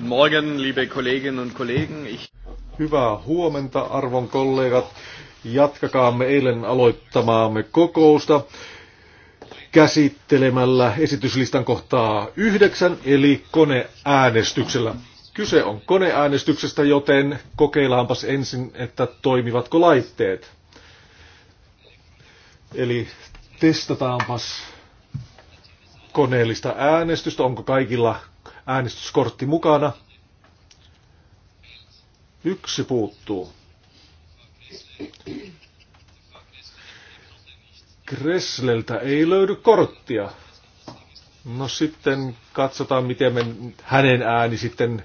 Guten Morgen, liebe Kolleginnen und Kollegen. Ich... Hyvää huomenta, arvon kollegat. Jatkakaamme eilen aloittamaamme kokousta käsittelemällä esityslistan kohtaa yhdeksän, eli koneäänestyksellä. Kyse on koneäänestyksestä, joten kokeillaanpas ensin, että toimivatko laitteet. Eli testataanpas koneellista äänestystä, onko kaikilla äänestyskortti mukana. Yksi puuttuu. Kressleltä ei löydy korttia. No sitten katsotaan, miten me hänen ääni sitten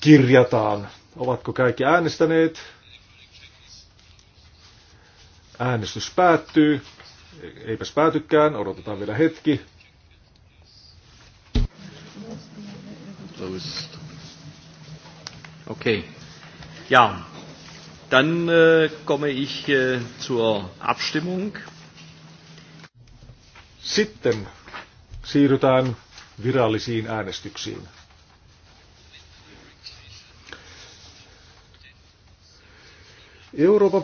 kirjataan. Ovatko kaikki äänestäneet? Äänestys päättyy. Eipäs päätykään, odotetaan vielä hetki. es. Okay. Ja, dann äh, komme ich äh, zur Abstimmung. Sitten siirrytään virallisiin äänestyksiin. Euroopan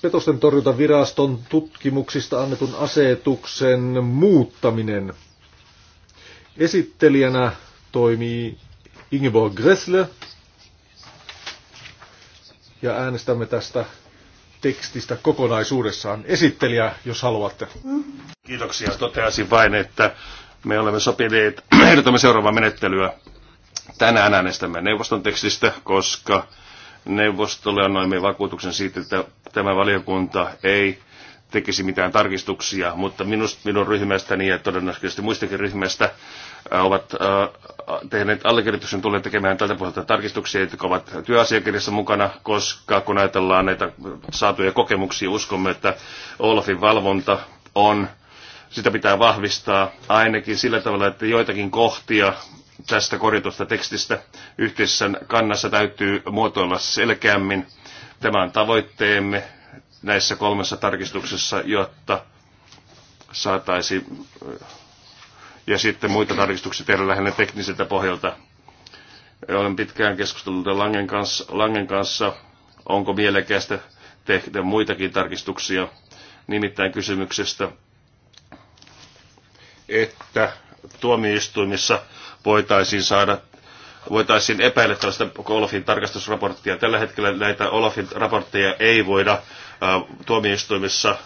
petosten torjuntaviraston tutkimuksista annetun asetuksen muuttaminen – Esittelijänä toimii Ingeborg Gressle ja äänestämme tästä tekstistä kokonaisuudessaan. Esittelijä, jos haluatte. Kiitoksia. Toteaisin vain, että me olemme sopineet, ehdotamme seuraavaa menettelyä. Tänään äänestämme neuvoston tekstistä, koska neuvostolle annoimme vakuutuksen siitä, että tämä valiokunta ei tekisi mitään tarkistuksia, mutta minust, minun ryhmästäni ja todennäköisesti muistakin ryhmästä ovat tehneet allekirjoituksen, tulee tekemään tältä puolelta tarkistuksia, jotka ovat työasiakirjassa mukana, koska kun ajatellaan näitä saatuja kokemuksia, uskomme, että Olafin valvonta on, sitä pitää vahvistaa ainakin sillä tavalla, että joitakin kohtia tästä korjatusta tekstistä yhteisessä kannassa täytyy muotoilla selkeämmin. Tämä on tavoitteemme näissä kolmessa tarkistuksessa, jotta saataisiin ja sitten muita tarkistuksia tehdä lähinnä tekniseltä pohjalta. Olen pitkään keskustellut Langen kanssa, Langen kanssa onko mielekästä tehdä muitakin tarkistuksia, nimittäin kysymyksestä, että tuomioistuimissa voitaisiin saada voitaisiin epäillä tällaista Olafin tarkastusraporttia. Tällä hetkellä näitä Olafin raportteja ei voida Tuomioistuimissa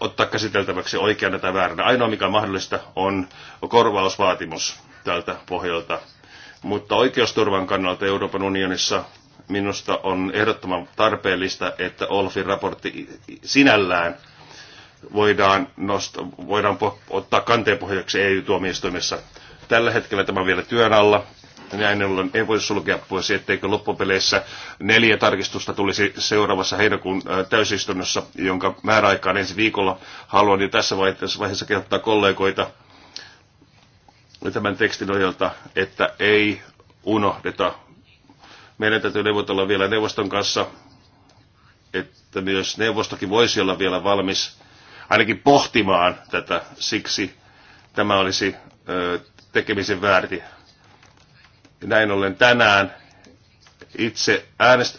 ottaa käsiteltäväksi oikeana tai vääränä. Ainoa mikä on mahdollista on korvausvaatimus tältä pohjalta. Mutta oikeusturvan kannalta Euroopan unionissa minusta on ehdottoman tarpeellista, että Olfin raportti sinällään voidaan, nostaa, voidaan ottaa kanteen pohjaksi EU-tuomioistuimessa. Tällä hetkellä tämä on vielä työn alla näin ollen ei voi sulkea pois, etteikö loppupeleissä neljä tarkistusta tulisi seuraavassa heinäkuun täysistunnossa, jonka määräaikaan ensi viikolla haluan jo tässä vaiheessa kehottaa kollegoita tämän tekstin ohjelta, että ei unohdeta. Meidän täytyy neuvotella vielä neuvoston kanssa, että myös neuvostokin voisi olla vielä valmis ainakin pohtimaan tätä. Siksi tämä olisi tekemisen väärti näin ollen tänään itse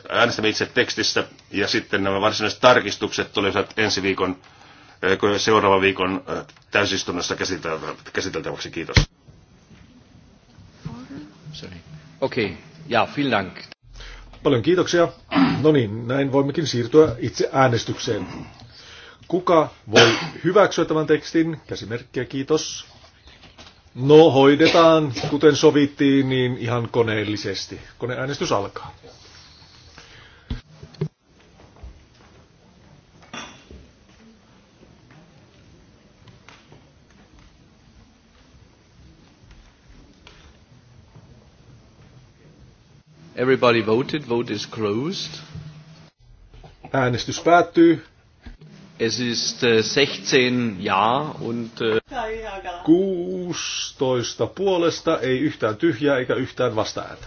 äänestämme itse tekstistä ja sitten nämä varsinaiset tarkistukset tulevat ensi viikon, seuraavan viikon täysistunnossa käsiteltäväksi. Kiitos. Okei, okay. ja vielen Dank. Paljon kiitoksia. No niin, näin voimmekin siirtyä itse äänestykseen. Kuka voi hyväksyä tämän tekstin? Käsimerkkiä, kiitos. No, hoidetaan, kuten sovittiin, niin ihan koneellisesti. Koneäänestys alkaa. Everybody voted. Vote is closed. Äänestys päättyy. Es ist 16 äh, ja und... Äh, 16 puolesta, ei yhtään tyhjää eikä yhtään vastaääntä.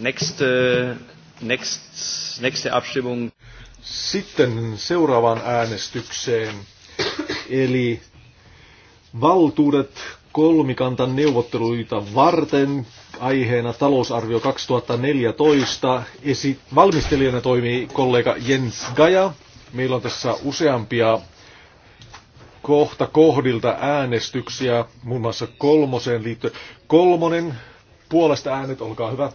nächste, next, äh, nächste Abstimmung. Sitten seuraavaan äänestykseen, eli valtuudet kolmikantan neuvotteluita varten aiheena talousarvio 2014. Esi- valmistelijana toimii kollega Jens Gaja. Meillä on tässä useampia kohta kohdilta äänestyksiä, muun muassa kolmoseen liittyen. Kolmonen, puolesta äänet, olkaa hyvä.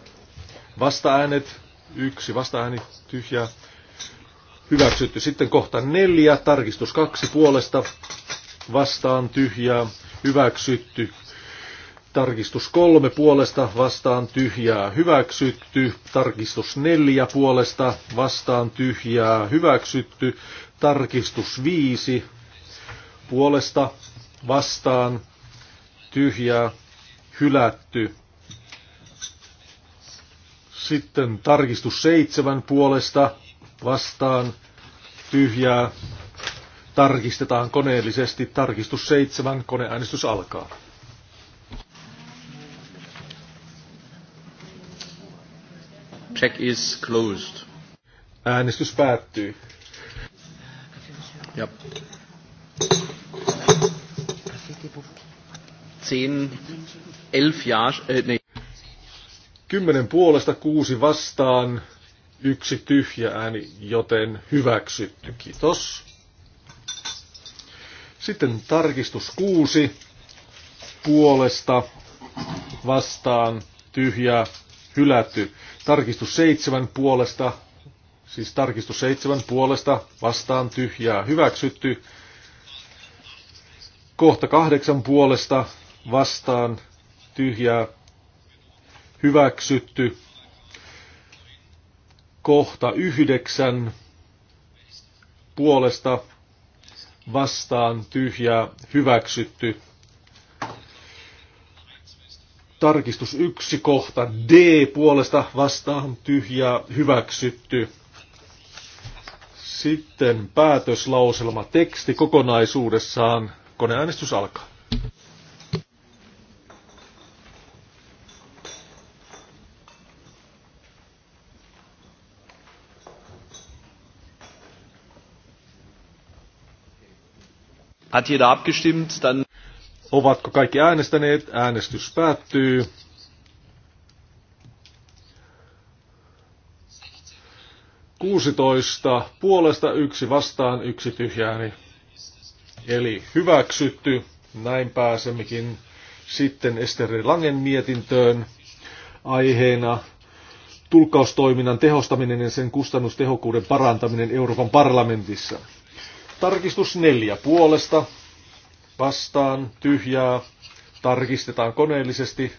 Vasta äänet, yksi vasta ääni, tyhjä. Hyväksytty. Sitten kohta neljä, tarkistus kaksi puolesta, vastaan tyhjää, hyväksytty. Tarkistus kolme puolesta vastaan tyhjää hyväksytty. Tarkistus neljä puolesta vastaan tyhjää hyväksytty. Tarkistus viisi puolesta vastaan tyhjää hylätty. Sitten tarkistus seitsemän puolesta vastaan tyhjää Tarkistetaan koneellisesti. Tarkistus 7. Koneäänestys alkaa. Check is closed. Äänestys päättyy. Ja. 10, 11 jaas, äh, ne. Kymmenen puolesta kuusi vastaan, yksi tyhjä ääni, joten hyväksytty. Kiitos. Sitten tarkistus 6 puolesta vastaan tyhjää hylätty. Tarkistus 7 puolesta, siis tarkistus 7 puolesta vastaan tyhjää hyväksytty. Kohta 8 puolesta vastaan tyhjää hyväksytty. Kohta 9 puolesta vastaan tyhjää hyväksytty. Tarkistus 1 kohta D puolesta vastaan tyhjää hyväksytty. Sitten päätöslauselma teksti kokonaisuudessaan. Koneäänestys alkaa. Hat jeder abgestimmt? Dann Ovatko kaikki äänestäneet? Äänestys päättyy. Kuusitoista puolesta, yksi vastaan, yksi tyhjääni. Eli hyväksytty. Näin pääsemmekin sitten Esteri Langen mietintöön aiheena tulkkaustoiminnan tehostaminen ja sen kustannustehokkuuden parantaminen Euroopan parlamentissa. Tarkistus neljä puolesta vastaan tyhjää. Tarkistetaan koneellisesti.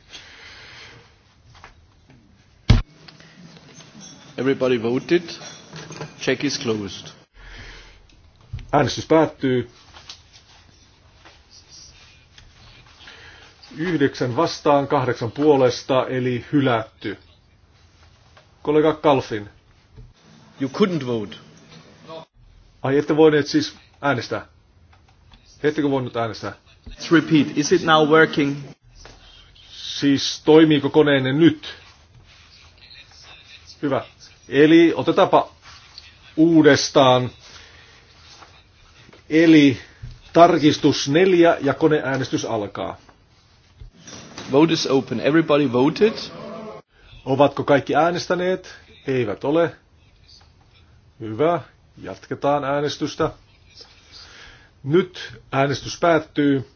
Everybody voted. Check is closed. Äänestys päättyy. Yhdeksän vastaan, kahdeksan puolesta, eli hylätty. Kollega Kalfin. You couldn't vote. Ai ette voineet siis äänestää? Ettekö voinut äänestää? Let's repeat. Is it now working? Siis toimiiko koneenne nyt? Hyvä. Eli otetaanpa uudestaan. Eli tarkistus neljä ja koneäänestys alkaa. Vote is open. Everybody voted. Ovatko kaikki äänestäneet? Eivät ole. Hyvä. Jatketaan äänestystä. Nyt äänestys päättyy.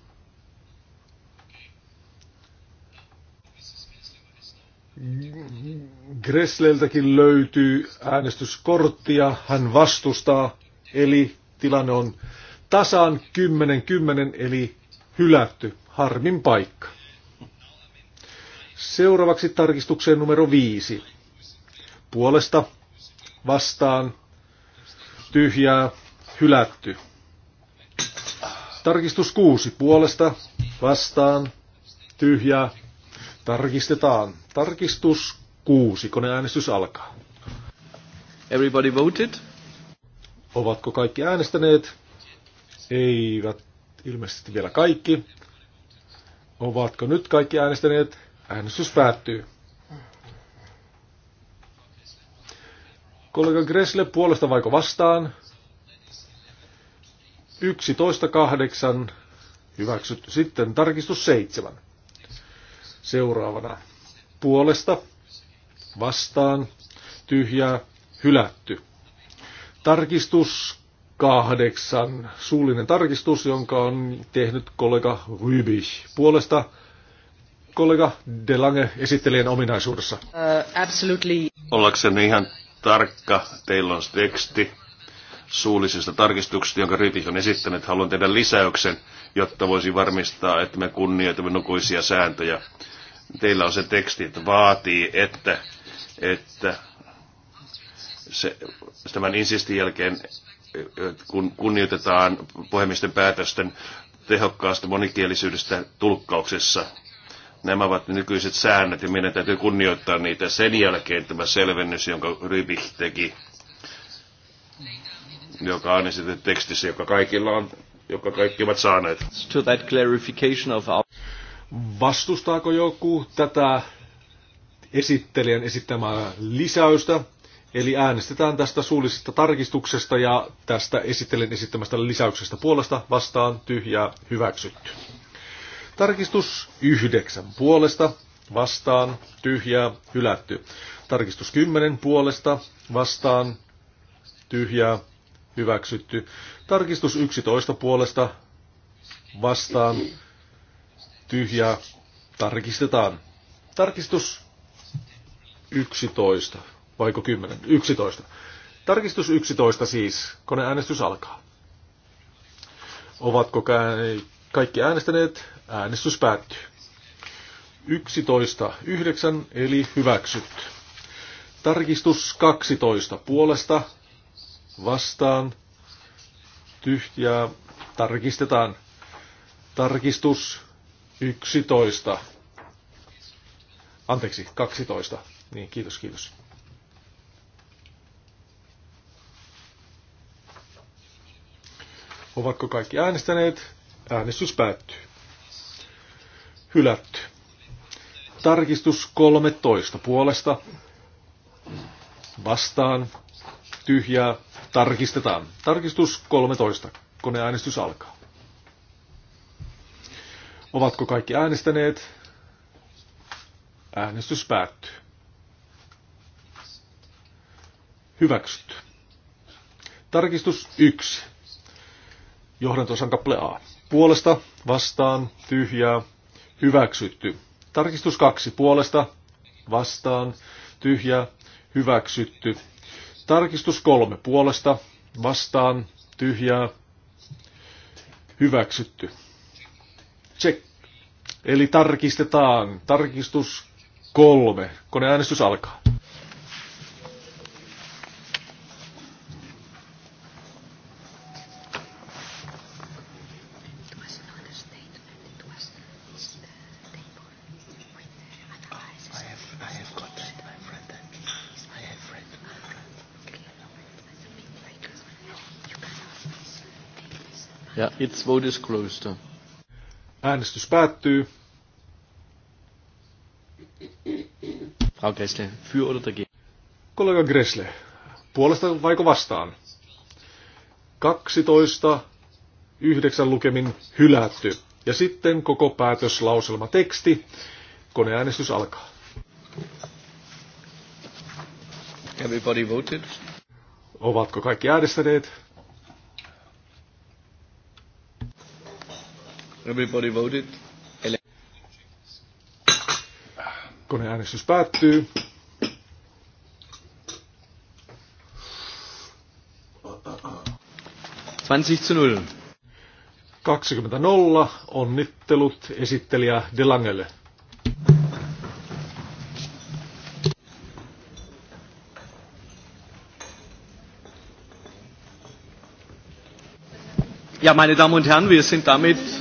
Gressleltäkin löytyy äänestyskorttia. Hän vastustaa, eli tilanne on tasan 10-10, eli hylätty. Harmin paikka. Seuraavaksi tarkistukseen numero 5. Puolesta vastaan tyhjää, hylätty. Tarkistus kuusi puolesta, vastaan, tyhjää, tarkistetaan. Tarkistus kuusi, koneäänestys alkaa. Everybody voted? Ovatko kaikki äänestäneet? Eivät ilmeisesti vielä kaikki. Ovatko nyt kaikki äänestäneet? Äänestys päättyy. Kollega Gressle puolesta vaiko vastaan? 11.8. Hyväksytty. Sitten tarkistus 7. Seuraavana. Puolesta. Vastaan. Tyhjää. Hylätty. Tarkistus kahdeksan. Suullinen tarkistus, jonka on tehnyt kollega Rybich. Puolesta kollega Delange esittelijän ominaisuudessa. Uh, absolutely. Ollakseni ihan tarkka. Teillä on teksti suullisesta tarkistuksesta, jonka Rytih on esittänyt. Haluan tehdä lisäyksen, jotta voisi varmistaa, että me kunnioitamme nukuisia sääntöjä. Teillä on se teksti, että vaatii, että, että se, tämän insistin jälkeen, kun kunnioitetaan puhemisten päätösten tehokkaasta monikielisyydestä tulkkauksessa. Nämä ovat nykyiset säännöt ja meidän täytyy kunnioittaa niitä. Sen jälkeen tämä selvennys, jonka Rybik teki, joka on esitetty tekstissä, joka kaikilla on, joka kaikki ovat saaneet. To that clarification of our... Vastustaako joku tätä esittelijän esittämää lisäystä? Eli äänestetään tästä suullisesta tarkistuksesta ja tästä esittelijän esittämästä lisäyksestä puolesta vastaan tyhjää hyväksytty. Tarkistus yhdeksän puolesta vastaan tyhjää hylätty. Tarkistus kymmenen puolesta vastaan tyhjää hyväksytty. Tarkistus yksitoista puolesta vastaan tyhjää tarkistetaan. Tarkistus yksitoista vaiko kymmenen? Yksitoista. Tarkistus yksitoista siis. Koneäänestys alkaa. Ovatko kaikki äänestäneet? Äänestys päättyy. 11.9 eli hyväksyt. Tarkistus 12 puolesta vastaan tyhjää tarkistetaan. Tarkistus 11. Anteeksi, 12. Niin, kiitos, kiitos. Ovatko kaikki äänestäneet? Äänestys päättyy hylätty. Tarkistus 13 puolesta vastaan tyhjää tarkistetaan. Tarkistus 13. Koneäänestys alkaa. Ovatko kaikki äänestäneet? Äänestys päättyy. Hyväksytty. Tarkistus 1. Johdantosan kaple A. Puolesta, vastaan, tyhjää, hyväksytty. Tarkistus kaksi puolesta, vastaan, tyhjä, hyväksytty. Tarkistus kolme puolesta, vastaan, tyhjää, hyväksytty. Check. Eli tarkistetaan. Tarkistus kolme. Koneäänestys alkaa. It's vote is closed. Äänestys päättyy. Frau Gressle, für oder dagegen? Kollega Gressle, puolesta vaiko vastaan? 12, 9 lukemin hylätty. Ja sitten koko päätöslauselma teksti. Koneäänestys alkaa. Everybody voted. Ovatko kaikki äänestäneet? Everybody voted. Koneäänestys päättyy. zu 20.0. Onnittelut esittelijä Delangelle. Ja, meine Damen und Herren, wir sind damit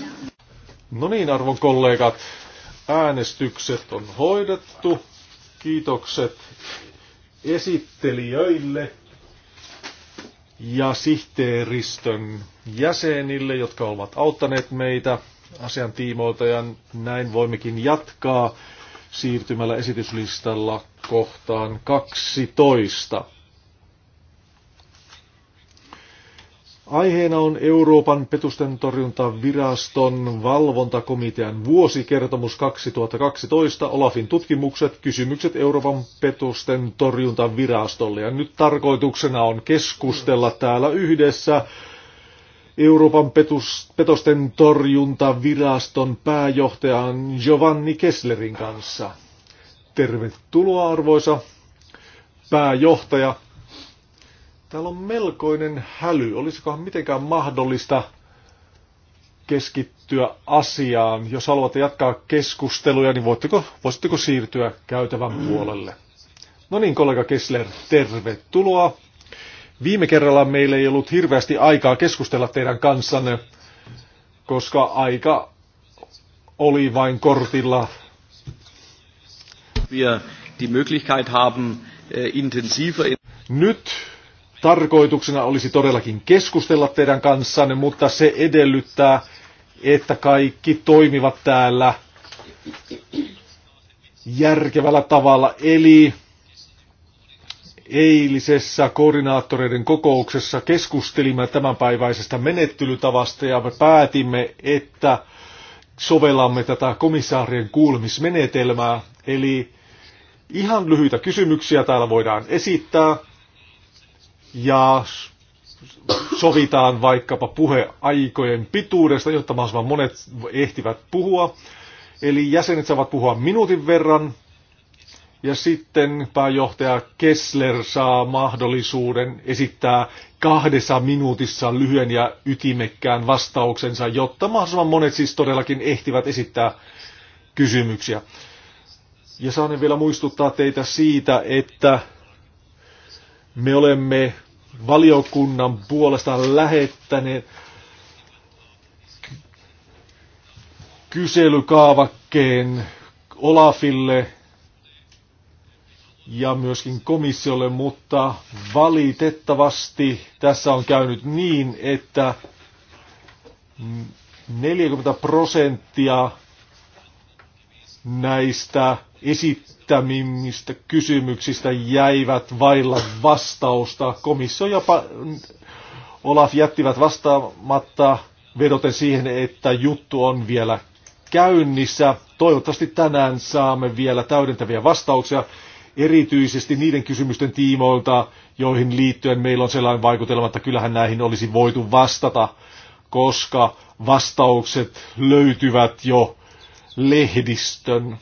No niin, arvon kollegat, äänestykset on hoidettu. Kiitokset esittelijöille ja sihteeristön jäsenille, jotka ovat auttaneet meitä asiantiimoilta ja näin voimmekin jatkaa siirtymällä esityslistalla kohtaan 12. Aiheena on Euroopan petusten torjuntaviraston valvontakomitean vuosikertomus 2012, Olafin tutkimukset, kysymykset Euroopan petusten torjuntavirastolle. Ja nyt tarkoituksena on keskustella täällä yhdessä Euroopan petus, petosten torjuntaviraston pääjohtajan Giovanni Kesslerin kanssa. Tervetuloa arvoisa pääjohtaja. Täällä on melkoinen häly. Olisikohan mitenkään mahdollista keskittyä asiaan? Jos haluatte jatkaa keskusteluja, niin voitteko, voisitteko siirtyä käytävän puolelle? No niin, kollega Kessler, tervetuloa. Viime kerralla meillä ei ollut hirveästi aikaa keskustella teidän kanssanne, koska aika oli vain kortilla. Wir die Möglichkeit haben, äh, intensiver. Nyt Tarkoituksena olisi todellakin keskustella teidän kanssanne, mutta se edellyttää, että kaikki toimivat täällä järkevällä tavalla. Eli eilisessä koordinaattoreiden kokouksessa keskustelimme tämänpäiväisestä menettelytavasta ja me päätimme, että sovellamme tätä komissaarien kuulemismenetelmää. Eli ihan lyhyitä kysymyksiä täällä voidaan esittää ja sovitaan vaikkapa puheaikojen pituudesta, jotta mahdollisimman monet ehtivät puhua. Eli jäsenet saavat puhua minuutin verran, ja sitten pääjohtaja Kessler saa mahdollisuuden esittää kahdessa minuutissa lyhyen ja ytimekkään vastauksensa, jotta mahdollisimman monet siis todellakin ehtivät esittää kysymyksiä. Ja saan vielä muistuttaa teitä siitä, että me olemme valiokunnan puolesta lähettäneet kyselykaavakkeen Olafille ja myöskin komissiolle, mutta valitettavasti tässä on käynyt niin, että 40 prosenttia näistä esittäjistä esittämistä kysymyksistä jäivät vailla vastausta. Komissio ja Olaf jättivät vastaamatta vedoten siihen, että juttu on vielä käynnissä. Toivottavasti tänään saamme vielä täydentäviä vastauksia, erityisesti niiden kysymysten tiimoilta, joihin liittyen meillä on sellainen vaikutelma, että kyllähän näihin olisi voitu vastata, koska vastaukset löytyvät jo lehdistön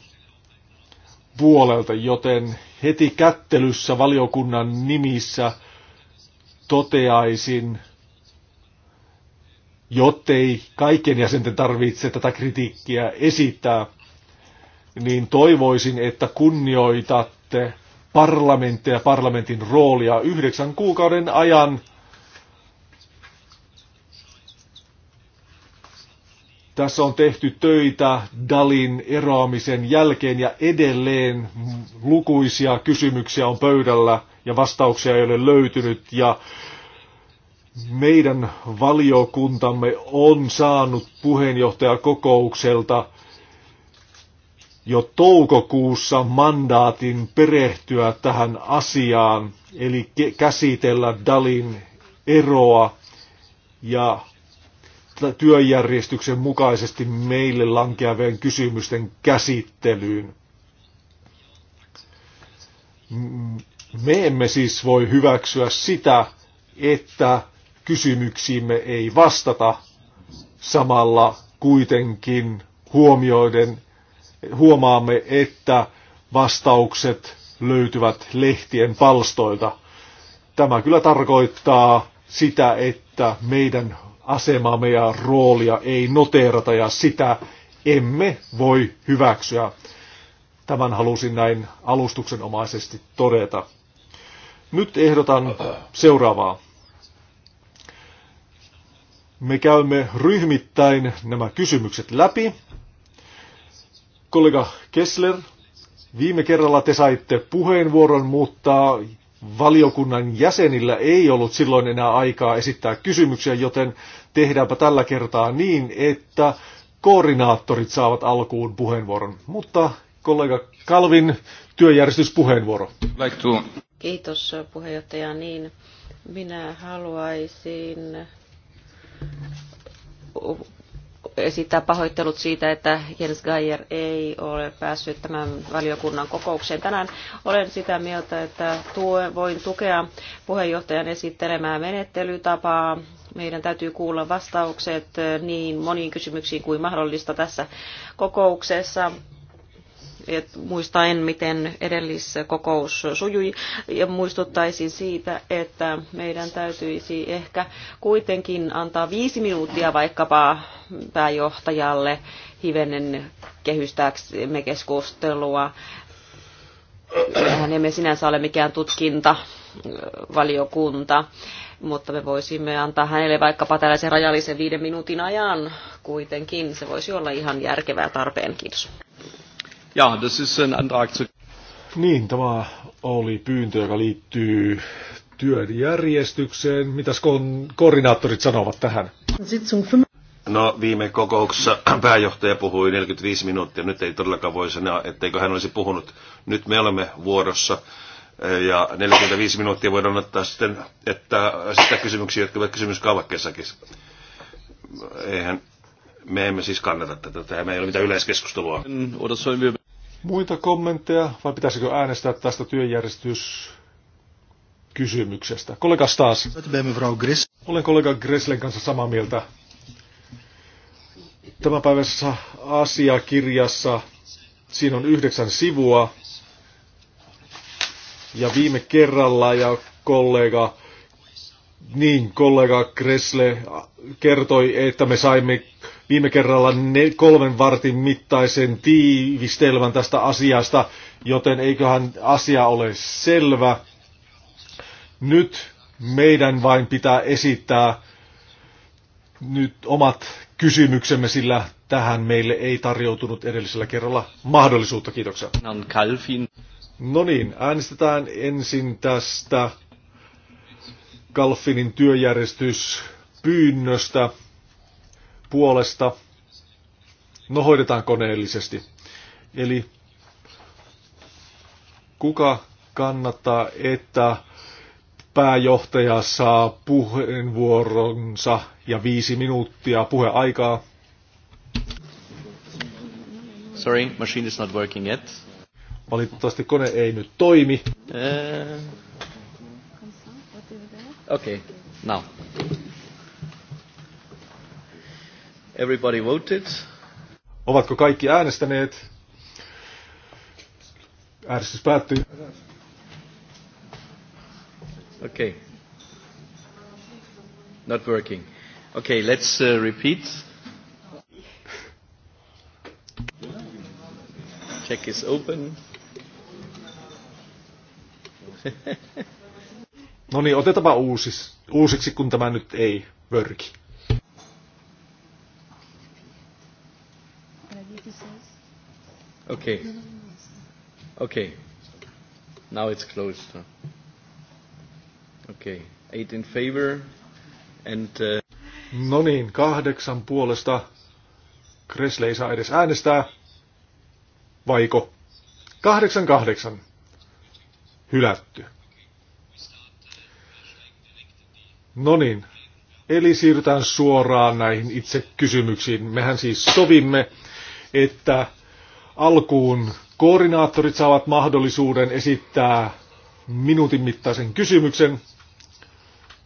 puolelta, joten heti kättelyssä valiokunnan nimissä toteaisin, jottei kaiken jäsenten tarvitse tätä kritiikkiä esittää, niin toivoisin, että kunnioitatte parlamenttia ja parlamentin roolia yhdeksän kuukauden ajan – Tässä on tehty töitä Dalin eroamisen jälkeen ja edelleen lukuisia kysymyksiä on pöydällä ja vastauksia ei ole löytynyt ja meidän valiokuntamme on saanut puheenjohtajakokoukselta jo toukokuussa mandaatin perehtyä tähän asiaan, eli käsitellä Dalin eroa ja työjärjestyksen mukaisesti meille lankeavien kysymysten käsittelyyn. Me emme siis voi hyväksyä sitä, että kysymyksiimme ei vastata samalla kuitenkin huomioiden huomaamme, että vastaukset löytyvät lehtien palstoilta. Tämä kyllä tarkoittaa sitä, että meidän asemaamme ja roolia ei noteerata ja sitä emme voi hyväksyä. Tämän halusin näin alustuksenomaisesti todeta. Nyt ehdotan seuraavaa. Me käymme ryhmittäin nämä kysymykset läpi. Kollega Kessler, viime kerralla te saitte puheenvuoron, mutta valiokunnan jäsenillä ei ollut silloin enää aikaa esittää kysymyksiä, joten tehdäänpä tällä kertaa niin, että koordinaattorit saavat alkuun puheenvuoron. Mutta kollega Kalvin työjärjestyspuheenvuoro. Kiitos puheenjohtaja. Niin, minä haluaisin esittää pahoittelut siitä, että Jens Geier ei ole päässyt tämän valiokunnan kokoukseen. Tänään olen sitä mieltä, että tue, voin tukea puheenjohtajan esittelemää menettelytapaa. Meidän täytyy kuulla vastaukset niin moniin kysymyksiin kuin mahdollista tässä kokouksessa et en miten edelliskokous sujui ja muistuttaisin siitä, että meidän täytyisi ehkä kuitenkin antaa viisi minuuttia vaikkapa pääjohtajalle hivenen kehystääksemme keskustelua. Mehän emme sinänsä ole mikään tutkintavaliokunta äh, mutta me voisimme antaa hänelle vaikkapa tällaisen rajallisen viiden minuutin ajan kuitenkin. Se voisi olla ihan järkevää tarpeen. Kiitos. Ja, das ist ein Antrag zu... Niin, tämä oli pyyntö, joka liittyy työjärjestykseen. Mitäs kon, koordinaattorit sanovat tähän? No viime kokouksessa pääjohtaja puhui 45 minuuttia. Nyt ei todellakaan voi sanoa, etteikö hän olisi puhunut. Nyt me olemme vuorossa ja 45 minuuttia voidaan ottaa sitten, että sitä kysymyksiä, jotka ovat kysymyskaavakkeessakin. Eihän, me emme siis kannata tätä, tämä ei ole mitään yleiskeskustelua. Muita kommentteja vai pitäisikö äänestää tästä työjärjestys kysymyksestä? Kollega Staas. Olen kollega Greslen kanssa samaa mieltä. päivässä asiakirjassa siinä on yhdeksän sivua. Ja viime kerralla ja kollega, niin kollega Kresle kertoi, että me saimme viime kerralla ne, kolmen vartin mittaisen tiivistelmän tästä asiasta, joten eiköhän asia ole selvä. Nyt meidän vain pitää esittää nyt omat kysymyksemme, sillä tähän meille ei tarjoutunut edellisellä kerralla mahdollisuutta. Kiitoksia. No niin, äänestetään ensin tästä Kalfinin työjärjestyspyynnöstä. pyynnöstä puolesta. No hoidetaan koneellisesti. Eli kuka kannattaa, että pääjohtaja saa puheenvuoronsa ja viisi minuuttia puheaikaa? Sorry, machine is not working yet. Valitettavasti kone ei nyt toimi. Uh... Eh. Okei, okay. now. Everybody voted. Ovatko kaikki äänestäneet? Äänestys päättyy. Okay. Not working. Okay, let's uh, repeat. Check is open. no niin, otetaanpa uusis, uusiksi, kun tämä nyt ei vörki. Okay. Okay. Now it's closed. Okay. Eight in favor. And, uh... No niin, kahdeksan puolesta. Kresle ei saa edes äänestää. Vaiko? Kahdeksan kahdeksan. Hylätty. No niin, eli siirrytään suoraan näihin itse kysymyksiin. Mehän siis sovimme, että Alkuun koordinaattorit saavat mahdollisuuden esittää minuutin mittaisen kysymyksen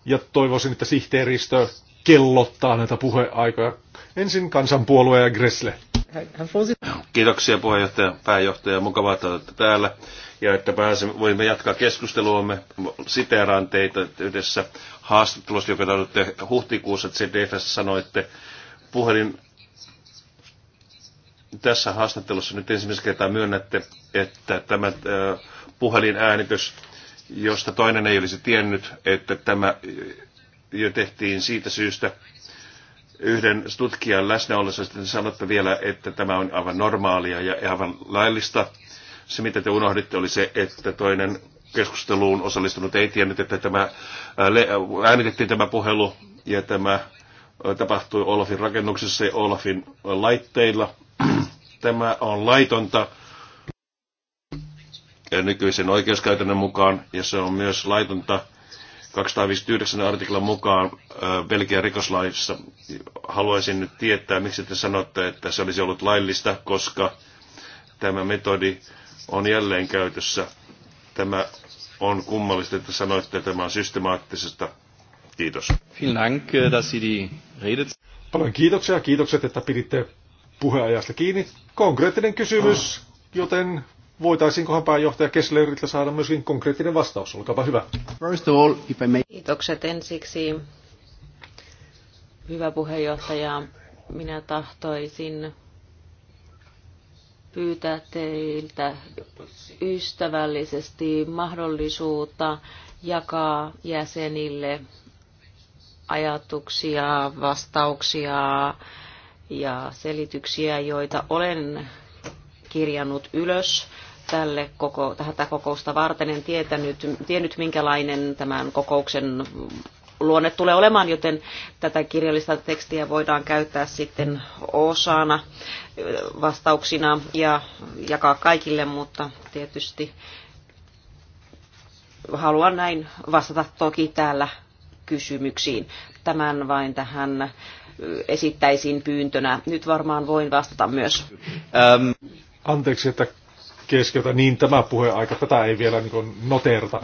ja toivoisin, että sihteeristö kellottaa näitä puheaikoja. Ensin kansanpuolue ja Gressle. Kiitoksia puheenjohtaja, pääjohtaja. Mukavaa, että olette täällä ja että pääsemme, voimme jatkaa keskusteluamme. Siteeraan teitä yhdessä haastattelusta, joka taudutte huhtikuussa ZDFssä sanoitte. Puhelin tässä haastattelussa nyt ensimmäistä kertaa myönnätte, että tämä äh, puhelinäänitys, josta toinen ei olisi tiennyt, että tämä äh, jo tehtiin siitä syystä yhden tutkijan läsnäollessa, sitten sanotte vielä, että tämä on aivan normaalia ja aivan laillista. Se, mitä te unohditte, oli se, että toinen keskusteluun osallistunut ei tiennyt, että tämä, äh, äänitettiin tämä puhelu ja tämä tapahtui Olafin rakennuksessa ja Olafin laitteilla – Tämä on laitonta ja nykyisen oikeuskäytännön mukaan, ja se on myös laitonta 259 artiklan mukaan Belgian rikoslaissa. Haluaisin nyt tietää, miksi te sanotte, että se olisi ollut laillista, koska tämä metodi on jälleen käytössä. Tämä on kummallista, että sanoitte, että tämä on systemaattisesta. Kiitos. Äh, Paljon kiitoksia ja kiitokset, että piditte puheajasta kiinni. Konkreettinen kysymys, joten voitaisiinkohan pääjohtaja Kessleriltä saada myöskin konkreettinen vastaus. Olkaapa hyvä. First of all, if I may... Kiitokset ensiksi. Hyvä puheenjohtaja, minä tahtoisin pyytää teiltä ystävällisesti mahdollisuutta jakaa jäsenille ajatuksia, vastauksia, ja selityksiä, joita olen kirjannut ylös tälle koko, tätä kokousta varten. En tietänyt, tiennyt, minkälainen tämän kokouksen luonne tulee olemaan, joten tätä kirjallista tekstiä voidaan käyttää sitten osana vastauksina ja jakaa kaikille, mutta tietysti haluan näin vastata toki täällä kysymyksiin. Tämän vain tähän esittäisin pyyntönä. Nyt varmaan voin vastata myös. Öm. Ähm. Anteeksi, että keskeytä. Niin tämä puheaika, tätä ei vielä niin noterta.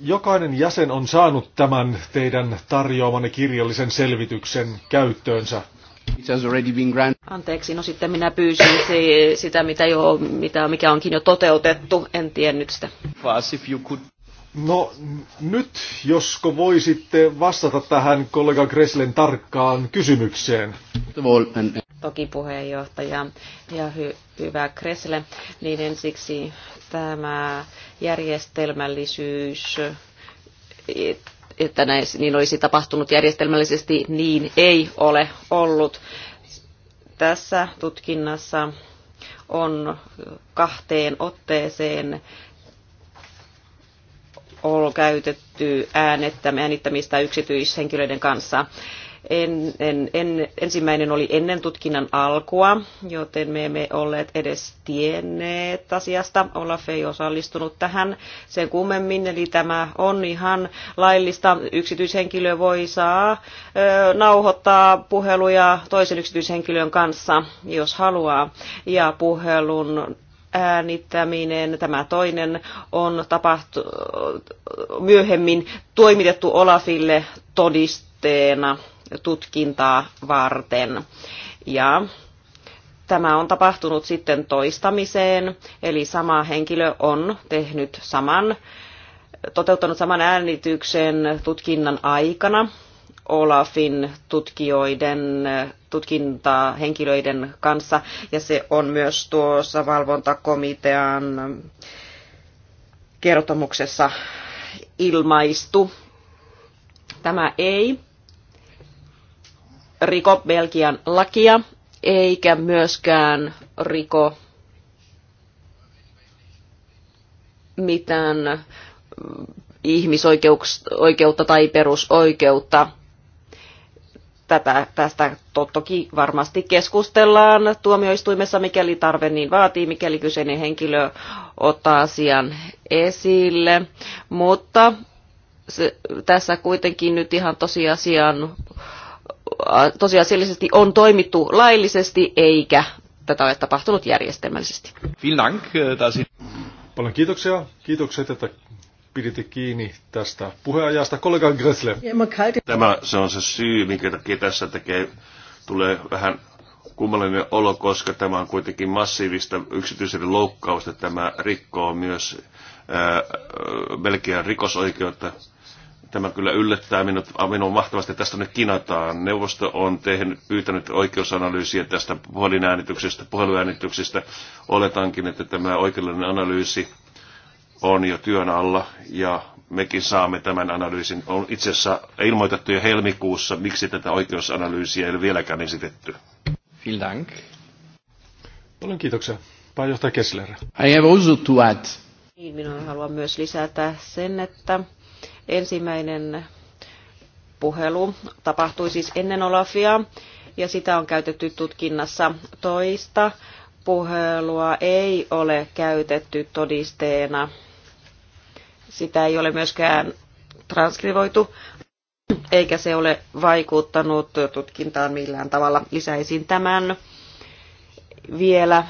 Jokainen jäsen on saanut tämän teidän tarjoamanne kirjallisen selvityksen käyttöönsä. Anteeksi, no sitten minä pyysin sitä, mitä jo, mitä, mikä onkin jo toteutettu. En tiennyt sitä. No nyt, josko voisitte vastata tähän kollega Greslen tarkkaan kysymykseen. Toki puheenjohtaja ja hy- hyvä Kresle, niin ensiksi tämä järjestelmällisyys että näis, niin olisi tapahtunut järjestelmällisesti, niin ei ole ollut. Tässä tutkinnassa on kahteen otteeseen on käytetty äänettämistä yksityishenkilöiden kanssa. En, en, en, ensimmäinen oli ennen tutkinnan alkua, joten me emme olleet edes tienneet asiasta. Olaf ei osallistunut tähän sen kummemmin, eli tämä on ihan laillista. Yksityishenkilö voi saa ö, nauhoittaa puheluja toisen yksityishenkilön kanssa, jos haluaa, ja puhelun äänittäminen. Tämä toinen on tapahtu, myöhemmin toimitettu Olafille todisteena tutkintaa varten. Ja Tämä on tapahtunut sitten toistamiseen, eli sama henkilö on tehnyt saman, toteuttanut saman äänityksen tutkinnan aikana Olafin tutkijoiden, tutkintaa henkilöiden kanssa ja se on myös tuossa valvontakomitean kertomuksessa ilmaistu. Tämä ei riko Belgian lakia eikä myöskään riko mitään ihmisoikeutta tai perusoikeutta tätä, tästä toki varmasti keskustellaan tuomioistuimessa, mikäli tarve niin vaatii, mikäli kyseinen henkilö ottaa asian esille. Mutta se, tässä kuitenkin nyt ihan tosiasian, tosiasiallisesti on toimittu laillisesti, eikä tätä ole tapahtunut järjestelmällisesti. Vielen Dank, äh, Paljon kiitoksia. Kiitokset, että piditte kiinni tästä puheenajasta. Kollega Gressle. Tämä se on se syy, minkä takia tässä tekee, tulee vähän kummallinen olo, koska tämä on kuitenkin massiivista yksityisen loukkausta. Tämä rikkoo myös ää, Belgian rikosoikeutta. Tämä kyllä yllättää minut, minun mahtavasti tästä nyt kinataan. Neuvosto on tehnyt, pyytänyt oikeusanalyysiä tästä puhelinäänityksestä, puheluäänityksistä. Oletankin, että tämä oikeudellinen analyysi on jo työn alla ja mekin saamme tämän analyysin. On itse asiassa ilmoitettu jo helmikuussa, miksi tätä oikeusanalyysiä ei ole vieläkään esitetty. Vielen Dank. Paljon kiitoksia. Pääjohtaja Kessler. I have also to add. Niin, minä haluan myös lisätä sen, että ensimmäinen puhelu tapahtui siis ennen Olafia ja sitä on käytetty tutkinnassa toista puhelua ei ole käytetty todisteena sitä ei ole myöskään transkrivoitu, eikä se ole vaikuttanut tutkintaan millään tavalla. Lisäisin tämän vielä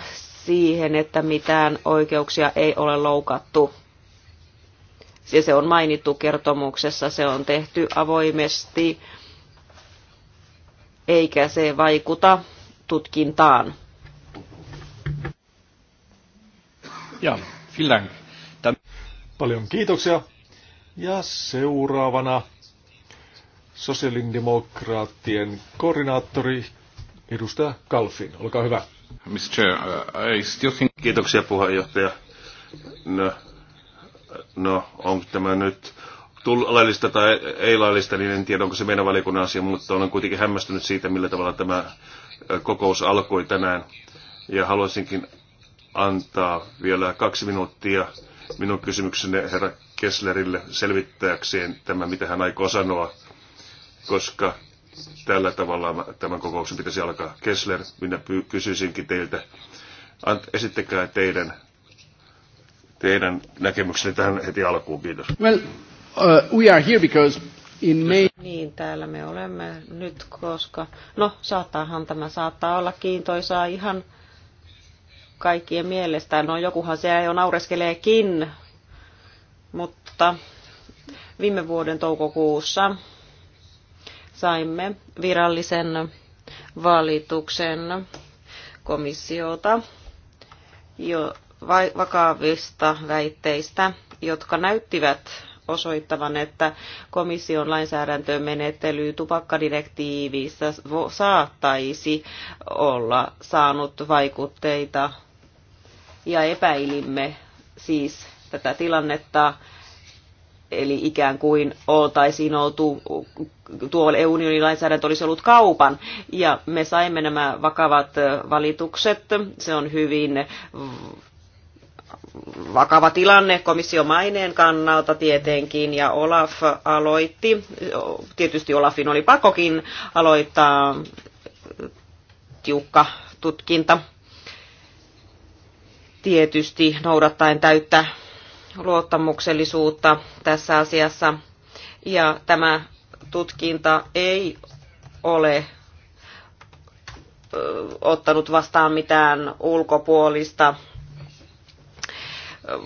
siihen, että mitään oikeuksia ei ole loukattu. Ja se on mainittu kertomuksessa, se on tehty avoimesti, eikä se vaikuta tutkintaan. Ja, vielen dank. Paljon kiitoksia. Ja seuraavana sosiaalidemokraattien koordinaattori edustaja Kalfin. Olkaa hyvä. Mr. Chair, uh, I still think... Kiitoksia puheenjohtaja. No, no onko tämä nyt laillista tai ei laillista, niin en tiedä, onko se meidän valiokunnan asia, mutta olen kuitenkin hämmästynyt siitä, millä tavalla tämä kokous alkoi tänään. Ja haluaisinkin antaa vielä kaksi minuuttia minun kysymykseni herra Kesslerille selvittääkseen tämä, mitä hän aikoo sanoa, koska tällä tavalla tämän kokouksen pitäisi alkaa. Kessler, minä kysyisinkin teiltä, esittekää teidän, teidän näkemyksenne tähän heti alkuun. Kiitos. Well, uh, we are here because in May... Niin, täällä me olemme nyt, koska... No, saattaahan tämä saattaa olla kiintoisaa ihan kaikkien mielestä. No jokuhan se jo naureskeleekin, mutta viime vuoden toukokuussa saimme virallisen valituksen komissiota jo vakavista väitteistä, jotka näyttivät osoittavan, että komission lainsäädäntömenettely tupakkadirektiivissä saattaisi olla saanut vaikutteita ja epäilimme siis tätä tilannetta, eli ikään kuin oltaisiin oltu, tuo unionin lainsäädäntö olisi ollut kaupan, ja me saimme nämä vakavat valitukset, se on hyvin vakava tilanne komission maineen kannalta tietenkin, ja Olaf aloitti, tietysti Olafin oli pakokin aloittaa tiukka tutkinta tietysti noudattaen täyttä luottamuksellisuutta tässä asiassa. Ja tämä tutkinta ei ole ottanut vastaan mitään ulkopuolista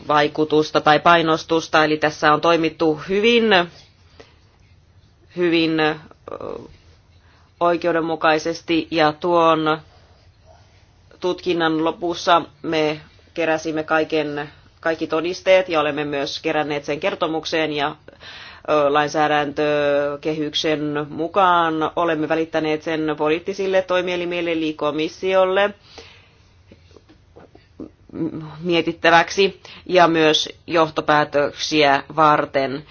vaikutusta tai painostusta, eli tässä on toimittu hyvin, hyvin oikeudenmukaisesti ja tuon tutkinnan lopussa me keräsimme kaiken, kaikki todisteet ja olemme myös keränneet sen kertomukseen ja lainsäädäntökehyksen mukaan olemme välittäneet sen poliittisille toimielimille eli komissiolle mietittäväksi ja myös johtopäätöksiä varten.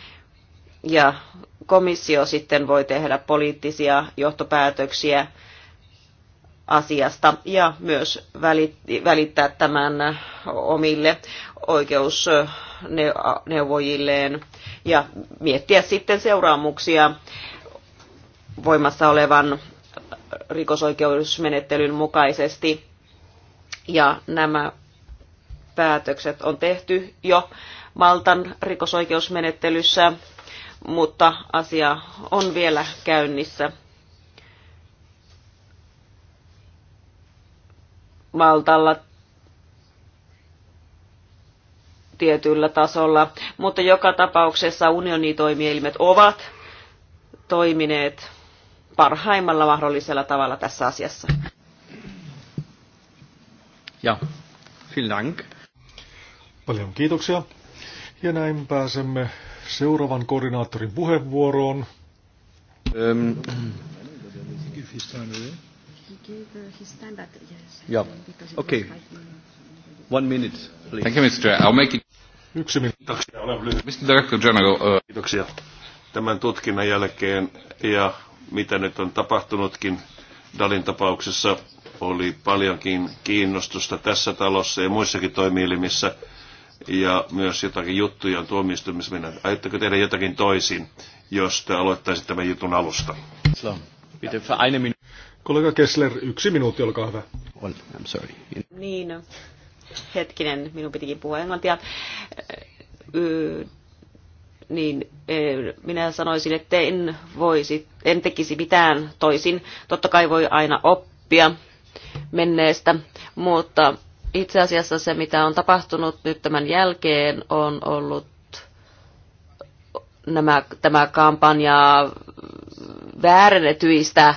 Ja komissio sitten voi tehdä poliittisia johtopäätöksiä asiasta ja myös välittää tämän omille oikeusneuvojilleen ja miettiä sitten seuraamuksia voimassa olevan rikosoikeusmenettelyn mukaisesti. Ja nämä päätökset on tehty jo Maltan rikosoikeusmenettelyssä, mutta asia on vielä käynnissä Maltalla tietyllä tasolla, mutta joka tapauksessa unionin toimielimet ovat toimineet parhaimmalla mahdollisella tavalla tässä asiassa. Ja, vielen dank. Paljon kiitoksia. Ja näin pääsemme seuraavan koordinaattorin puheenvuoroon. Ähm he gave uh, his time, but yes. Yeah. Okay. One minute, please. Thank you, Mr. I'll make it. Yksi minuutti. Mr. Director General. Uh... Kiitoksia. Tämän tutkinnan jälkeen ja mitä nyt on tapahtunutkin Dalin tapauksessa, oli paljonkin kiinnostusta tässä talossa ja muissakin toimielimissä ja myös jotakin juttuja on tuomioistuimessa mennä. Aiotteko tehdä jotakin toisin, jos te aloittaisitte tämän jutun alusta? Bitte Kollega Kessler, yksi minuutti, olkaa hyvä. Well, I'm sorry. Niin, hetkinen, minun pitikin puhua englantia. Niin minä sanoisin, että en, voisi, en tekisi mitään toisin. Totta kai voi aina oppia menneestä, mutta itse asiassa se, mitä on tapahtunut nyt tämän jälkeen, on ollut nämä, tämä kampanja väärennetyistä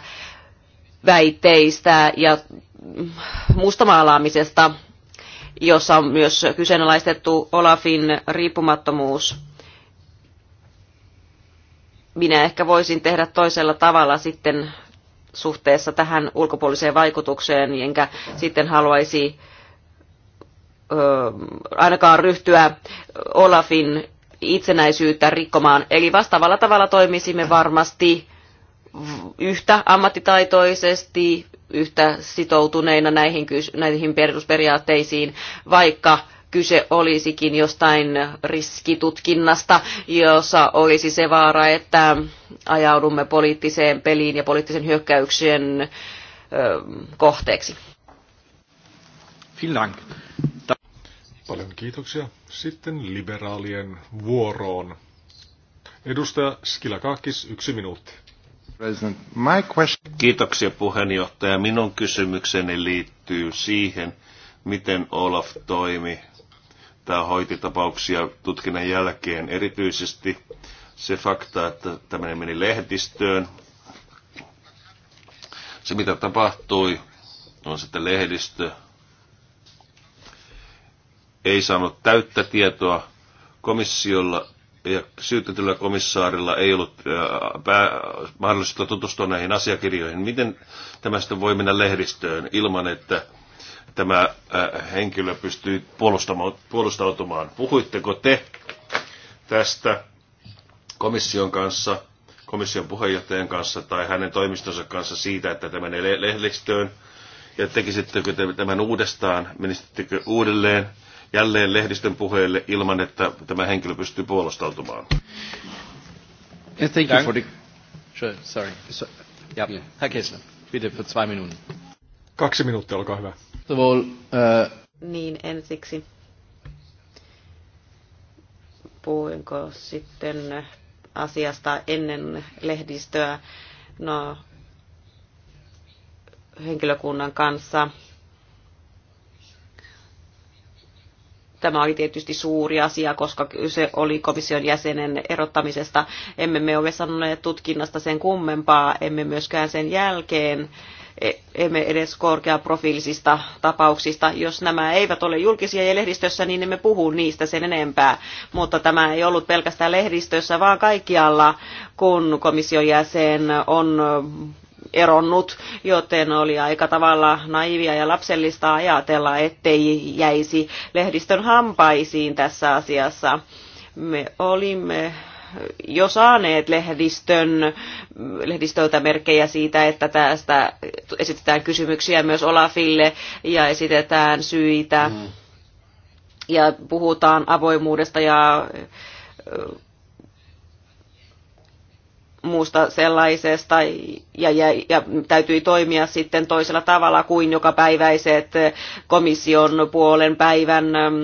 väitteistä ja mustamaalaamisesta, jossa on myös kyseenalaistettu Olafin riippumattomuus. Minä ehkä voisin tehdä toisella tavalla sitten suhteessa tähän ulkopuoliseen vaikutukseen, enkä sitten haluaisi ö, ainakaan ryhtyä Olafin itsenäisyyttä rikkomaan. Eli vastaavalla tavalla toimisimme varmasti yhtä ammattitaitoisesti, yhtä sitoutuneina näihin, näihin perusperiaatteisiin, vaikka kyse olisikin jostain riskitutkinnasta, jossa olisi se vaara, että ajaudumme poliittiseen peliin ja poliittisen hyökkäyksien kohteeksi. Paljon kiitoksia. Sitten liberaalien vuoroon. Edustaja Skilakakis, yksi minuutti. Kiitoksia puheenjohtaja. Minun kysymykseni liittyy siihen, miten Olaf toimi tämä hoiti tapauksia tutkinnan jälkeen. Erityisesti se fakta, että tämmöinen meni lehdistöön. Se, mitä tapahtui, on sitten lehdistö ei saanut täyttä tietoa. Komissiolla ja syytetyllä komissaarilla ei ollut äh, pää, mahdollisuutta tutustua näihin asiakirjoihin. Miten tämä sitten voi mennä lehdistöön ilman, että tämä äh, henkilö pystyy puolustautumaan? Puhuitteko te tästä komission kanssa, komission puheenjohtajan kanssa tai hänen toimistonsa kanssa siitä, että tämä menee lehdistöön? Ja tekisittekö te tämän uudestaan? Menisittekö uudelleen jälleen lehdistön puheille ilman, että tämä henkilö pystyy puolustautumaan. Thank you for the... Sure, sorry. So, yeah. Yeah. Herr Kessler, bitte für Kaksi minuuttia, olkaa hyvä. Well, uh... Niin, ensiksi. Puhuinko sitten asiasta ennen lehdistöä? No, henkilökunnan kanssa Tämä oli tietysti suuri asia, koska se oli komission jäsenen erottamisesta. Emme me ole sanoneet tutkinnasta sen kummempaa, emme myöskään sen jälkeen e, emme edes korkeaprofiilisista tapauksista. Jos nämä eivät ole julkisia ja lehdistössä, niin emme puhu niistä sen enempää. Mutta tämä ei ollut pelkästään lehdistössä, vaan kaikkialla, kun komission jäsen on eronnut, joten oli aika tavalla naivia ja lapsellista ajatella, ettei jäisi lehdistön hampaisiin tässä asiassa. Me olimme jo saaneet lehdistön, lehdistöltä merkkejä siitä, että tästä esitetään kysymyksiä myös Olafille ja esitetään syitä mm. ja puhutaan avoimuudesta ja muusta sellaisesta ja, ja, ja täytyi toimia sitten toisella tavalla kuin joka päiväiset komission puolen päivän ähm,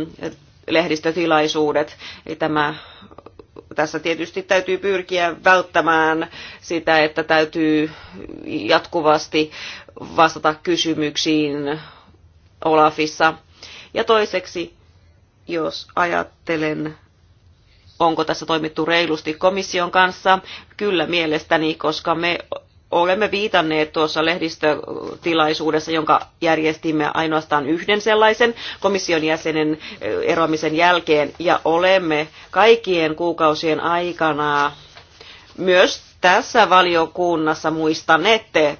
lehdistötilaisuudet. Tämä tässä tietysti täytyy pyrkiä välttämään sitä, että täytyy jatkuvasti vastata kysymyksiin Olafissa. Ja toiseksi, jos ajattelen onko tässä toimittu reilusti komission kanssa? Kyllä mielestäni, koska me olemme viitanneet tuossa lehdistötilaisuudessa, jonka järjestimme ainoastaan yhden sellaisen komission jäsenen eh, eroamisen jälkeen, ja olemme kaikkien kuukausien aikana myös tässä valiokunnassa muistanette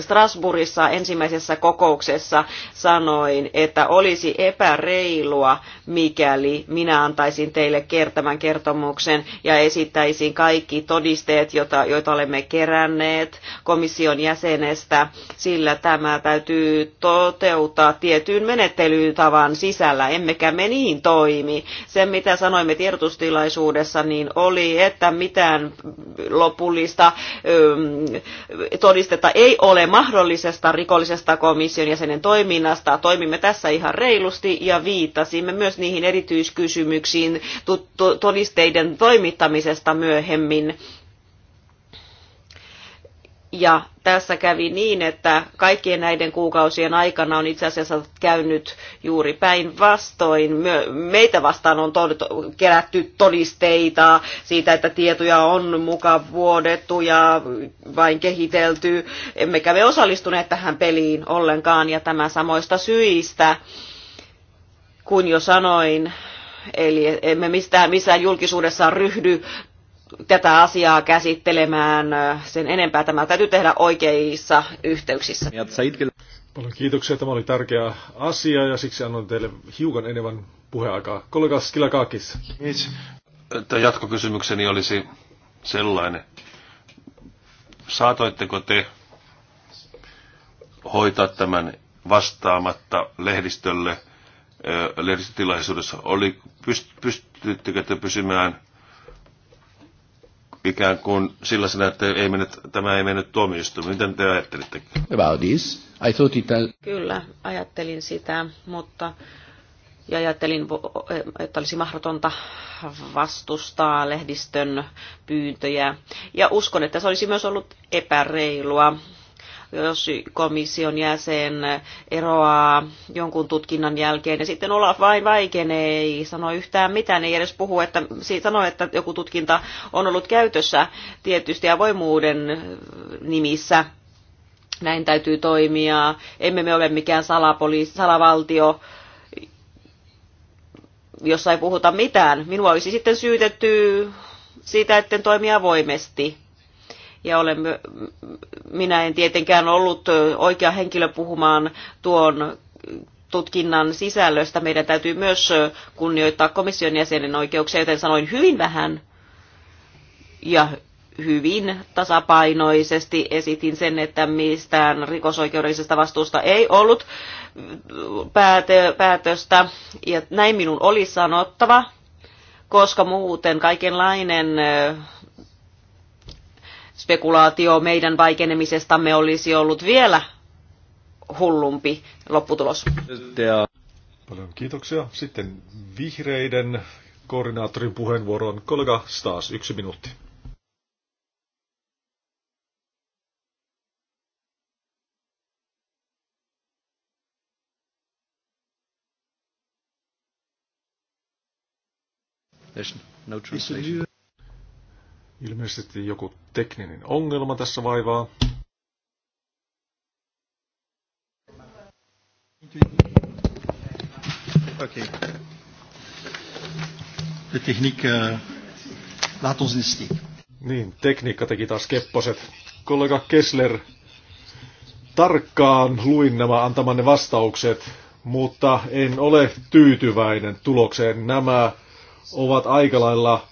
Strasbourgissa ensimmäisessä kokouksessa sanoin, että olisi epäreilua, mikäli minä antaisin teille kertaman kertomuksen ja esittäisin kaikki todisteet, joita, joita olemme keränneet komission jäsenestä, sillä tämä täytyy toteuttaa tietyn menettelytavan sisällä, emmekä me niin toimi. Se, mitä sanoimme tiedotustilaisuudessa, niin oli, että mitään lopullista todistetta ei ole mahdollisesta rikollisesta komission jäsenen toiminnasta. Toimimme tässä ihan reilusti ja viittasimme myös niihin erityiskysymyksiin todisteiden toimittamisesta myöhemmin ja tässä kävi niin, että kaikkien näiden kuukausien aikana on itse asiassa käynyt juuri päinvastoin. Meitä vastaan on tod- kerätty todisteita siitä, että tietoja on mukaan vuodettu ja vain kehitelty. Emmekä me osallistuneet tähän peliin ollenkaan ja tämä samoista syistä, kun jo sanoin, Eli emme mistään, missään julkisuudessa ryhdy tätä asiaa käsittelemään sen enempää. Tämä täytyy tehdä oikeissa yhteyksissä. Paljon kiitoksia. Tämä oli tärkeä asia ja siksi annan teille hiukan enemmän puheaikaa. Kollega Skilakakis. Jatkokysymykseni olisi sellainen. Saatoitteko te hoitaa tämän vastaamatta lehdistölle lehdistötilaisuudessa? Oli, pyst, pystyttekö te pysymään ikään kuin sinä, että ei mennyt, tämä ei mennyt tuomioistuimeen. Miten te ajattelitte? About this. I thought it... Uh, Kyllä, ajattelin sitä, mutta ja ajattelin, että olisi mahdotonta vastustaa lehdistön pyyntöjä. Ja uskon, että se olisi myös ollut epäreilua jos komission jäsen eroaa jonkun tutkinnan jälkeen ja sitten Olaf vain vaikenee, ei sano yhtään mitään, ei edes puhu, että sano että joku tutkinta on ollut käytössä tietysti avoimuuden nimissä. Näin täytyy toimia. Emme me ole mikään salapoliisi, salavaltio, jossa ei puhuta mitään. Minua olisi sitten syytetty siitä, etten toimia avoimesti ja olen minä en tietenkään ollut oikea henkilö puhumaan tuon tutkinnan sisällöstä. Meidän täytyy myös kunnioittaa komission jäsenen oikeuksia, joten sanoin hyvin vähän ja hyvin tasapainoisesti esitin sen, että mistään rikosoikeudellisesta vastuusta ei ollut päätöstä. Ja näin minun oli sanottava, koska muuten kaikenlainen spekulaatio meidän vaikenemisestamme olisi ollut vielä hullumpi lopputulos. Paljon kiitoksia. Sitten vihreiden koordinaattorin puheenvuoron kollega Staas, yksi minuutti. There's no truth. Ilmeisesti joku tekninen ongelma tässä vaivaa. Okay. De techniek uh, laat ons in steek. Niin, tekniikka teki taas kepposet. Kollega Kessler, tarkkaan luin nämä antamanne vastaukset, mutta en ole tyytyväinen tulokseen. Nämä ovat aika lailla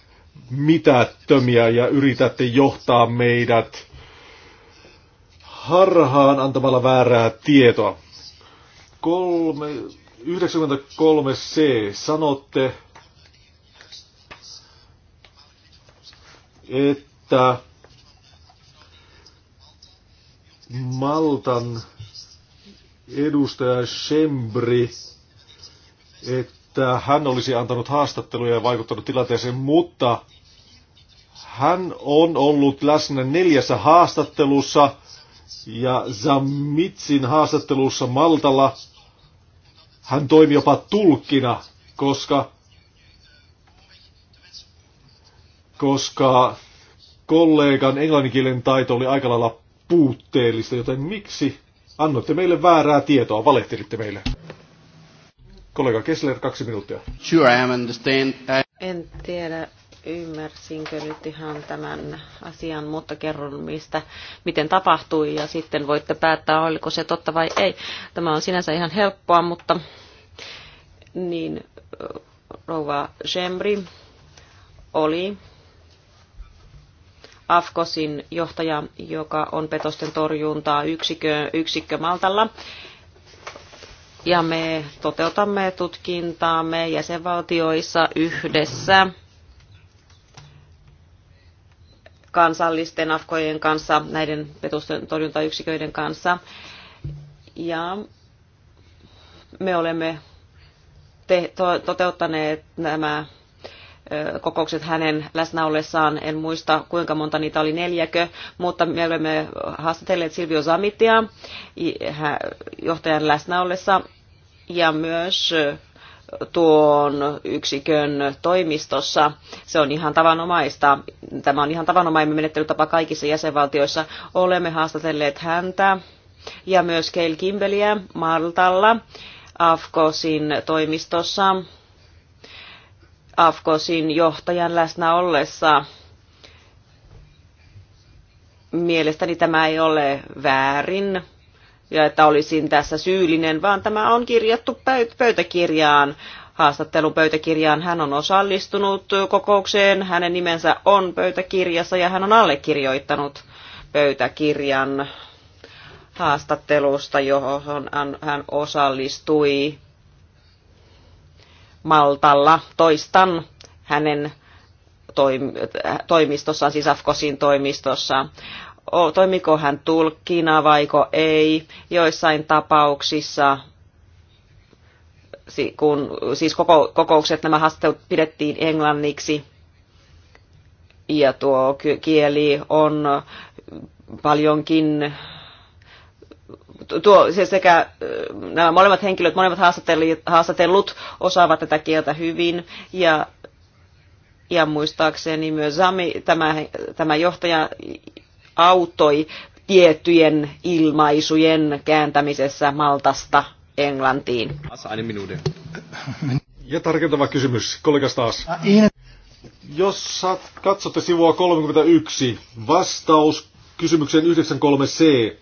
mitättömiä ja yritätte johtaa meidät harhaan antamalla väärää tietoa. Kolme, 93c sanotte, että Maltan edustaja Shembri, että että hän olisi antanut haastatteluja ja vaikuttanut tilanteeseen, mutta hän on ollut läsnä neljässä haastattelussa ja Zamitsin haastattelussa Maltalla hän toimi jopa tulkkina, koska, koska kollegan englanninkielen taito oli aika lailla puutteellista, joten miksi annoitte meille väärää tietoa, valehtelitte meille? Kollega Kessler, kaksi minuuttia. Sure, I understand. En tiedä, ymmärsinkö nyt ihan tämän asian, mutta kerron mistä, miten tapahtui ja sitten voitte päättää, oliko se totta vai ei. Tämä on sinänsä ihan helppoa, mutta niin rouva Shemri oli AFKOSin johtaja, joka on petosten torjuntaa yksikkö, yksikkö Maltalla ja me toteutamme tutkintaamme jäsenvaltioissa yhdessä kansallisten afkojen kanssa, näiden petosten torjuntayksiköiden kanssa. Ja me olemme te- to- toteuttaneet nämä kokoukset hänen läsnä ollessaan. En muista kuinka monta niitä oli neljäkö, mutta me olemme haastatelleet Silvio Zamitia johtajan läsnä ollessa ja myös tuon yksikön toimistossa. Se on ihan tavanomaista. Tämä on ihan tavanomainen menettelytapa kaikissa jäsenvaltioissa. Olemme haastatelleet häntä ja myös Keil Kimbeliä Maltalla AFKOSin toimistossa AFKOSin johtajan läsnä ollessa. Mielestäni tämä ei ole väärin ja että olisin tässä syyllinen, vaan tämä on kirjattu pöytäkirjaan. Haastattelun pöytäkirjaan hän on osallistunut kokoukseen, hänen nimensä on pöytäkirjassa ja hän on allekirjoittanut pöytäkirjan haastattelusta, johon hän osallistui Maltalla. Toistan hänen toimistossaan, siis Afkosin toimistossa. Toimiko hän tulkkina vaiko ei? Joissain tapauksissa kun siis koko, kokoukset, nämä haastattelut pidettiin englanniksi, ja tuo kieli on paljonkin tuo, se sekä nämä molemmat henkilöt, molemmat haastatellut osaavat tätä kieltä hyvin ja, ja muistaakseni myös Sami, tämä, tämä johtaja auttoi tiettyjen ilmaisujen kääntämisessä Maltasta Englantiin. Ja tarkentava kysymys, kollegas taas. Jos katsotte sivua 31, vastaus kysymykseen 93c,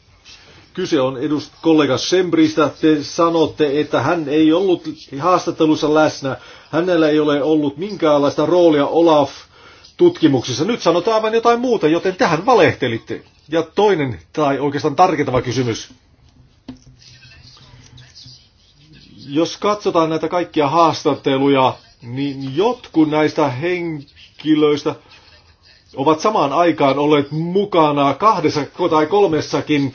Kyse on edust kollega Sembristä. Te sanotte, että hän ei ollut haastattelussa läsnä. Hänellä ei ole ollut minkäänlaista roolia Olaf tutkimuksissa. Nyt sanotaan aivan jotain muuta, joten tähän valehtelitte. Ja toinen, tai oikeastaan tarkentava kysymys. Jos katsotaan näitä kaikkia haastatteluja, niin jotkut näistä henkilöistä ovat samaan aikaan olleet mukana kahdessa tai kolmessakin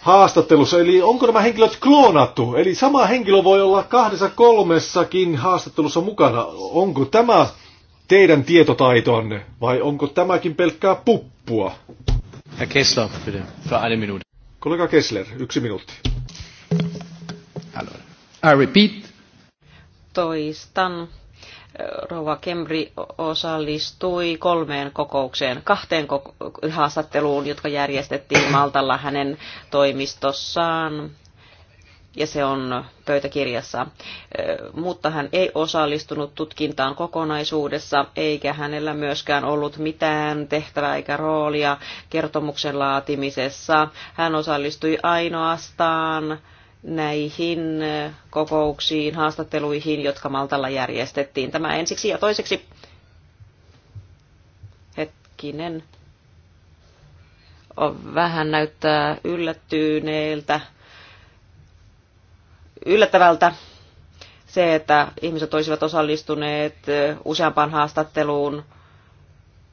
haastattelussa. Eli onko nämä henkilöt kloonattu? Eli sama henkilö voi olla kahdessa kolmessakin haastattelussa mukana. Onko tämä teidän tietotaitonne vai onko tämäkin pelkkää puppua? Herr Kessler, bitte, für eine Minute. Kollega Kessler, yksi minuutti. Hello. I repeat. Toistan Rouva Kemri osallistui kolmeen kokoukseen, kahteen koko- haastatteluun, jotka järjestettiin Maltalla hänen toimistossaan ja se on pöytäkirjassa. Mutta hän ei osallistunut tutkintaan kokonaisuudessa, eikä hänellä myöskään ollut mitään tehtävää eikä roolia kertomuksen laatimisessa. Hän osallistui ainoastaan näihin kokouksiin, haastatteluihin, jotka Maltalla järjestettiin. Tämä ensiksi ja toiseksi. Hetkinen. On vähän näyttää yllättyneeltä. Yllättävältä se, että ihmiset olisivat osallistuneet useampaan haastatteluun.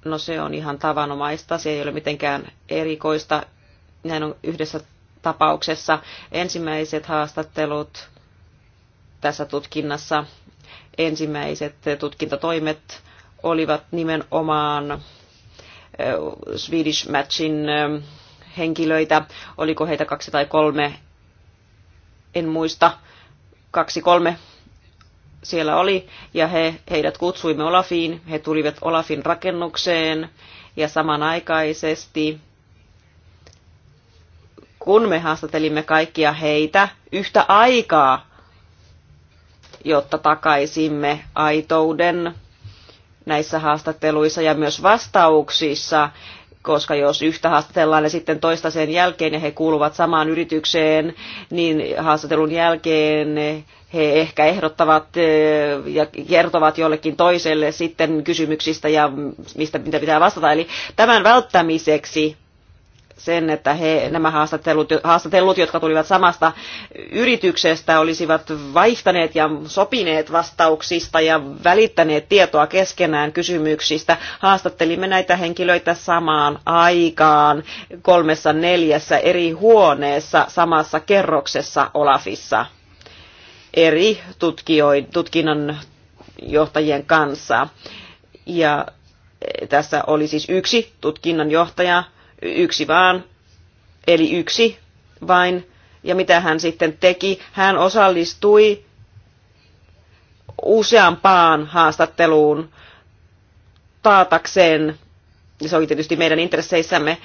No se on ihan tavanomaista, se ei ole mitenkään erikoista. Näin on yhdessä tapauksessa. Ensimmäiset haastattelut tässä tutkinnassa, ensimmäiset tutkintatoimet olivat nimenomaan Swedish Matchin henkilöitä, oliko heitä kaksi tai kolme, en muista, kaksi kolme siellä oli, ja he, heidät kutsuimme Olafiin, he tulivat Olafin rakennukseen, ja samanaikaisesti kun me haastatelimme kaikkia heitä yhtä aikaa, jotta takaisimme aitouden näissä haastatteluissa ja myös vastauksissa, koska jos yhtä haastatellaan ja sitten toista sen jälkeen ja he kuuluvat samaan yritykseen, niin haastattelun jälkeen he ehkä ehdottavat eh, ja kertovat jollekin toiselle sitten kysymyksistä ja mistä mitä pitää vastata. Eli tämän välttämiseksi sen, että he, nämä haastattelut, haastattelut, jotka tulivat samasta yrityksestä, olisivat vaihtaneet ja sopineet vastauksista ja välittäneet tietoa keskenään kysymyksistä. Haastattelimme näitä henkilöitä samaan aikaan kolmessa neljässä eri huoneessa samassa kerroksessa Olafissa eri tutkinnon johtajien kanssa. Ja tässä oli siis yksi tutkinnan johtaja, yksi vaan, eli yksi vain. Ja mitä hän sitten teki? Hän osallistui useampaan haastatteluun taatakseen, se oli tietysti meidän intresseissämme,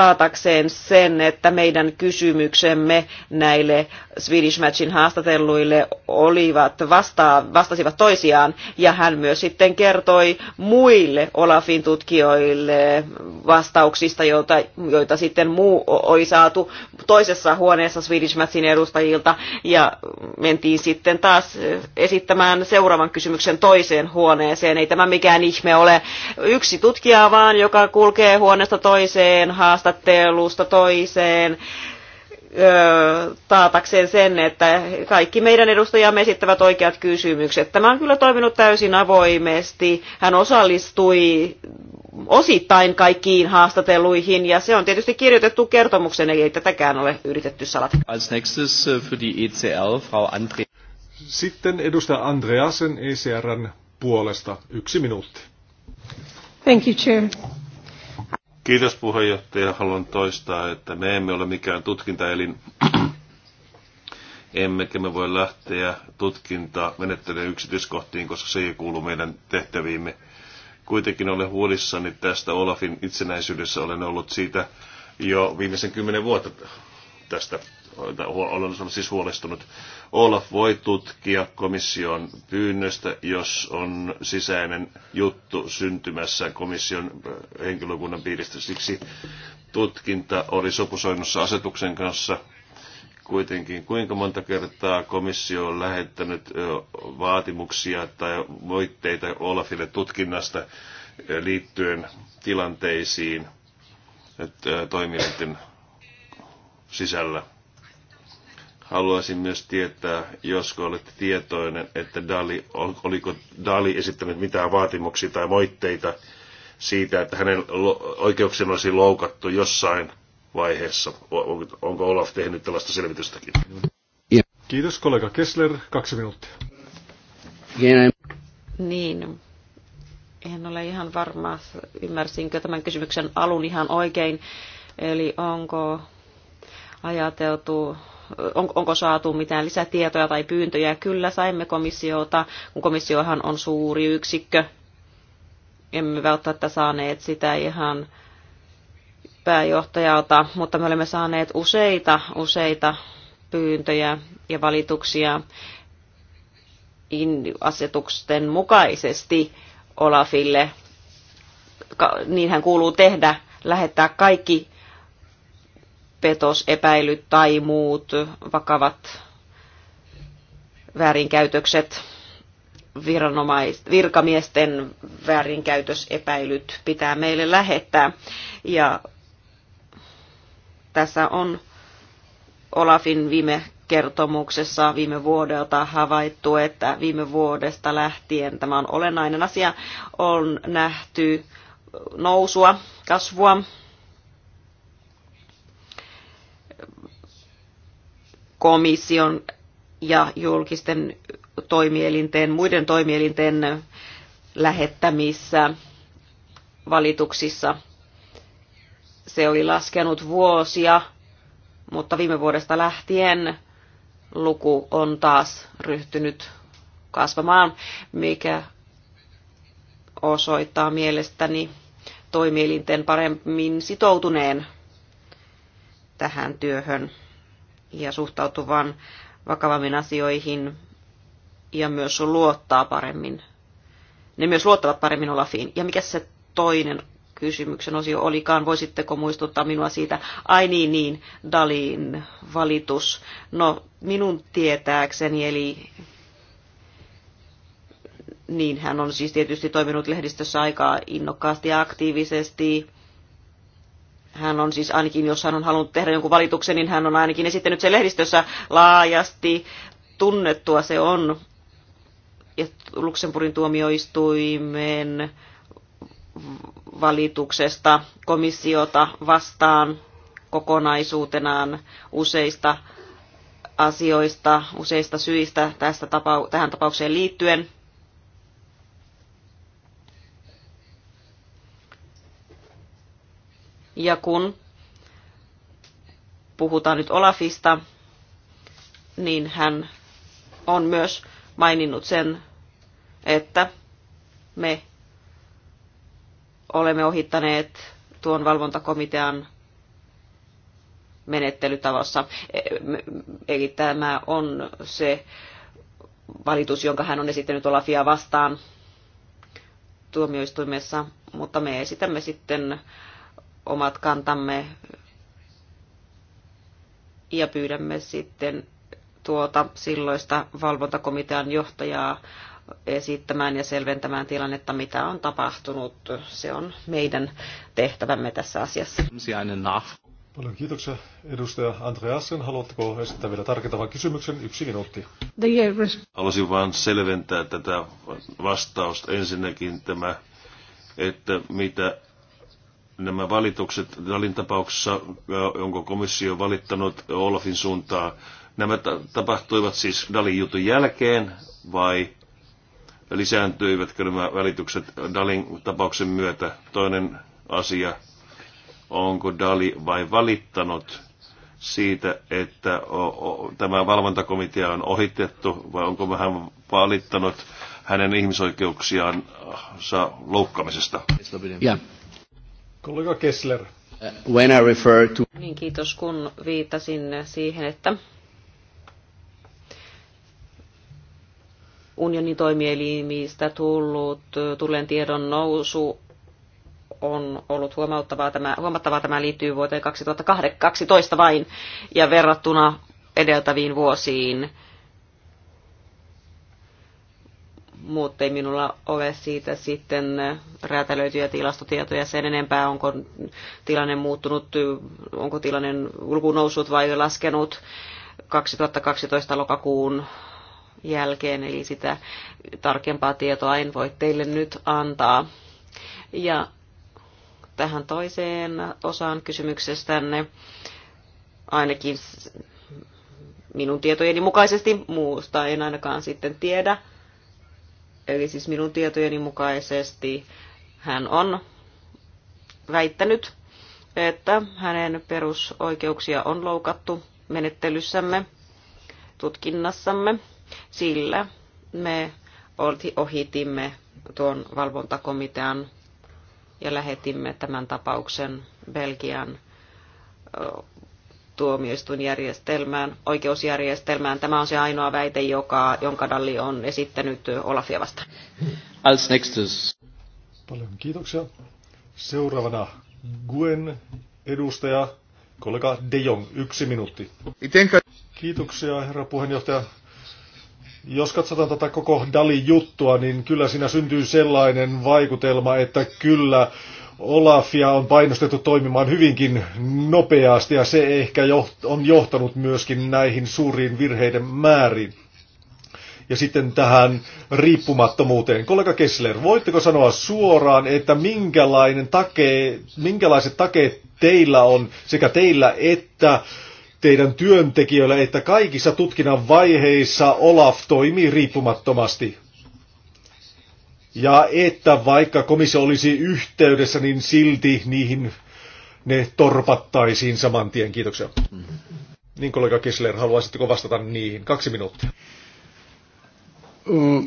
taatakseen sen, että meidän kysymyksemme näille Swedish Matchin haastatelluille olivat vasta, vastasivat toisiaan, ja hän myös sitten kertoi muille Olafin tutkijoille vastauksista, joita, joita sitten muu oli saatu toisessa huoneessa Swedish Matchin edustajilta, ja mentiin sitten taas esittämään seuraavan kysymyksen toiseen huoneeseen. Ei tämä mikään ihme ole. Yksi tutkija vaan, joka kulkee huoneesta toiseen haastaa haastattelusta toiseen taatakseen sen, että kaikki meidän edustajamme esittävät oikeat kysymykset. Tämä on kyllä toiminut täysin avoimesti. Hän osallistui osittain kaikkiin haastatteluihin ja se on tietysti kirjoitettu kertomuksen, eli ei tätäkään ole yritetty salata. Als nächstes äh, für die ECL, Frau Andre. Sitten edustaja Andreasen ECRn puolesta yksi minuutti. Thank you, Chair. Kiitos puheenjohtaja. Haluan toistaa, että me emme ole mikään tutkintaelin. Emmekä me voi lähteä tutkintaa menettelyyn yksityiskohtiin, koska se ei kuulu meidän tehtäviimme. Kuitenkin olen huolissani tästä Olafin itsenäisyydessä. Olen ollut siitä jo viimeisen kymmenen vuotta tästä. Olen siis huolestunut. Olaf voi tutkia komission pyynnöstä, jos on sisäinen juttu syntymässä komission äh, henkilökunnan piiristä. Siksi tutkinta oli sopusoinnussa asetuksen kanssa kuitenkin, kuinka monta kertaa komissio on lähettänyt äh, vaatimuksia tai moitteita Olafille tutkinnasta äh, liittyen tilanteisiin toimijoiden sisällä. Haluaisin myös tietää, josko olette tietoinen, että Dali, oliko Dali esittänyt mitään vaatimuksia tai moitteita siitä, että hänen oikeuksien olisi loukattu jossain vaiheessa. Onko Olaf tehnyt tällaista selvitystäkin? Kiitos kollega Kessler, kaksi minuuttia. Niin, en ole ihan varma, ymmärsinkö tämän kysymyksen alun ihan oikein. Eli onko ajateltu on, onko saatu mitään lisätietoja tai pyyntöjä. Kyllä saimme komissiota, kun komissiohan on suuri yksikkö. Emme välttämättä saaneet sitä ihan pääjohtajalta, mutta me olemme saaneet useita, useita pyyntöjä ja valituksia asetuksen mukaisesti Olafille. Niinhän kuuluu tehdä, lähettää kaikki petosepäilyt tai muut vakavat väärinkäytökset, virkamiesten väärinkäytösepäilyt pitää meille lähettää. Ja tässä on Olafin viime kertomuksessa viime vuodelta havaittu, että viime vuodesta lähtien, tämä on olennainen asia, on nähty nousua, kasvua komission ja julkisten toimielinten, muiden toimielinten lähettämissä valituksissa. Se oli laskenut vuosia, mutta viime vuodesta lähtien luku on taas ryhtynyt kasvamaan, mikä osoittaa mielestäni toimielinten paremmin sitoutuneen tähän työhön ja suhtautuvan vakavammin asioihin ja myös luottaa paremmin. Ne myös luottavat paremmin Olafiin. Ja mikä se toinen kysymyksen osio olikaan. Voisitteko muistuttaa minua siitä? Ai niin, niin, Dalin valitus. No, minun tietääkseni, eli niin hän on siis tietysti toiminut lehdistössä aika innokkaasti ja aktiivisesti hän on siis ainakin, jos hän on halunnut tehdä jonkun valituksen, niin hän on ainakin esittänyt sen lehdistössä laajasti. Tunnettua se on. Ja Luxemburgin tuomioistuimen valituksesta komissiota vastaan kokonaisuutenaan useista asioista, useista syistä tästä tapau- tähän tapaukseen liittyen. Ja kun puhutaan nyt Olafista, niin hän on myös maininnut sen, että me olemme ohittaneet tuon valvontakomitean menettelytavassa. Eli tämä on se valitus, jonka hän on esittänyt Olafia vastaan tuomioistuimessa, mutta me esitämme sitten omat kantamme ja pyydämme sitten tuota silloista valvontakomitean johtajaa esittämään ja selventämään tilannetta, mitä on tapahtunut. Se on meidän tehtävämme tässä asiassa. Paljon kiitoksia. Edustaja Andreasen, haluatteko esittää vielä tarkentavan kysymyksen? Yksi minuutti. Haluaisin vain selventää tätä vastausta. Ensinnäkin tämä, että mitä nämä valitukset, Dalin tapauksessa, onko komissio valittanut Olafin suuntaa, nämä tapahtuivat siis Dalin jutun jälkeen vai lisääntyivätkö nämä välitykset Dalin tapauksen myötä? Toinen asia, onko Dali vai valittanut siitä, että tämä valvontakomitea on ohitettu vai onko hän valittanut hänen ihmisoikeuksiaan loukkaamisesta? Yeah. Kollega Kessler. When I refer to... Niin, kiitos, kun viitasin siihen, että unionin toimielimistä tullut, tulleen tiedon nousu on ollut huomattavaa. Tämä, huomattavaa tämä liittyy vuoteen 2012 vain ja verrattuna edeltäviin vuosiin mutta ei minulla ole siitä sitten räätälöityjä tilastotietoja sen enempää, onko tilanne muuttunut, onko tilanne luku noussut vai laskenut 2012 lokakuun jälkeen, eli sitä tarkempaa tietoa en voi teille nyt antaa. Ja tähän toiseen osaan kysymyksestänne ainakin minun tietojeni mukaisesti muusta en ainakaan sitten tiedä Eli siis minun tietojeni mukaisesti hän on väittänyt, että hänen perusoikeuksia on loukattu menettelyssämme, tutkinnassamme, sillä me ohitimme tuon valvontakomitean ja lähetimme tämän tapauksen Belgian tuomioistuinjärjestelmään, oikeusjärjestelmään. Tämä on se ainoa väite, joka, jonka Dalli on esittänyt Olafia vastaan. Als nächstes. Paljon kiitoksia. Seuraavana Guen edustaja, kollega De Jong, yksi minuutti. Kiitoksia, herra puheenjohtaja. Jos katsotaan tätä koko Dali-juttua, niin kyllä siinä syntyy sellainen vaikutelma, että kyllä Olafia on painostettu toimimaan hyvinkin nopeasti ja se ehkä on johtanut myöskin näihin suuriin virheiden määriin. Ja sitten tähän riippumattomuuteen. Kollega Kessler, voitteko sanoa suoraan, että minkälainen take, minkälaiset takeet teillä on sekä teillä että teidän työntekijöillä, että kaikissa tutkinnan vaiheissa Olaf toimii riippumattomasti? Ja että vaikka komissio olisi yhteydessä, niin silti niihin ne torpattaisiin saman tien. Kiitoksia. Mm-hmm. Niin kollega Kessler, haluaisitteko vastata niihin? Kaksi minuuttia. Uh,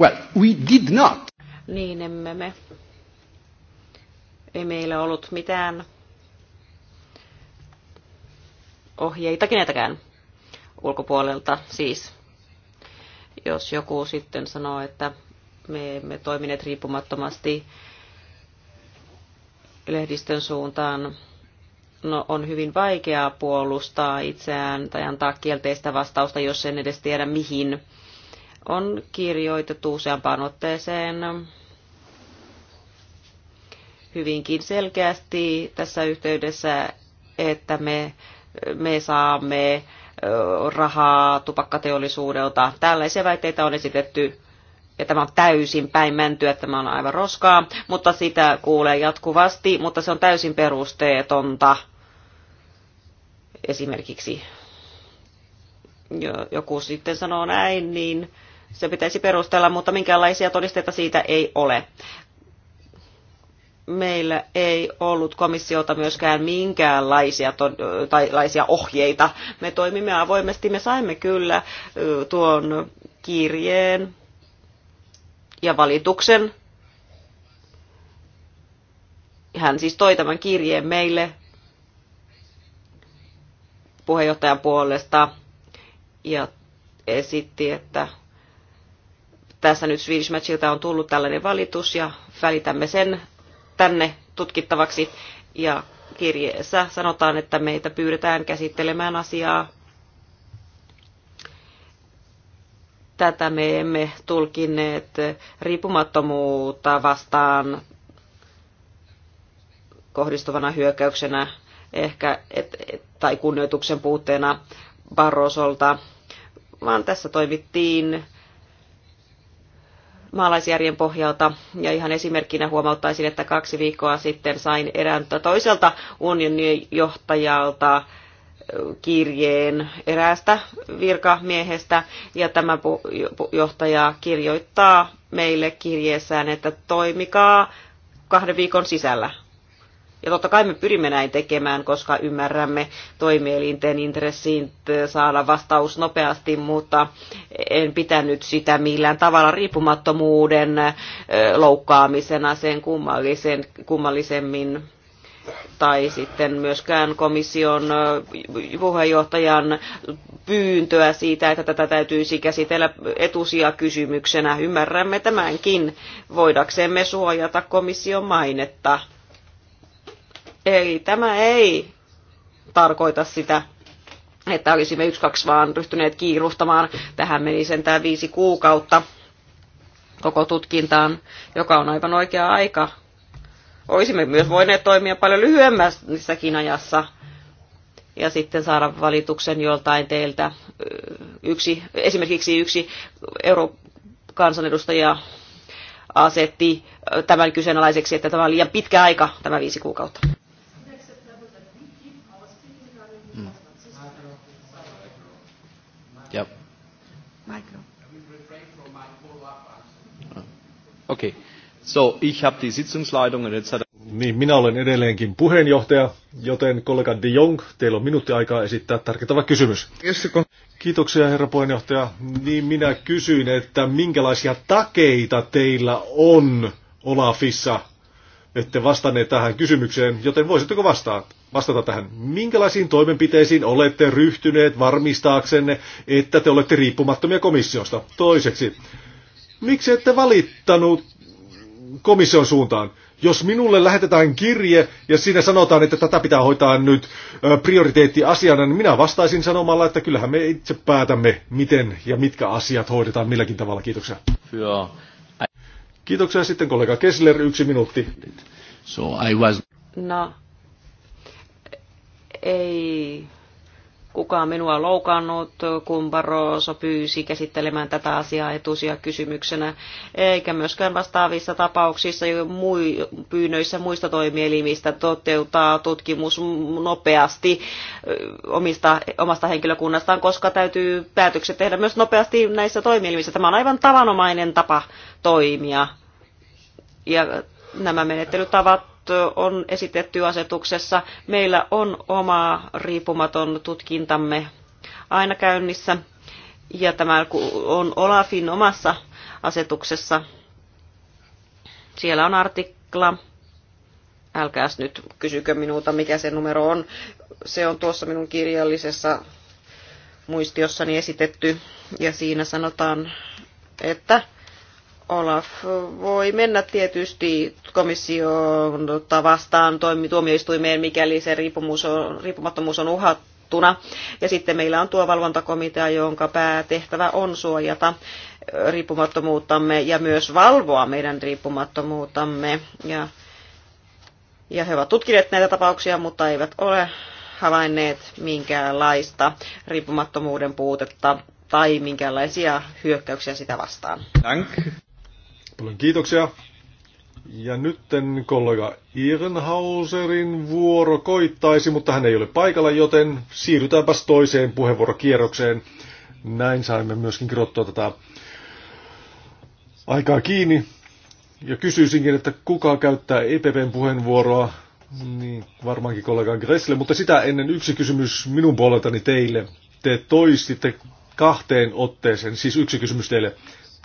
well, we did not. Niin emme me. Ei meillä ollut mitään ohjeita kenetäkään ulkopuolelta siis. Jos joku sitten sanoo, että me emme toimineet riippumattomasti lehdistön suuntaan. No, on hyvin vaikeaa puolustaa itseään tai antaa kielteistä vastausta, jos en edes tiedä mihin. On kirjoitettu useampaan otteeseen hyvinkin selkeästi tässä yhteydessä, että me, me saamme rahaa tupakkateollisuudelta. Tällaisia väitteitä on esitetty ja tämä on täysin päin mäntyä, tämä on aivan roskaa, mutta sitä kuulee jatkuvasti, mutta se on täysin perusteetonta. Esimerkiksi joku sitten sanoo näin, niin se pitäisi perustella, mutta minkäänlaisia todisteita siitä ei ole. Meillä ei ollut komissiota myöskään minkäänlaisia tai laisia ohjeita. Me toimimme avoimesti, me saimme kyllä tuon kirjeen ja valituksen. Hän siis toi tämän kirjeen meille puheenjohtajan puolesta ja esitti, että tässä nyt Swedish Matchilta on tullut tällainen valitus ja välitämme sen tänne tutkittavaksi. Ja kirjeessä sanotaan, että meitä pyydetään käsittelemään asiaa tätä me emme tulkineet riippumattomuutta vastaan kohdistuvana hyökkäyksenä ehkä et, et, tai kunnioituksen puutteena Barrosolta, vaan tässä toimittiin maalaisjärjen pohjalta. Ja ihan esimerkkinä huomauttaisin, että kaksi viikkoa sitten sain erään toiselta unionin johtajalta kirjeen eräästä virkamiehestä ja tämä johtaja kirjoittaa meille kirjeessään, että toimikaa kahden viikon sisällä. Ja totta kai me pyrimme näin tekemään, koska ymmärrämme toimielinten intressiin saada vastaus nopeasti, mutta en pitänyt sitä millään tavalla riippumattomuuden loukkaamisena sen kummallisen, kummallisemmin tai sitten myöskään komission puheenjohtajan pyyntöä siitä, että tätä täytyisi käsitellä kysymyksenä Ymmärrämme tämänkin, voidaksemme suojata komission mainetta. Eli tämä ei tarkoita sitä, että olisimme yksi kaksi vaan ryhtyneet kiiruhtamaan. Tähän meni sentään viisi kuukautta koko tutkintaan, joka on aivan oikea aika Olisimme myös voineet toimia paljon lyhyemmässäkin ajassa ja sitten saada valituksen joltain teiltä. Yksi, esimerkiksi yksi eurokansanedustaja asetti tämän kyseenalaiseksi, että tämä on liian pitkä aika, tämä viisi kuukautta. Mm. Yep. Okei. Okay. So, ich habe die Sitzungsleitung und jetzt hat... Er- niin, minä olen edelleenkin puheenjohtaja, joten kollega de Jong, teillä on minuutti aikaa esittää tarkentava kysymys. Kiitoksia herra puheenjohtaja. Niin minä kysyin, että minkälaisia takeita teillä on Olafissa? Ette vastanneet tähän kysymykseen, joten voisitteko vastaa, vastata tähän? Minkälaisiin toimenpiteisiin olette ryhtyneet varmistaaksenne, että te olette riippumattomia komissiosta? Toiseksi, miksi ette valittanut komission suuntaan. Jos minulle lähetetään kirje ja siinä sanotaan, että tätä pitää hoitaa nyt prioriteettiasiana, niin minä vastaisin sanomalla, että kyllähän me itse päätämme, miten ja mitkä asiat hoidetaan milläkin tavalla. Kiitoksia. Joo. Kiitoksia sitten kollega Kessler, yksi minuutti. So I was... No, ei kuka minua loukannut, kun Barroso pyysi käsittelemään tätä asiaa etusia kysymyksenä, eikä myöskään vastaavissa tapauksissa mui, pyynnöissä muista toimielimistä toteuttaa tutkimus nopeasti omista, omasta henkilökunnastaan, koska täytyy päätökset tehdä myös nopeasti näissä toimielimissä. Tämä on aivan tavanomainen tapa toimia. Ja nämä menettelytavat on esitetty asetuksessa. Meillä on oma riippumaton tutkintamme aina käynnissä ja tämä on Olafin omassa asetuksessa. Siellä on artikla älkääs nyt kysykö minulta, mikä se numero on. Se on tuossa minun kirjallisessa muistiossani esitetty, ja siinä sanotaan, että Olaf voi mennä tietysti komission vastaan tuomioistuimeen, mikäli se on, riippumattomuus on uhattuna. Ja sitten meillä on tuo valvontakomitea, jonka päätehtävä on suojata riippumattomuuttamme ja myös valvoa meidän riippumattomuuttamme. Ja, ja he ovat tutkineet näitä tapauksia, mutta eivät ole havainneet minkäänlaista riippumattomuuden puutetta tai minkäänlaisia hyökkäyksiä sitä vastaan. Dank. Paljon kiitoksia. Ja nytten kollega Irnhauserin vuoro koittaisi, mutta hän ei ole paikalla, joten siirrytäänpäs toiseen puheenvuorokierrokseen. Näin saimme myöskin kirjoittua tätä aikaa kiinni. Ja kysyisinkin, että kuka käyttää EPPn puheenvuoroa, niin varmaankin kollega Gressle, mutta sitä ennen yksi kysymys minun puoleltani teille. Te toistitte kahteen otteeseen, siis yksi kysymys teille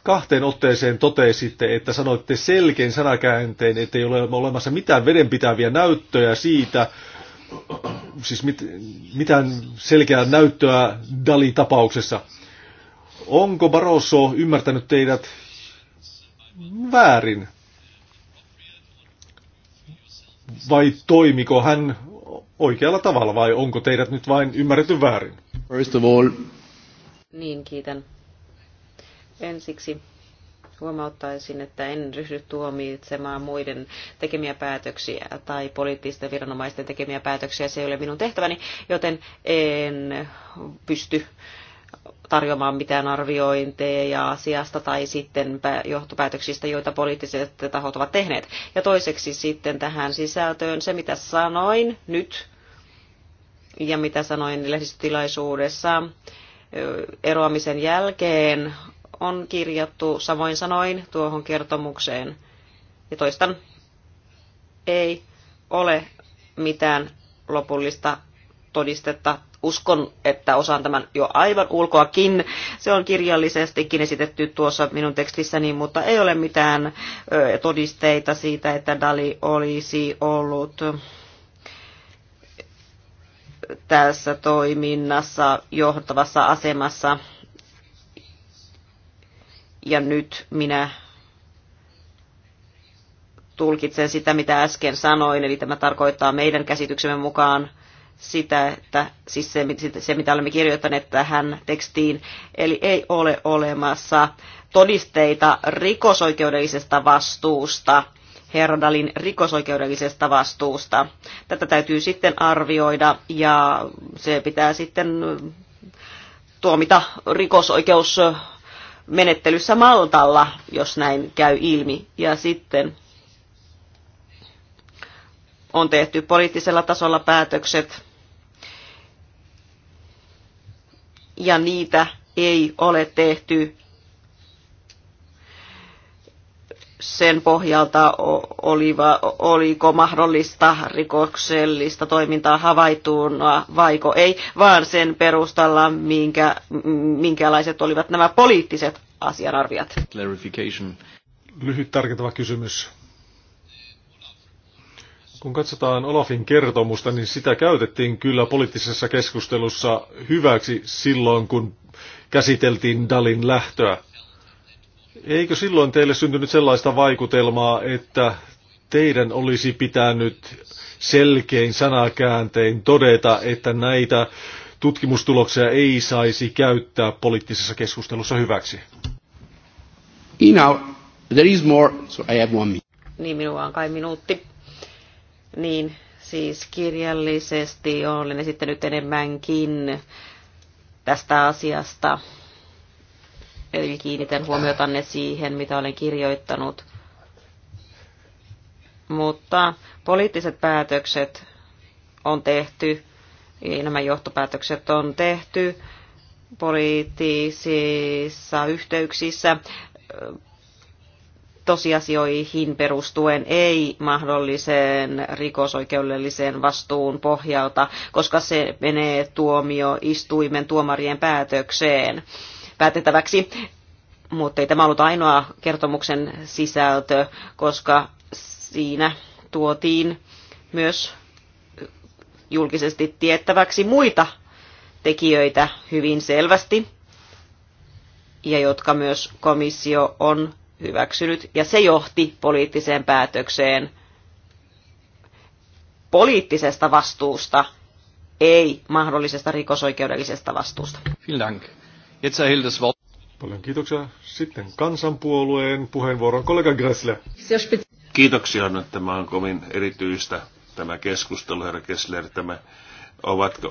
kahteen otteeseen totesitte, että sanoitte selkein sanakääntein, että ei ole olemassa mitään vedenpitäviä näyttöjä siitä, siis mit, mitään selkeää näyttöä Dali-tapauksessa. Onko Barroso ymmärtänyt teidät väärin? Vai toimiko hän oikealla tavalla vai onko teidät nyt vain ymmärretty väärin? First of all. Niin, kiitän Ensiksi huomauttaisin, että en ryhdy tuomitsemaan muiden tekemiä päätöksiä tai poliittisten viranomaisten tekemiä päätöksiä. Se ei ole minun tehtäväni, joten en pysty tarjoamaan mitään arviointeja asiasta tai sitten johtopäätöksistä, joita poliittiset tahot ovat tehneet. Ja toiseksi sitten tähän sisältöön se, mitä sanoin nyt ja mitä sanoin lehdistötilaisuudessa eroamisen jälkeen on kirjattu samoin sanoin tuohon kertomukseen. Ja toistan, ei ole mitään lopullista todistetta. Uskon, että osaan tämän jo aivan ulkoakin. Se on kirjallisestikin esitetty tuossa minun tekstissäni, mutta ei ole mitään todisteita siitä, että Dali olisi ollut tässä toiminnassa johtavassa asemassa ja nyt minä tulkitsen sitä, mitä äsken sanoin, eli tämä tarkoittaa meidän käsityksemme mukaan sitä, että siis se, se mitä olemme kirjoittaneet tähän tekstiin, eli ei ole olemassa todisteita rikosoikeudellisesta vastuusta, Herdalin rikosoikeudellisesta vastuusta. Tätä täytyy sitten arvioida ja se pitää sitten tuomita rikosoikeus menettelyssä Maltalla, jos näin käy ilmi. Ja sitten on tehty poliittisella tasolla päätökset ja niitä ei ole tehty sen pohjalta, oliko mahdollista rikoksellista toimintaa havaittuuna vaiko ei, vaan sen perustalla, minkä, minkälaiset olivat nämä poliittiset asianarvijat. Lyhyt tarkentava kysymys. Kun katsotaan Olafin kertomusta, niin sitä käytettiin kyllä poliittisessa keskustelussa hyväksi silloin, kun käsiteltiin Dalin lähtöä. Eikö silloin teille syntynyt sellaista vaikutelmaa, että teidän olisi pitänyt selkein sanakääntein todeta, että näitä tutkimustuloksia ei saisi käyttää poliittisessa keskustelussa hyväksi? You there is more, so I have one minute. Niin, minulla on kai minuutti. Niin, siis kirjallisesti olen esittänyt enemmänkin tästä asiasta Eli kiinnitän huomiotanne siihen, mitä olen kirjoittanut. Mutta poliittiset päätökset on tehty, ja nämä johtopäätökset on tehty poliittisissa yhteyksissä tosiasioihin perustuen, ei mahdolliseen rikosoikeudelliseen vastuun pohjalta, koska se menee tuomioistuimen tuomarien päätökseen päätettäväksi. Mutta ei tämä ollut ainoa kertomuksen sisältö, koska siinä tuotiin myös julkisesti tiettäväksi muita tekijöitä hyvin selvästi, ja jotka myös komissio on hyväksynyt, ja se johti poliittiseen päätökseen poliittisesta vastuusta, ei mahdollisesta rikosoikeudellisesta vastuusta. Vielen Paljon kiitoksia. Sitten kansanpuolueen puheenvuoron kollega Gressle. Kiitoksia, että tämä on kovin erityistä tämä keskustelu, herra Kessler, tämä ovat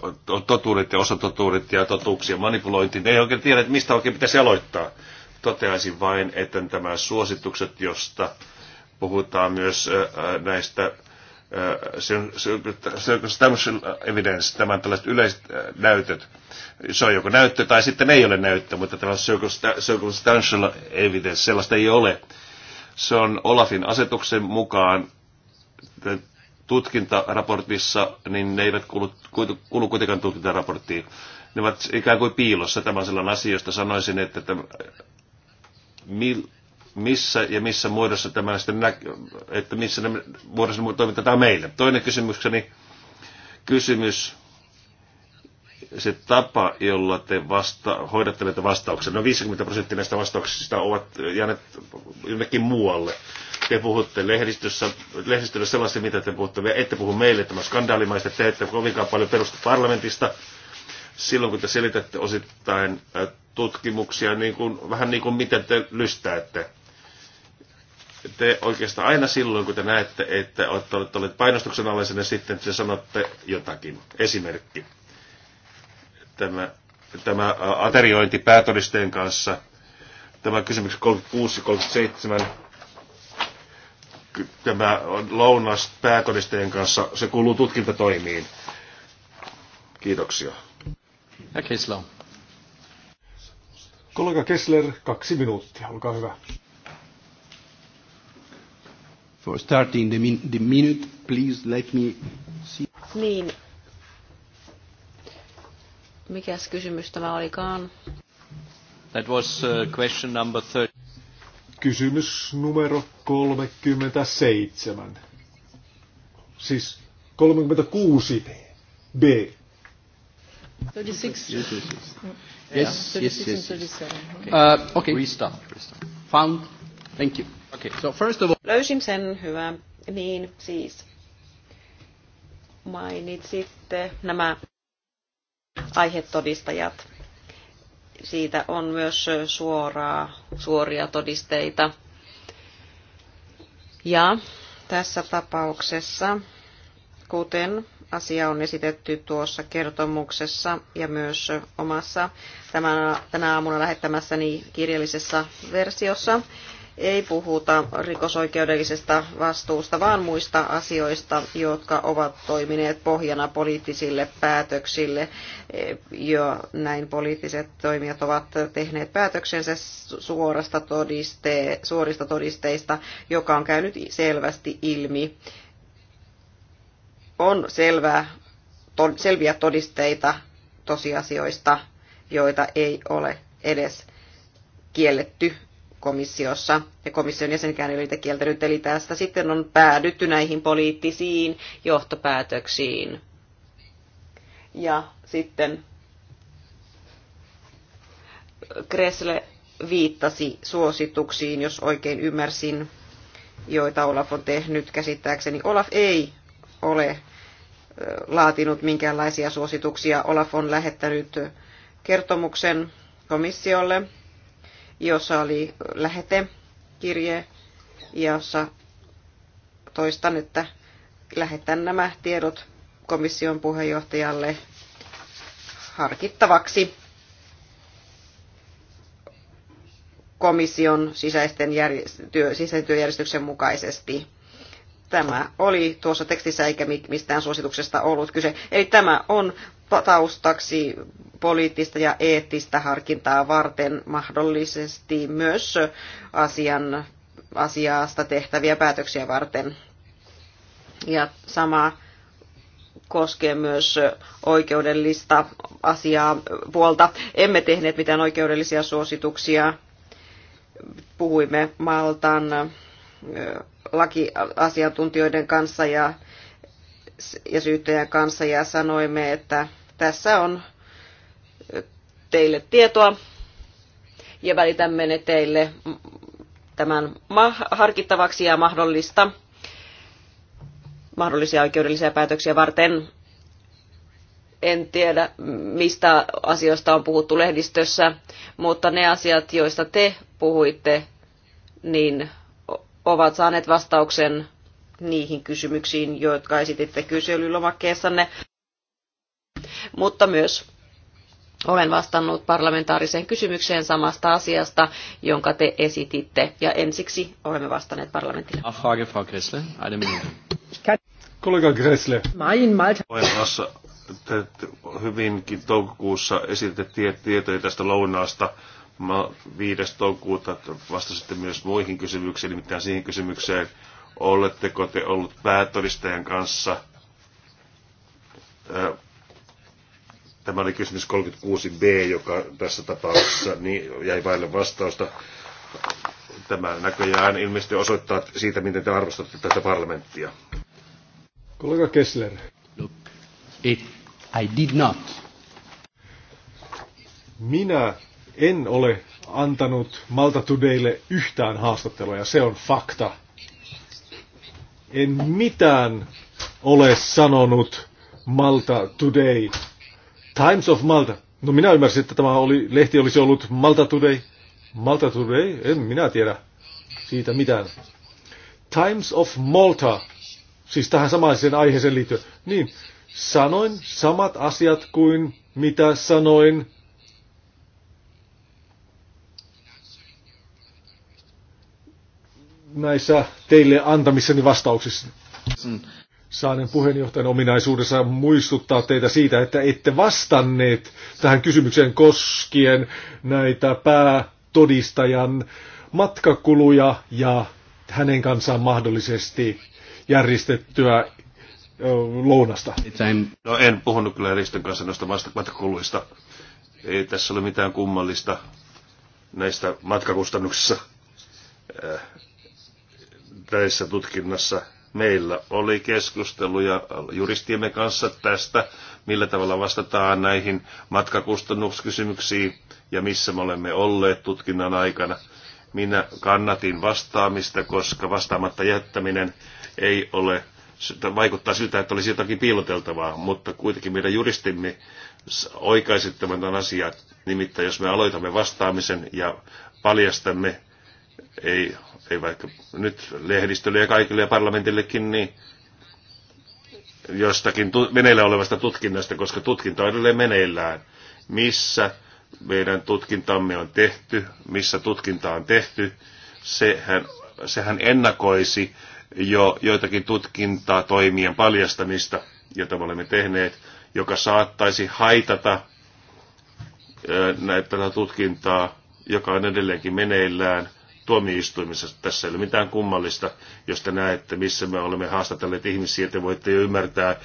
totuudet ja osatotuudet ja totuuksia manipulointi. Ne ei oikein tiedä, että mistä oikein pitäisi aloittaa. Toteaisin vain, että tämä suositukset, josta puhutaan myös äh, äh, näistä tämmöisen evidence, tämän tällaiset yleiset äh, näytöt. Se on joko näyttö tai sitten ei ole näyttö, mutta tämä circumstantial evidence, sellaista ei ole. Se on Olafin asetuksen mukaan äh, tutkintaraportissa, niin ne eivät kuulu, kuulu kuitenkaan tutkintaraporttiin. Ne ovat ikään kuin piilossa. Tämä sellainen asia, josta sanoisin, että tämän, äh, mil, missä ja missä muodossa tämä sitten nä- että missä muodossa toimitetaan meille. Toinen kysymykseni, kysymys, se tapa, jolla te vasta- hoidatte näitä vastauksia. No 50 prosenttia näistä vastauksista ovat jääneet jonnekin muualle. Te puhutte lehdistössä, lehdistössä sellaista, mitä te puhutte, ette puhu meille, tämä skandaalimaista, te ette kovinkaan paljon perusta parlamentista. Silloin kun te selitätte osittain äh, tutkimuksia, niin kuin, vähän niin kuin miten te lystäätte te oikeastaan aina silloin, kun te näette, että olette olleet painostuksen alaisena, sitten te sanotte jotakin. Esimerkki. Tämä, tämä ateriointi päätodisteen kanssa. Tämä kysymys 36 ja 37. Tämä lounas päätodisteen kanssa, se kuuluu tutkintatoimiin. Kiitoksia. Ja Kessler. Kollega Kessler, kaksi minuuttia, olkaa hyvä for starting the, min- the minute. Please let me see. Niin. Mikäs kysymys tämä olikaan? That was uh, question number 30. Kysymys numero 37. Siis 36 B. 36. Yes, yes, yes. Yes, yes, yes. yes. Uh, okay. Restart. Found. Thank you. Okay, so first of all... Löysin sen, hyvä. Niin siis mainitsitte nämä aihetodistajat. Siitä on myös suoraa, suoria todisteita. Ja tässä tapauksessa, kuten asia on esitetty tuossa kertomuksessa ja myös omassa tämän, tänä aamuna lähettämässäni kirjallisessa versiossa, ei puhuta rikosoikeudellisesta vastuusta, vaan muista asioista, jotka ovat toimineet pohjana poliittisille päätöksille. Ja näin poliittiset toimijat ovat tehneet päätöksensä suorasta todiste, suorista todisteista, joka on käynyt selvästi ilmi. On selvää, to, selviä todisteita tosiasioista, joita ei ole edes kielletty komissiossa ja komission jäsenkään ei niitä kieltänyt. Eli tästä sitten on päädytty näihin poliittisiin johtopäätöksiin. Ja sitten Kressle viittasi suosituksiin, jos oikein ymmärsin, joita Olaf on tehnyt käsittääkseni. Olaf ei ole laatinut minkäänlaisia suosituksia. Olaf on lähettänyt kertomuksen komissiolle jossa oli lähete, kirje, jossa toistan, että lähetän nämä tiedot komission puheenjohtajalle harkittavaksi komission sisäisten järj- työ, sisäisen työjärjestyksen mukaisesti. Tämä oli tuossa tekstissä eikä mistään suosituksesta ollut kyse. Eli tämä on taustaksi poliittista ja eettistä harkintaa varten mahdollisesti myös asian, asiasta tehtäviä päätöksiä varten. Ja sama koskee myös oikeudellista asiaa puolta. Emme tehneet mitään oikeudellisia suosituksia. Puhuimme Maltan lakiasiantuntijoiden kanssa ja, ja syyttäjän kanssa ja sanoimme, että tässä on teille tietoa ja välitämme ne teille tämän harkittavaksi ja mahdollista, mahdollisia oikeudellisia päätöksiä varten. En tiedä, mistä asioista on puhuttu lehdistössä, mutta ne asiat, joista te puhuitte, niin ovat saaneet vastauksen niihin kysymyksiin, jotka esititte kyselylomakkeessanne. Mutta myös olen vastannut parlamentaariseen kysymykseen samasta asiasta, jonka te esititte, ja ensiksi olemme vastanneet parlamentille. Afrage, Frau Gressle, eine Minute. Kollega Gressle. Mein Malta. Ohjelmassa hyvinkin toukokuussa esitettiin tietoja tästä lounaasta 5. toukokuuta vastasitte myös muihin kysymyksiin, nimittäin siihen kysymykseen, oletteko te ollut päätodistajan kanssa. Tämä oli kysymys 36b, joka tässä tapauksessa niin jäi vaille vastausta. Tämä näköjään ilmeisesti osoittaa siitä, miten te arvostatte tätä parlamenttia. Kollega Kessler. Look, it, I did not. Minä en ole antanut Malta Todaylle yhtään haastattelua ja se on fakta. En mitään ole sanonut Malta Today. Times of Malta. No minä ymmärsin, että tämä oli, lehti olisi ollut Malta Today. Malta Today? En minä tiedä siitä mitään. Times of Malta. Siis tähän samaiseen aiheeseen liittyen. Niin, sanoin samat asiat kuin mitä sanoin näissä teille antamissani vastauksissa. Saanen puheenjohtajan ominaisuudessa muistuttaa teitä siitä, että ette vastanneet tähän kysymykseen koskien näitä päätodistajan matkakuluja ja hänen kanssaan mahdollisesti järjestettyä lounasta. No en puhunut kyllä Riston kanssa noista matkakuluista. Ei tässä ole mitään kummallista näistä matkakustannuksissa äh, tässä tutkinnassa. Meillä oli keskusteluja juristiemme kanssa tästä, millä tavalla vastataan näihin matkakustannuskysymyksiin ja missä me olemme olleet tutkinnan aikana. Minä kannatin vastaamista, koska vastaamatta jättäminen ei ole vaikuttaa siltä, että olisi jotakin piiloteltavaa, mutta kuitenkin meidän juristimme oikaisi tämän asian. Nimittäin jos me aloitamme vastaamisen ja paljastamme, ei ei vaikka nyt lehdistölle ja kaikille ja parlamentillekin, niin jostakin meneillä olevasta tutkinnasta, koska tutkinta on edelleen meneillään. Missä meidän tutkintamme on tehty, missä tutkinta on tehty, sehän, sehän ennakoisi jo joitakin tutkintaa toimien paljastamista, jota me olemme tehneet, joka saattaisi haitata näitä tutkintaa, joka on edelleenkin meneillään – tuomioistuimissa. Tässä ei ole mitään kummallista, jos te näette, missä me olemme haastatelleet ihmisiä, te voitte jo ymmärtää,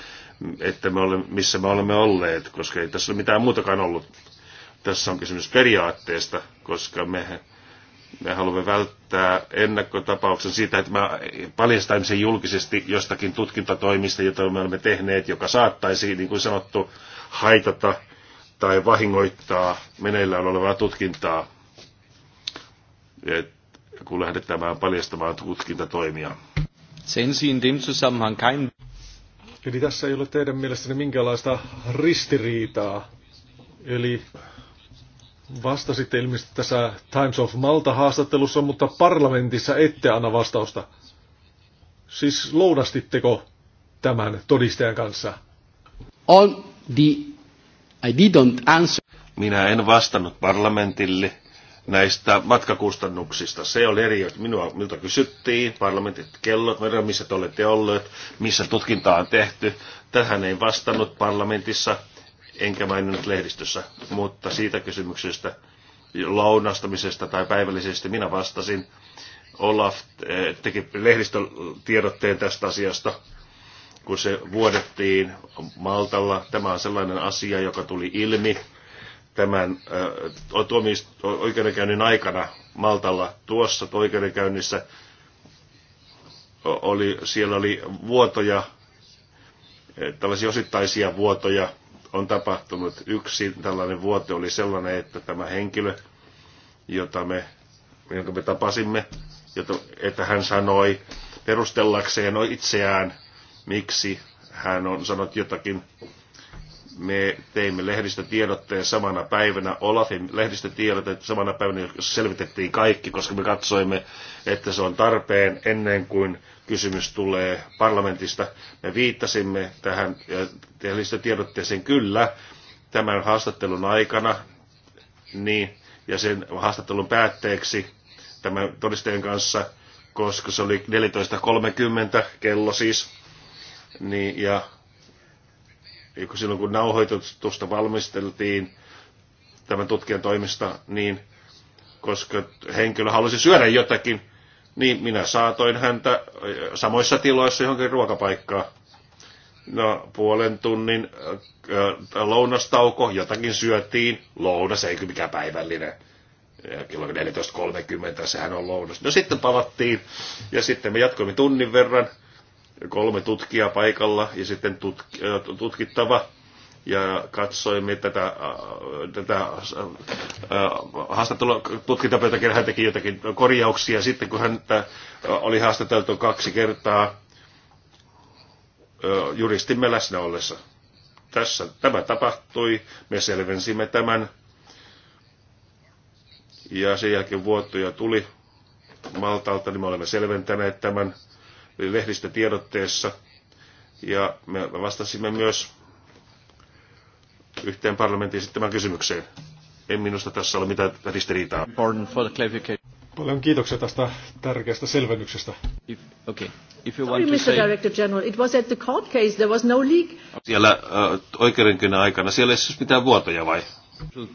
että me olemme, missä me olemme olleet, koska ei tässä ole mitään muutakaan ollut. Tässä on kysymys periaatteesta, koska me, me haluamme välttää ennakkotapauksen siitä, että me paljastamme sen julkisesti jostakin tutkintatoimista, jota me olemme tehneet, joka saattaisi, niin kuin sanottu, haitata tai vahingoittaa meneillään olevaa tutkintaa. Et kun lähdetään paljastamaan tutkintatoimia. Sen siinä dem Zusammenhang kein... Eli tässä ei ole teidän mielestänne minkäänlaista ristiriitaa. Eli vastasitte ilmeisesti tässä Times of Malta haastattelussa, mutta parlamentissa ette anna vastausta. Siis loudastitteko tämän todistajan kanssa? On the... I didn't answer. Minä en vastannut parlamentille näistä matkakustannuksista. Se oli eri, että minua, minulta kysyttiin, parlamentit kellot, missä te olette olleet, missä tutkinta on tehty. Tähän ei vastannut parlamentissa, enkä maininnut lehdistössä, mutta siitä kysymyksestä, lounastamisesta tai päivällisesti minä vastasin. Olaf eh, teki lehdistötiedotteen tästä asiasta, kun se vuodettiin Maltalla. Tämä on sellainen asia, joka tuli ilmi tämän oikeudenkäynnin aikana Maltalla tuossa oikeudenkäynnissä oli, siellä oli vuotoja, e, tällaisia osittaisia vuotoja on tapahtunut. Yksi tällainen vuote oli sellainen, että tämä henkilö, jota me, jonka me tapasimme, jota, että hän sanoi perustellakseen itseään, miksi hän on sanonut jotakin me teimme lehdistötiedotteen samana päivänä, Olafin lehdistötiedote samana päivänä, jossa selvitettiin kaikki, koska me katsoimme, että se on tarpeen ennen kuin kysymys tulee parlamentista. Me viittasimme tähän lehdistötiedotteeseen kyllä tämän haastattelun aikana, niin, ja sen haastattelun päätteeksi tämän todisteen kanssa, koska se oli 14.30 kello siis, niin, ja silloin kun nauhoitusta valmisteltiin tämän tutkijan toimesta, niin koska henkilö halusi syödä jotakin, niin minä saatoin häntä äh, samoissa tiloissa johonkin ruokapaikkaan. No, puolen tunnin äh, äh, lounastauko, jotakin syötiin, lounas, ei mikään päivällinen. Kello 14.30, sehän on lounas. No sitten palattiin, ja sitten me jatkoimme tunnin verran, kolme tutkijaa paikalla ja sitten äh, tutkittava ja katsoimme tätä, äh, tätä äh, haastattelua, tutkintapöytäkirja, hän teki jotakin korjauksia. Sitten kun hän oli haastateltu kaksi kertaa juristimme läsnä ollessa. Tässä tämä tapahtui, me selvensimme tämän ja sen jälkeen vuotoja tuli Maltalta, niin me olemme selventäneet tämän lehdistötiedotteessa. Ja me vastasimme myös yhteen parlamentin esittämään kysymykseen. En minusta tässä ole mitään ristiriitaa. Paljon kiitoksia tästä tärkeästä selvennyksestä. If, okay. If you want Sorry, to say... Mr. Director General, it was at the court case, there was no leak. Siellä uh, oikeudenkynnen aikana, siellä ei siis mitään vuotoja vai?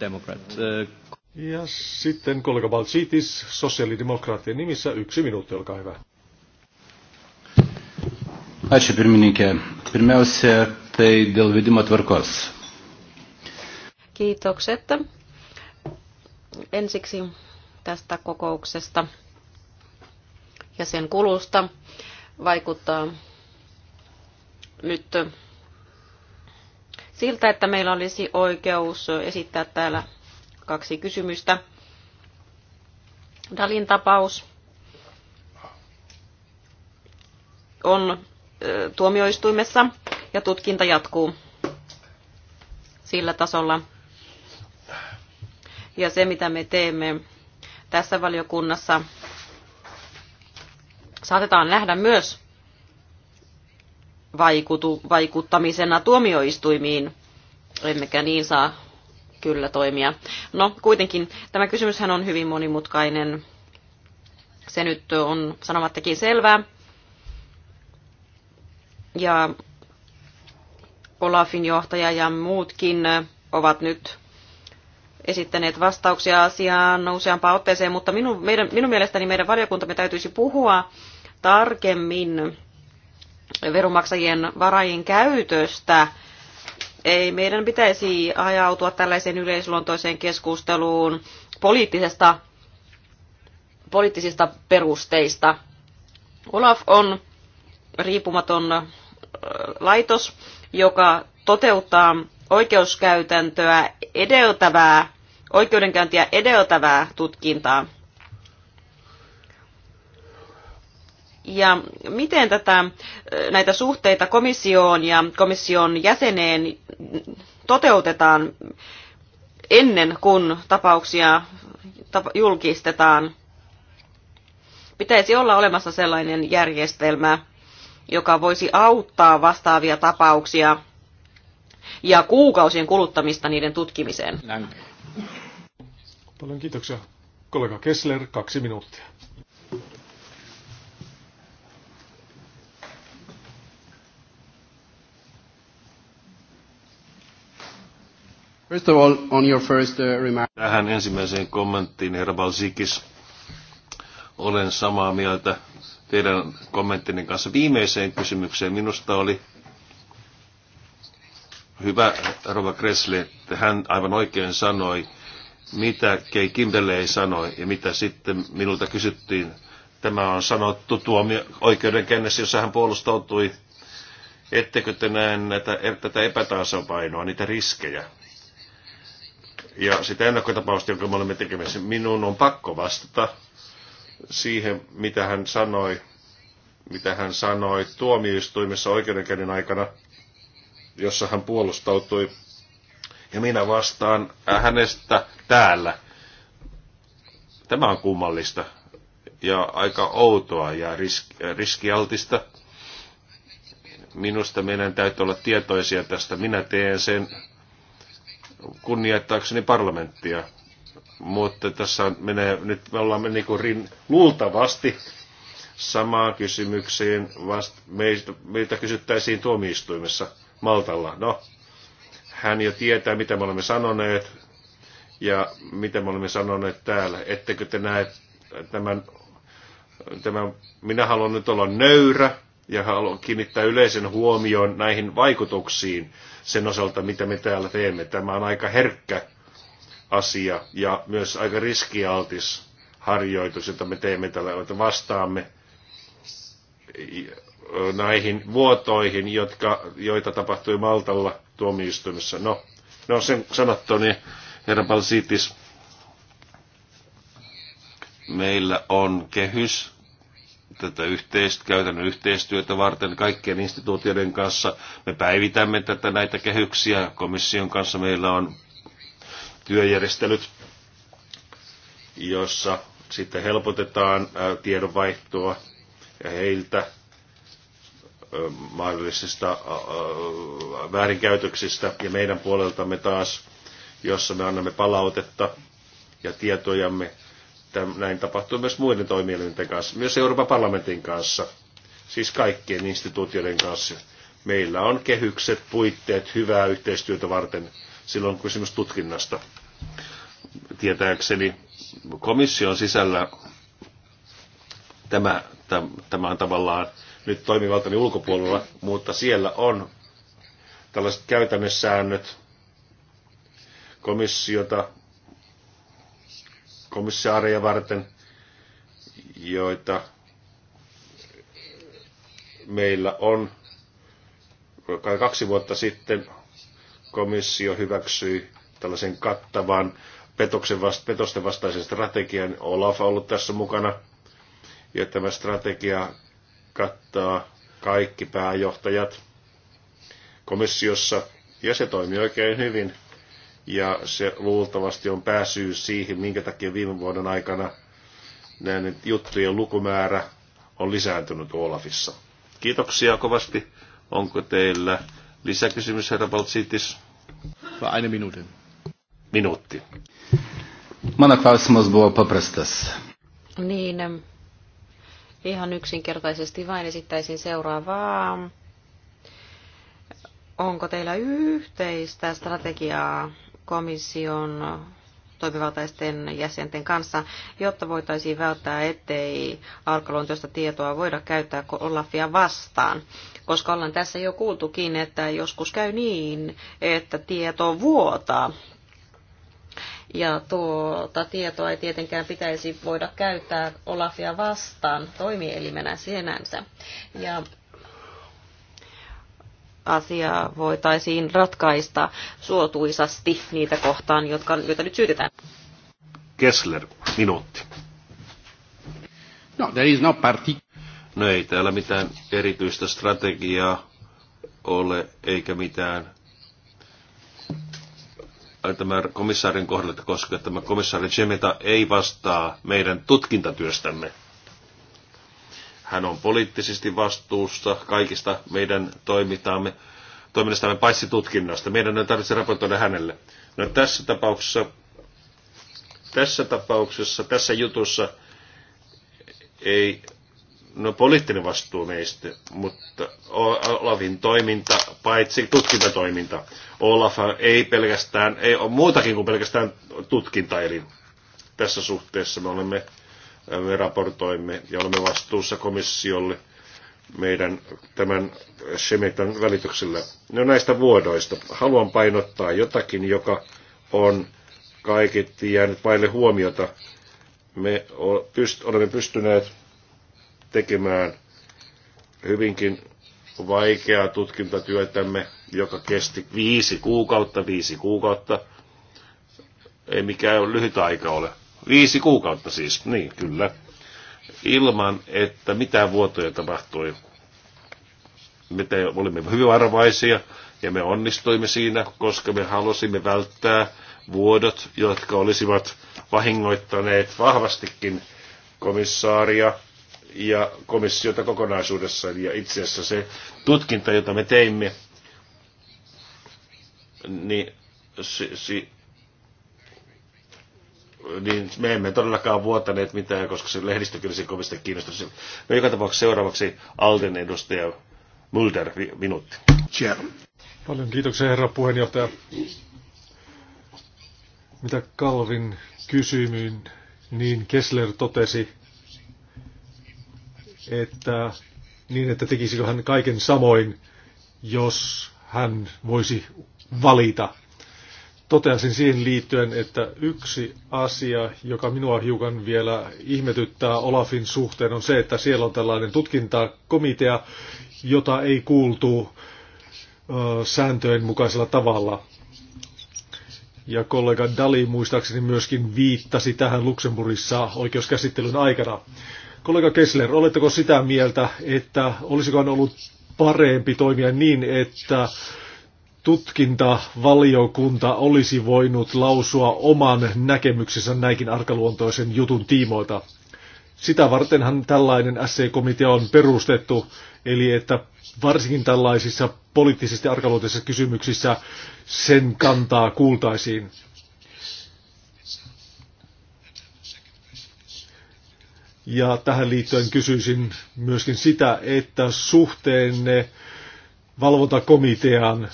Demokrat. Uh... Ja sitten kollega Balcitis, sosiaalidemokraattien nimissä, yksi minuutti, olkaa hyvä. Ačiū pirmininkė. Pirmiausia, tai dėl vedimo tvarkos. Kiitokset ensiksi tästä kokouksesta ja sen kulusta vaikuttaa nyt siltä, että meillä olisi oikeus esittää täällä kaksi kysymystä. Dalin tapaus on tuomioistuimessa ja tutkinta jatkuu sillä tasolla. Ja se, mitä me teemme tässä valiokunnassa, saatetaan nähdä myös vaikutu, vaikuttamisena tuomioistuimiin, emmekä niin saa kyllä toimia. No kuitenkin tämä kysymyshän on hyvin monimutkainen. Se nyt on sanomattakin selvää ja Olafin johtaja ja muutkin ovat nyt esittäneet vastauksia asiaan useampaan otteeseen, mutta minun, meidän, minun mielestäni meidän valiokuntamme täytyisi puhua tarkemmin veronmaksajien varain käytöstä. Ei meidän pitäisi ajautua tällaiseen yleisluontoiseen keskusteluun poliittisesta, poliittisista perusteista. Olaf on riippumaton laitos, joka toteuttaa oikeuskäytäntöä edeltävää, oikeudenkäyntiä edeltävää tutkintaa. Ja miten tätä, näitä suhteita komissioon ja komission jäseneen toteutetaan ennen kuin tapauksia julkistetaan? Pitäisi olla olemassa sellainen järjestelmä, joka voisi auttaa vastaavia tapauksia ja kuukausien kuluttamista niiden tutkimiseen. Paljon kiitoksia. Kollega Kessler, kaksi minuuttia. First of all, on your first uh, remark. Tähän ensimmäiseen kommenttiin, herra Balsikis. Olen samaa mieltä teidän kommenttinen kanssa viimeiseen kysymykseen. Minusta oli hyvä Rova Kressle, että hän aivan oikein sanoi, mitä Kei Kimberley sanoi ja mitä sitten minulta kysyttiin. Tämä on sanottu tuomio oikeudenkäynnissä, jossa hän puolustautui. Ettekö te näe näitä, er, tätä epätasapainoa, niitä riskejä? Ja sitä ennakkotapausta, jonka me olemme tekemässä, minun on pakko vastata, siihen, mitä hän sanoi, mitä hän sanoi tuomioistuimessa oikeudenkäynnin aikana, jossa hän puolustautui. Ja minä vastaan hänestä täällä. Tämä on kummallista ja aika outoa ja risk- riskialtista. Minusta meidän täytyy olla tietoisia tästä. Minä teen sen kunnioittaakseni parlamenttia mutta tässä menee, nyt me ollaan niin kuin rin, luultavasti samaan kysymykseen vast meitä meitä kysyttäisiin tuomioistuimessa Maltalla. No, hän jo tietää, mitä me olemme sanoneet ja mitä me olemme sanoneet täällä. Ettekö te näe tämän, tämän minä haluan nyt olla nöyrä ja haluan kiinnittää yleisen huomioon näihin vaikutuksiin sen osalta, mitä me täällä teemme. Tämä on aika herkkä asia ja myös aika riskialtis harjoitus, jota me teemme tällä, että vastaamme näihin vuotoihin, jotka, joita tapahtui Maltalla tuomioistuimessa. No, no sen sanottu, niin herra Balsitis, meillä on kehys tätä yhteistyötä, käytännön yhteistyötä varten kaikkien instituutioiden kanssa. Me päivitämme tätä näitä kehyksiä. Komission kanssa meillä on työjärjestelyt, jossa sitten helpotetaan tiedonvaihtoa heiltä mahdollisista väärinkäytöksistä ja meidän puoleltamme taas, jossa me annamme palautetta ja tietojamme. Näin tapahtuu myös muiden toimielinten kanssa, myös Euroopan parlamentin kanssa, siis kaikkien instituutioiden kanssa. Meillä on kehykset, puitteet hyvää yhteistyötä varten – silloin kun kysymys tutkinnasta. Tietääkseni komission sisällä tämä, tämä on tavallaan nyt toimivaltani ulkopuolella, mutta siellä on tällaiset käytännössäännöt komissiota, komissaareja varten, joita meillä on kaksi vuotta sitten komissio hyväksyi tällaisen kattavan petoksen vasta- petosten vastaisen strategian. Olaf on ollut tässä mukana. Ja tämä strategia kattaa kaikki pääjohtajat komissiossa. Ja se toimii oikein hyvin. Ja se luultavasti on pääsyy siihen, minkä takia viime vuoden aikana näiden juttujen lukumäärä on lisääntynyt Olafissa. Kiitoksia kovasti. Onko teillä Lisäkysymys, herra Baltsitis. vain minuutin. Minuutti. Mano klausimus buvo paprastas. Niin, ihan yksinkertaisesti vain esittäisin seuraavaa. Onko teillä yhteistä strategiaa komission toimivaltaisten jäsenten kanssa, jotta voitaisiin välttää, ettei arkaluontoista tietoa voida käyttää Olafia vastaan. Koska ollaan tässä jo kuultukin, että joskus käy niin, että tieto vuotaa ja tuota tietoa ei tietenkään pitäisi voida käyttää Olafia vastaan toimielimenä sinänsä. Ja asiaa voitaisiin ratkaista suotuisasti niitä kohtaan, jotka, joita nyt syytetään. Kessler, minuutti. No, there is no party. No ei täällä mitään erityistä strategiaa ole, eikä mitään tämä komissaarin kohdalla koska tämä komissaari Chemeta ei vastaa meidän tutkintatyöstämme. Hän on poliittisesti vastuussa kaikista meidän toimintaamme, toiminnastamme paitsi tutkinnasta. Meidän ei tarvitse raportoida hänelle. No tässä tapauksessa, tässä tapauksessa, tässä jutussa ei, no poliittinen vastuu meistä, mutta Olavin toiminta, paitsi tutkintatoiminta. Olaf ei pelkästään, ei ole muutakin kuin pelkästään tutkintaelin. Tässä suhteessa me olemme me raportoimme ja olemme vastuussa komissiolle meidän tämän Shemetan välityksellä. No näistä vuodoista. Haluan painottaa jotakin, joka on kaiketi jäänyt vaille huomiota. Me olemme pystyneet tekemään hyvinkin vaikeaa tutkintatyötämme, joka kesti viisi kuukautta, viisi kuukautta. Ei mikään lyhyt aika ole. Viisi kuukautta siis, niin kyllä. Ilman, että mitään vuotoja tapahtui. Me te, olimme hyvin varovaisia ja me onnistuimme siinä, koska me halusimme välttää vuodot, jotka olisivat vahingoittaneet vahvastikin komissaaria ja komissiota kokonaisuudessaan. Ja itse asiassa se tutkinta, jota me teimme, niin si, niin me emme todellakaan vuotaneet mitään, koska se lehdistö kyllä se kovasti kiinnostus. No joka tapauksessa seuraavaksi Alden edustaja Mulder, minuutti. Chair. Paljon kiitoksia herra puheenjohtaja. Mitä Kalvin kysymyin, niin Kessler totesi, että niin, että tekisikö hän kaiken samoin, jos hän voisi valita toteasin siihen liittyen, että yksi asia, joka minua hiukan vielä ihmetyttää Olafin suhteen, on se, että siellä on tällainen tutkintakomitea, jota ei kuultu ö, sääntöjen mukaisella tavalla. Ja kollega Dali muistaakseni myöskin viittasi tähän Luxemburgissa oikeuskäsittelyn aikana. Kollega Kessler, oletteko sitä mieltä, että olisikohan ollut parempi toimia niin, että tutkintavaliokunta olisi voinut lausua oman näkemyksensä näinkin arkaluontoisen jutun tiimoilta. Sitä vartenhan tällainen SC-komitea on perustettu, eli että varsinkin tällaisissa poliittisesti arkaluontoisissa kysymyksissä sen kantaa kuultaisiin. Ja tähän liittyen kysyisin myöskin sitä, että suhteenne valvontakomitean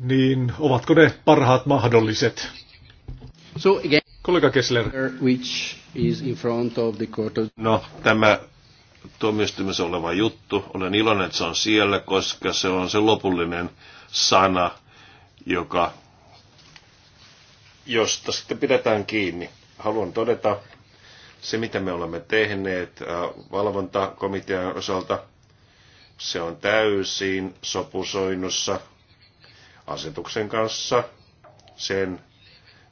niin ovatko ne parhaat mahdolliset? So again, Kollega Kessler. Which is in front of the court of... No, tämä tuomioistuimessa oleva juttu, olen iloinen, että se on siellä, koska se on se lopullinen sana, joka, josta sitten pidetään kiinni. Haluan todeta, se mitä me olemme tehneet äh, valvontakomitean osalta, se on täysin sopusoinnussa asetuksen kanssa, sen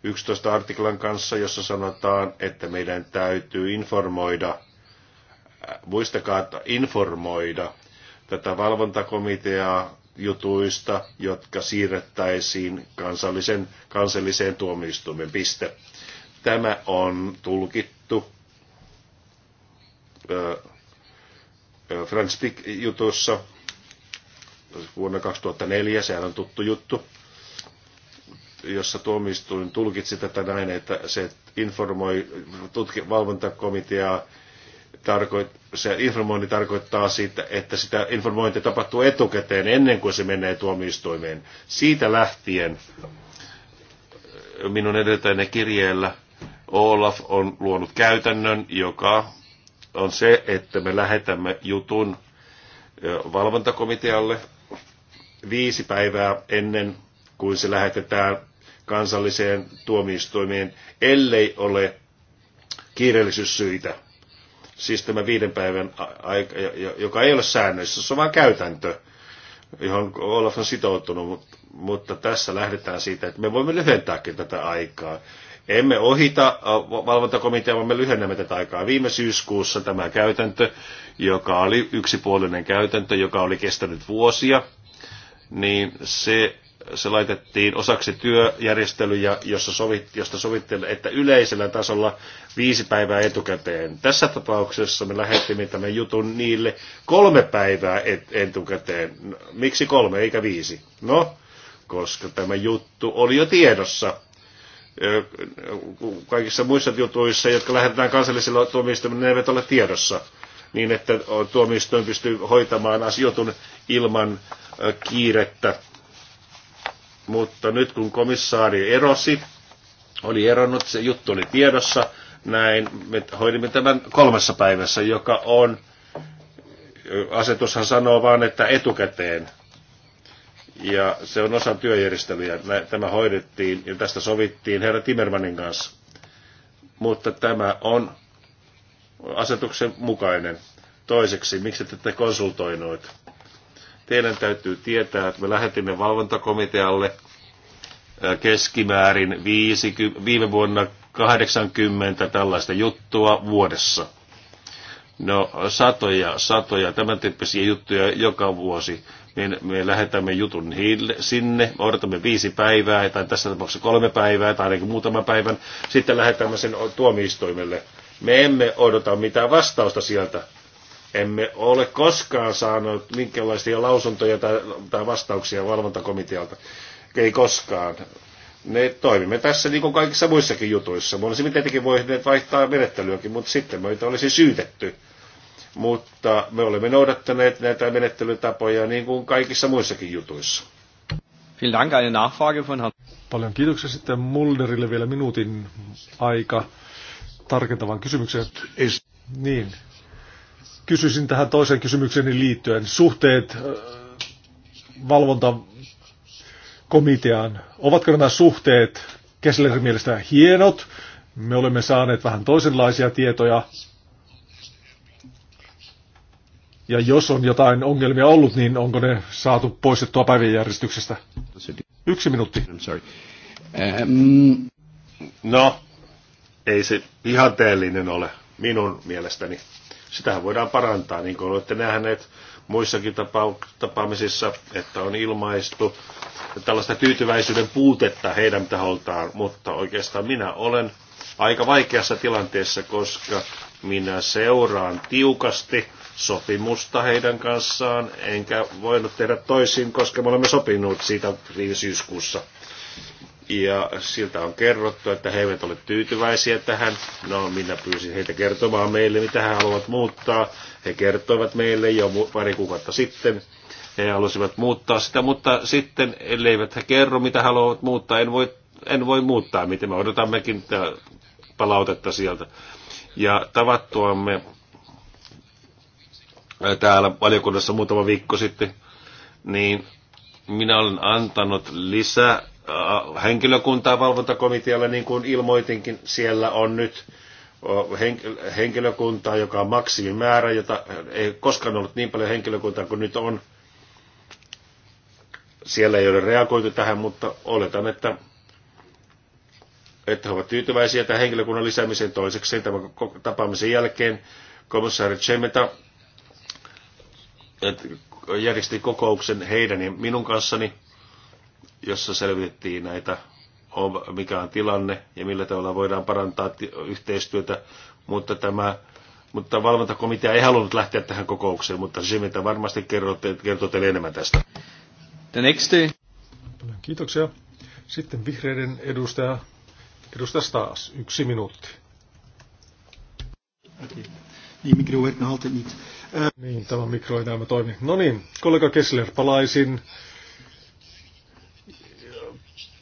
11 artiklan kanssa, jossa sanotaan, että meidän täytyy informoida, äh, muistakaa, että informoida tätä valvontakomiteaa jutuista, jotka siirrettäisiin kansallisen, kansalliseen tuomioistuimen piste. Tämä on tulkittu äh, äh, Franz Pick-jutussa vuonna 2004, sehän on tuttu juttu, jossa tuomioistuin tulkitsi tätä näin, että se informoi tutki- valvontakomiteaa, tarkoit- se informointi tarkoittaa siitä, että sitä informointi tapahtuu etukäteen ennen kuin se menee tuomioistuimeen. Siitä lähtien minun edeltäjäni kirjeellä Olaf on luonut käytännön, joka on se, että me lähetämme jutun valvontakomitealle, viisi päivää ennen kuin se lähetetään kansalliseen tuomioistuimeen, ellei ole kiireellisyyssyitä. Siis tämä viiden päivän aika, joka ei ole säännöissä, se on vain käytäntö, johon Olaf on sitoutunut, mutta, mutta tässä lähdetään siitä, että me voimme lyhentääkin tätä aikaa. Emme ohita valvontakomitea, vaan me lyhennämme tätä aikaa. Viime syyskuussa tämä käytäntö, joka oli yksipuolinen käytäntö, joka oli kestänyt vuosia, niin se, se laitettiin osaksi työjärjestelyjä, jossa sovit, josta sovittiin, että yleisellä tasolla viisi päivää etukäteen. Tässä tapauksessa me lähettimme tämän jutun niille kolme päivää et, etukäteen. Miksi kolme eikä viisi? No, koska tämä juttu oli jo tiedossa kaikissa muissa jutuissa, jotka lähetetään kansallisilla tuomioistuimilla, ne eivät ole tiedossa niin että tuomioistuin pystyy hoitamaan asiotun ilman kiirettä. Mutta nyt kun komissaari erosi, oli eronnut, se juttu oli tiedossa, näin me hoidimme tämän kolmessa päivässä, joka on, asetushan sanoo vaan, että etukäteen. Ja se on osa työjärjestelyjä. Tämä hoidettiin ja tästä sovittiin herra Timmermanin kanssa. Mutta tämä on asetuksen mukainen. Toiseksi, miksi te te konsultoineet? Teidän täytyy tietää, että me lähetimme valvontakomitealle äh, keskimäärin 50, viime vuonna 80 tällaista juttua vuodessa. No satoja, satoja, tämän tyyppisiä juttuja joka vuosi. Niin me lähetämme jutun hiille sinne, odotamme viisi päivää, tai tässä tapauksessa kolme päivää, tai ainakin muutaman päivän. Sitten lähetämme sen tuomioistuimelle. Me emme odota mitään vastausta sieltä. Emme ole koskaan saanut minkälaisia lausuntoja tai, tai vastauksia valvontakomitealta. Ei koskaan. Ne toimimme tässä niin kuin kaikissa muissakin jutuissa. Me olisimme tietenkin voineet vaihtaa menettelyäkin, mutta sitten meitä olisi syytetty mutta me olemme noudattaneet näitä menettelytapoja niin kuin kaikissa muissakin jutuissa. Vielen Dank, eine Nachfrage von Paljon kiitoksia sitten Mulderille vielä minuutin aika tarkentavan kysymyksen. Niin. Kysyisin tähän toiseen kysymykseen liittyen. Suhteet valvontakomiteaan, ovatko nämä suhteet Kesslerin mielestä hienot? Me olemme saaneet vähän toisenlaisia tietoja. Ja jos on jotain ongelmia ollut, niin onko ne saatu poistettua päiväjärjestyksestä? Yksi minuutti. No, ei se ihanteellinen ole minun mielestäni. Sitähän voidaan parantaa, niin kuin olette nähneet muissakin tapaamisissa, että on ilmaistu tällaista tyytyväisyyden puutetta heidän taholtaan, mutta oikeastaan minä olen aika vaikeassa tilanteessa, koska minä seuraan tiukasti sopimusta heidän kanssaan, enkä voinut tehdä toisin, koska me olemme sopinut siitä viime syyskuussa ja siltä on kerrottu, että he eivät ole tyytyväisiä tähän. No, minä pyysin heitä kertomaan meille, mitä he haluavat muuttaa. He kertoivat meille jo pari kuukautta sitten. He halusivat muuttaa sitä, mutta sitten, elleivät he kerro, mitä haluavat muuttaa, en voi, en voi muuttaa, miten me odotammekin palautetta sieltä. Ja tavattuamme äh, täällä valiokunnassa muutama viikko sitten, niin minä olen antanut lisää Äh, henkilökuntaa valvontakomitealle, niin kuin ilmoitinkin, siellä on nyt henkilökuntaa, joka on maksimimäärä, jota ei koskaan ollut niin paljon henkilökuntaa kuin nyt on. Siellä ei ole reagoitu tähän, mutta oletan, että, että he ovat tyytyväisiä tämän henkilökunnan lisäämiseen toiseksi tämän tapaamisen jälkeen. Komissaari Chemeta järjesti kokouksen heidän ja minun kanssani jossa selvitettiin näitä, mikä on tilanne ja millä tavalla voidaan parantaa yhteistyötä, mutta tämä mutta valvontakomitea ei halunnut lähteä tähän kokoukseen, mutta mitä varmasti kertoo teille enemmän tästä. The next day. Kiitoksia. Sitten vihreiden edustaja, edustaja taas yksi minuutti. Okay. Niin, mikro werkt no, Niin, tämä mikro ei tämä toimi. No niin, kollega Kessler, palaisin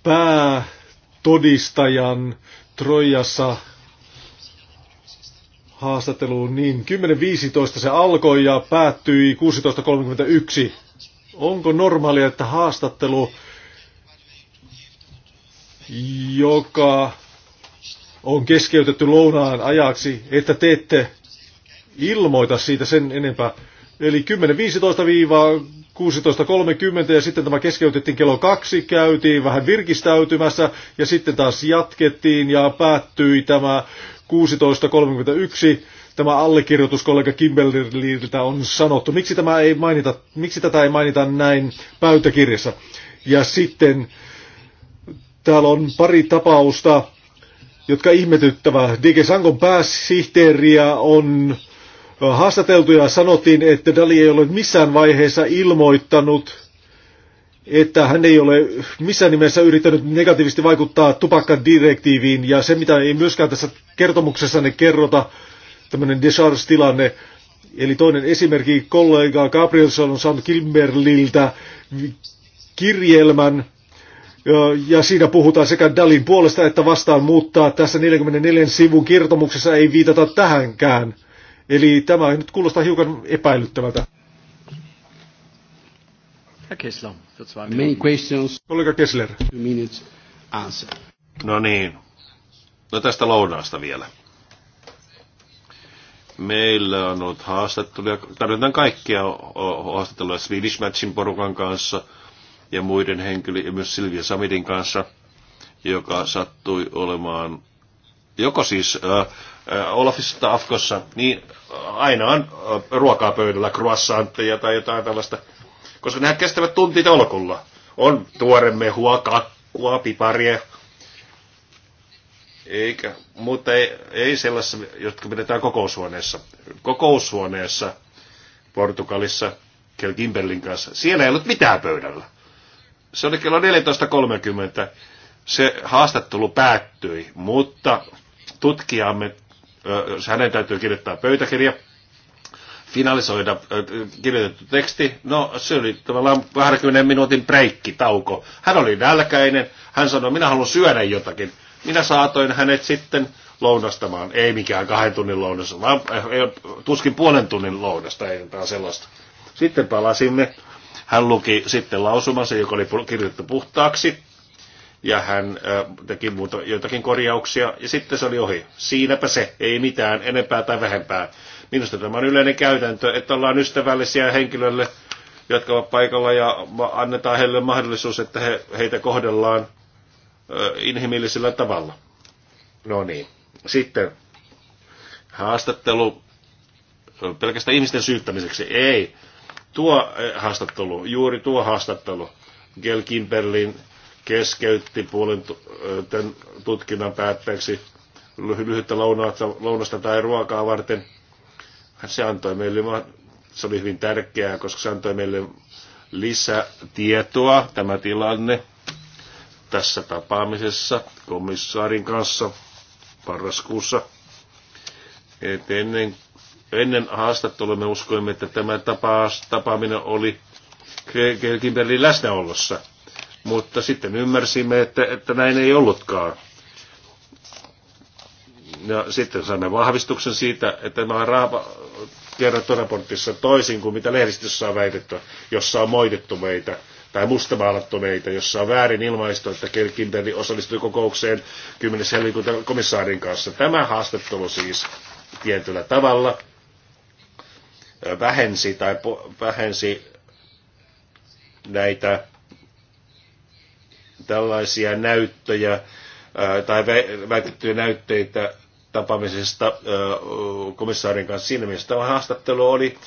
päätodistajan Trojassa haastatteluun, niin 10.15 se alkoi ja päättyi 16.31. Onko normaalia, että haastattelu, joka on keskeytetty lounaan ajaksi, että te ette ilmoita siitä sen enempää? Eli 10.15-16.30 ja sitten tämä keskeytettiin kello kaksi, käytiin vähän virkistäytymässä ja sitten taas jatkettiin ja päättyi tämä 16.31. Tämä allekirjoitus kollega Kimberliltä on sanottu. Miksi, tämä ei mainita, miksi tätä ei mainita näin päytäkirjassa? Ja sitten täällä on pari tapausta, jotka ihmetyttävää. dike sangon pääsihteeriä on haastateltuja sanottiin, että Dali ei ole missään vaiheessa ilmoittanut, että hän ei ole missään nimessä yrittänyt negatiivisesti vaikuttaa tupakkadirektiiviin, ja se mitä ei myöskään tässä kertomuksessanne kerrota, tämmöinen discharge-tilanne, eli toinen esimerkki, kollega Gabrielson on saanut Kimberliltä kirjelmän, ja siinä puhutaan sekä Dalin puolesta että vastaan, mutta tässä 44 sivun kertomuksessa ei viitata tähänkään – Eli tämä nyt kuulostaa hiukan epäilyttävältä. Kessler, Many questions. Kollega Kessler. No niin. No tästä lounaasta vielä. Meillä on ollut haastatteluja, tarvitaan kaikkia haastatteluja Swedish Matchin porukan kanssa ja muiden henkilöiden ja myös Silvia Samidin kanssa, joka sattui olemaan joko siis äh, äh, Olafissa tai Afkossa, niin aina on ruokaa pöydällä, croissantteja tai jotain tällaista, koska nämä kestävät tunti tolkulla. On mehua, kakkua, piparia, eikä, mutta ei, ei sellaisessa, jotka pidetään kokoushuoneessa. Kokoushuoneessa Portugalissa Kel Kimberlin kanssa, siellä ei ollut mitään pöydällä. Se oli kello 14.30. Se haastattelu päättyi, mutta tutkijamme hänen täytyy kirjoittaa pöytäkirja, finalisoida kirjoitettu teksti. No se oli tavallaan 20 minuutin breikki, tauko. Hän oli nälkäinen, hän sanoi, minä haluan syödä jotakin. Minä saatoin hänet sitten lounastamaan, ei mikään kahden tunnin lounasta, vaan eh, tuskin puolen tunnin lounasta, ei jotain sellaista. Sitten palasimme, hän luki sitten lausumansa, joka oli kirjoitettu puhtaaksi, ja hän teki muuta, joitakin korjauksia ja sitten se oli ohi. Siinäpä se, ei mitään enempää tai vähempää. Minusta tämä on yleinen käytäntö, että ollaan ystävällisiä henkilölle, jotka ovat paikalla ja annetaan heille mahdollisuus, että he, heitä kohdellaan inhimillisellä tavalla. No niin. Sitten haastattelu pelkästään ihmisten syyttämiseksi. Ei. Tuo haastattelu, juuri tuo haastattelu, Gel Kimberlin keskeytti puolen tämän tutkinnan päätteeksi lyhyttä lounasta, lounasta tai ruokaa varten. Se antoi meille, se oli hyvin tärkeää, koska se antoi meille lisätietoa tämä tilanne tässä tapaamisessa komissaarin kanssa parraskuussa. Et ennen, ennen haastattelua me uskoimme, että tämä tapa, tapaaminen oli Kimberlin läsnäolossa. Mutta sitten ymmärsimme, että, että näin ei ollutkaan. Ja sitten saimme vahvistuksen siitä, että tämä on raapa kerrottu raportissa toisin kuin mitä lehdistössä on väitetty, jossa on moitettu meitä tai mustamaalattu meitä, jossa on väärin ilmaistu, että Kerr osallistui kokoukseen 10. helmikuuta komissaarin kanssa. Tämä haastattelu siis tietyllä tavalla vähensi tai vähensi näitä tällaisia näyttöjä tai väitettyjä näytteitä tapaamisesta komissaarin kanssa. Siinä mielessä tämä haastattelu oli,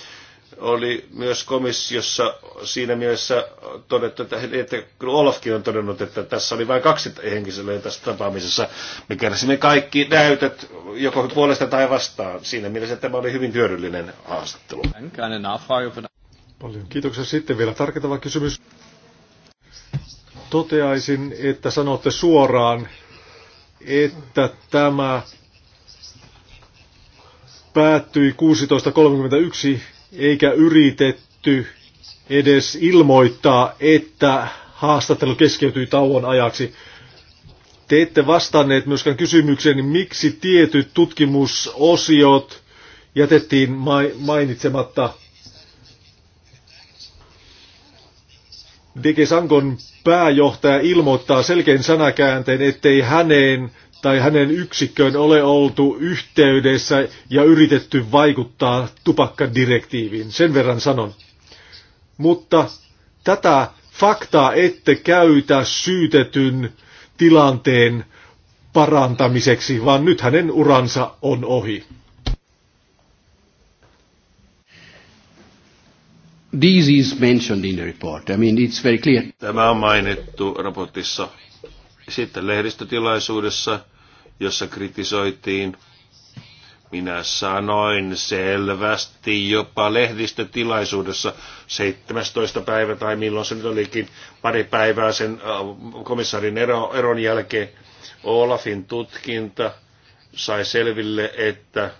oli myös komissiossa siinä mielessä todettu, että, että Olafkin on todennut, että tässä oli vain kaksi henkisellä tässä tapaamisessa. Me kärsimme kaikki näytöt joko puolesta tai vastaan. Siinä mielessä tämä oli hyvin hyödyllinen haastattelu. Paljon kiitoksia. Sitten vielä tarkentava kysymys. Toteaisin, että sanotte suoraan, että tämä päättyi 16.31 eikä yritetty edes ilmoittaa, että haastattelu keskeytyi tauon ajaksi. Te ette vastanneet myöskään kysymykseen, miksi tietyt tutkimusosiot jätettiin mainitsematta. Dege Sangon pääjohtaja ilmoittaa selkein sanakäänteen, ettei häneen tai hänen yksikköön ole oltu yhteydessä ja yritetty vaikuttaa tupakkadirektiiviin. Sen verran sanon. Mutta tätä faktaa ette käytä syytetyn tilanteen parantamiseksi, vaan nyt hänen uransa on ohi. This is mentioned in the report. I mean, it's very clear. Tämä on mainittu raportissa. Sitten lehdistötilaisuudessa, jossa kritisoitiin minä sanoin selvästi jopa lehdistötilaisuudessa 17. päivä tai milloin se nyt olikin pari päivää sen äh, komissarin ero, eron jälkeen. Olafin tutkinta sai selville, että,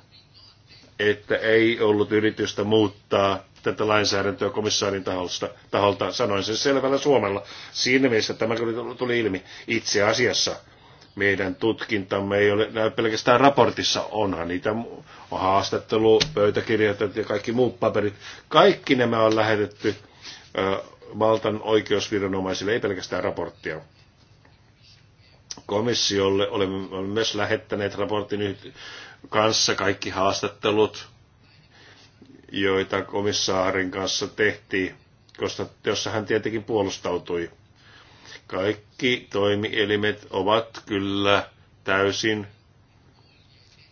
että ei ollut yritystä muuttaa tätä lainsäädäntöä komissaarin taholta, taholta. Sanoin sen selvällä suomella. Siinä mielessä tämä tuli ilmi itse asiassa. Meidän tutkintamme ei ole näy pelkästään raportissa, onhan niitä on haastattelu, pöytäkirjat ja kaikki muut paperit. Kaikki nämä on lähetetty ö, Maltan oikeusviranomaisille, ei pelkästään raporttia komissiolle olemme myös lähettäneet raportin kanssa kaikki haastattelut, joita komissaarin kanssa tehtiin, koska jossa hän tietenkin puolustautui. Kaikki toimielimet ovat kyllä täysin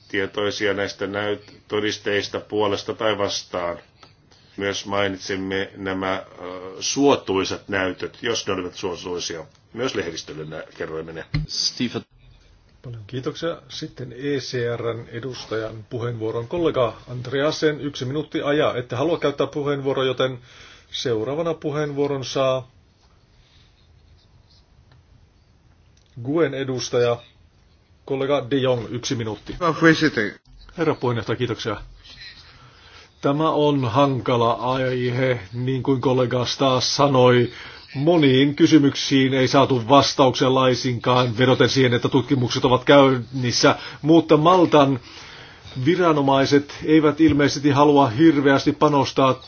tietoisia näistä näyt- todisteista puolesta tai vastaan. Myös mainitsimme nämä äh, suotuisat näytöt, jos ne olivat suotuisia. Myös lehdistölle kerroimme ne. Stephen. Paljon kiitoksia. Sitten ECRn edustajan puheenvuoron kollega Andreasen yksi minuutti ajaa. Ette halua käyttää puheenvuoroa, joten seuraavana puheenvuoron saa Guen edustaja, kollega De Jong, yksi minuutti. Herra puheenjohtaja, kiitoksia. Tämä on hankala aihe, niin kuin kollega taas sanoi. Moniin kysymyksiin ei saatu vastauksia laisinkaan, vedoten siihen, että tutkimukset ovat käynnissä, mutta Maltan viranomaiset eivät ilmeisesti halua hirveästi panostaa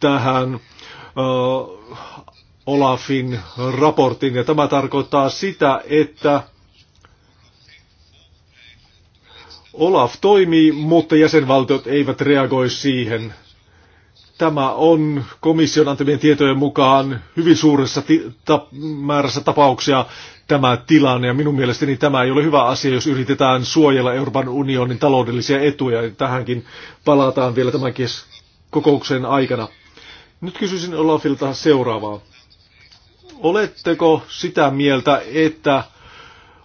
tähän ö, Olafin raportin, ja tämä tarkoittaa sitä, että Olaf toimii, mutta jäsenvaltiot eivät reagoi siihen. Tämä on komission antamien tietojen mukaan hyvin suuressa ti- ta- määrässä tapauksia tämä tilanne, ja minun mielestäni tämä ei ole hyvä asia, jos yritetään suojella Euroopan unionin taloudellisia etuja, ja tähänkin palataan vielä tämän kes- kokouksen aikana. Nyt kysyisin Olafilta seuraavaa. Oletteko sitä mieltä, että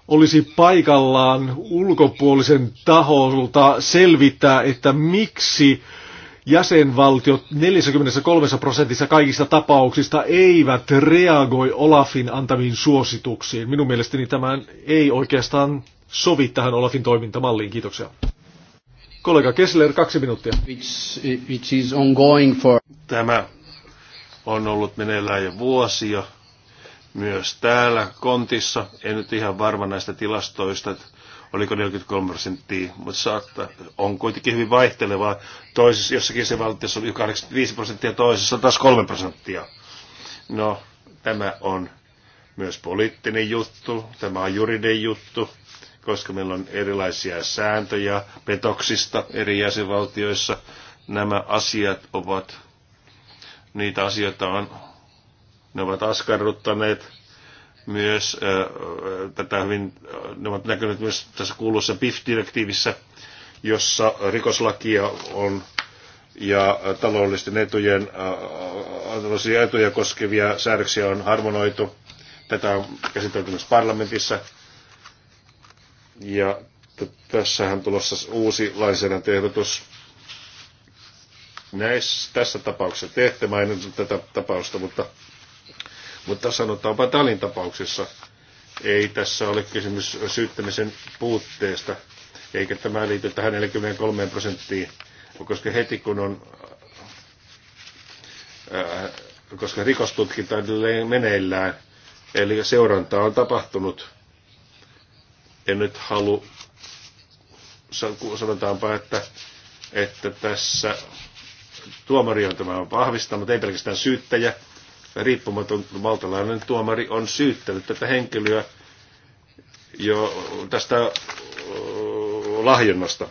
olisi paikallaan ulkopuolisen taholta selvittää, että miksi jäsenvaltiot 43 prosentissa kaikista tapauksista eivät reagoi Olafin antamiin suosituksiin. Minun mielestäni tämä ei oikeastaan sovi tähän Olafin toimintamalliin. Kiitoksia. Kollega Kessler, kaksi minuuttia. Which, which is ongoing for... Tämä on ollut meneillään jo vuosia. Myös täällä Kontissa, en nyt ihan varma näistä tilastoista, että oliko 43 prosenttia, mutta saattaa, on kuitenkin hyvin vaihtelevaa. Toisessa, jossakin se valtiossa oli 85 prosenttia, toisessa taas 3 prosenttia. No, tämä on myös poliittinen juttu, tämä on juridinen juttu, koska meillä on erilaisia sääntöjä petoksista eri jäsenvaltioissa. Nämä asiat ovat, niitä asioita on, ne ovat askarruttaneet myös äh, tätä hyvin, ne ovat näkyneet myös tässä kuuluisessa PIF-direktiivissä, jossa rikoslakia on ja taloudellisten etujen, äh, taloudellisia etuja koskevia säädöksiä on harmonoitu. Tätä on käsitelty myös parlamentissa. Ja tässähän on tulossa uusi lainsäädäntöehdotus. Näissä, tässä tapauksessa te ette tätä tapausta, mutta mutta sanotaanpa Talin tapauksessa, ei tässä ole kysymys syyttämisen puutteesta, eikä tämä liity tähän 43 prosenttiin, koska heti kun on, ää, äh, koska rikostutkinta edelleen meneillään, eli seurantaa on tapahtunut. En nyt halua, sanotaanpa, että, että tässä tuomari on tämän vahvistanut, ei pelkästään syyttäjä, riippumaton valtalainen tuomari on syyttänyt tätä henkilöä jo tästä lahjonnasta.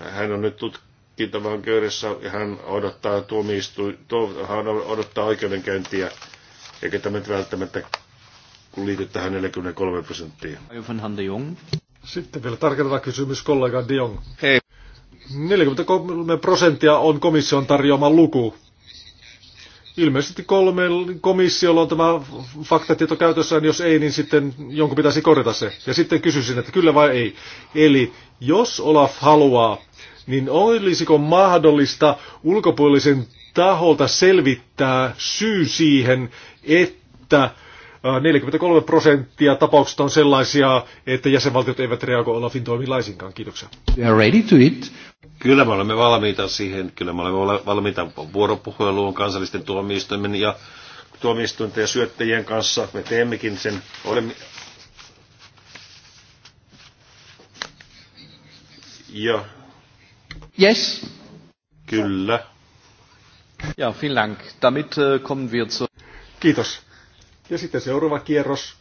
Hän on nyt tutkintavankeudessa ja hän odottaa, tuomistu, tuo, hän odottaa oikeudenkäyntiä, eikä tämä nyt välttämättä liity tähän 43 prosenttiin. Sitten vielä tarkentava kysymys kollega Dion. Hei, 43 prosenttia on komission tarjoama luku. Ilmeisesti kolme komissiolla on tämä faktatieto käytössään, jos ei, niin sitten jonkun pitäisi korjata se. Ja sitten kysyisin, että kyllä vai ei. Eli jos Olaf haluaa, niin olisiko mahdollista ulkopuolisen taholta selvittää syy siihen, että 43 prosenttia tapauksista on sellaisia, että jäsenvaltiot eivät reagoi Olafin toimilaisinkaan Kiitoksia. We are ready to Kyllä me olemme valmiita siihen, kyllä me olemme valmiita vuoropuheluun kansallisten tuomioistuimen ja tuomioistuinten ja syöttäjien kanssa. Me teemmekin sen. Olemme, Ja. Yes. Kyllä. Ja, vielen Dank. Damit äh, kommen wir zu... Kiitos. Ja sitten seuraava kierros.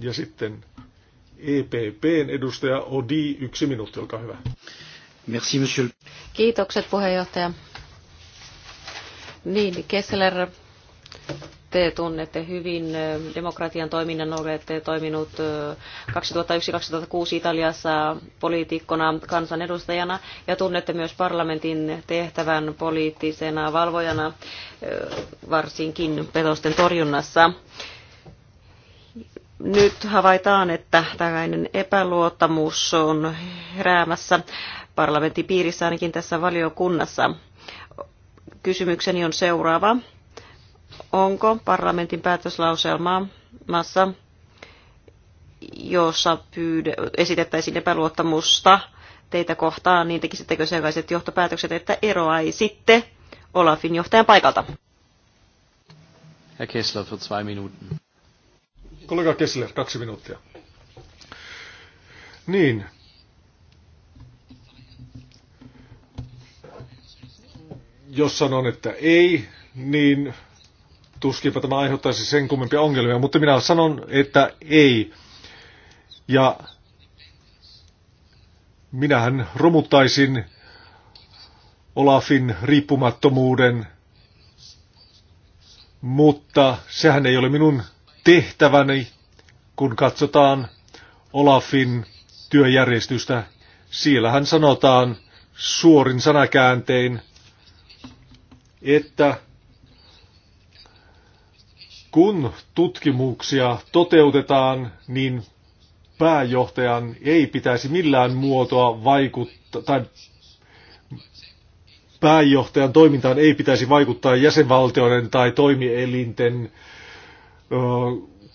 Ja sitten EPPn edustaja Odi, yksi minuutti, olkaa hyvä. Merci, monsieur. Kiitokset puheenjohtaja. Niin, Kessler, te tunnette hyvin demokratian toiminnan, olette toiminut 2001-2006 Italiassa poliitikkona, kansanedustajana ja tunnette myös parlamentin tehtävän poliittisena valvojana, varsinkin petosten torjunnassa. Nyt havaitaan, että tällainen epäluottamus on heräämässä parlamentin piirissä ainakin tässä valiokunnassa. Kysymykseni on seuraava. Onko parlamentin päätöslauselmassa, jossa pyydä, esitettäisiin epäluottamusta teitä kohtaan, niin tekisittekö sellaiset johtopäätökset, että eroaisitte Olafin johtajan paikalta? Herr Kessler, für zwei Minuten. Kollega Kessler, kaksi minuuttia. Niin. Jos sanon, että ei, niin tuskinpa tämä aiheuttaisi sen kummempia ongelmia, mutta minä sanon, että ei. Ja minähän romuttaisin Olafin riippumattomuuden, mutta sehän ei ole minun tehtäväni, kun katsotaan Olafin työjärjestystä. Siellähän sanotaan suorin sanakääntein, että kun tutkimuksia toteutetaan, niin pääjohtajan ei pitäisi millään muotoa vaikuttaa, tai pääjohtajan toimintaan ei pitäisi vaikuttaa jäsenvaltioiden tai toimielinten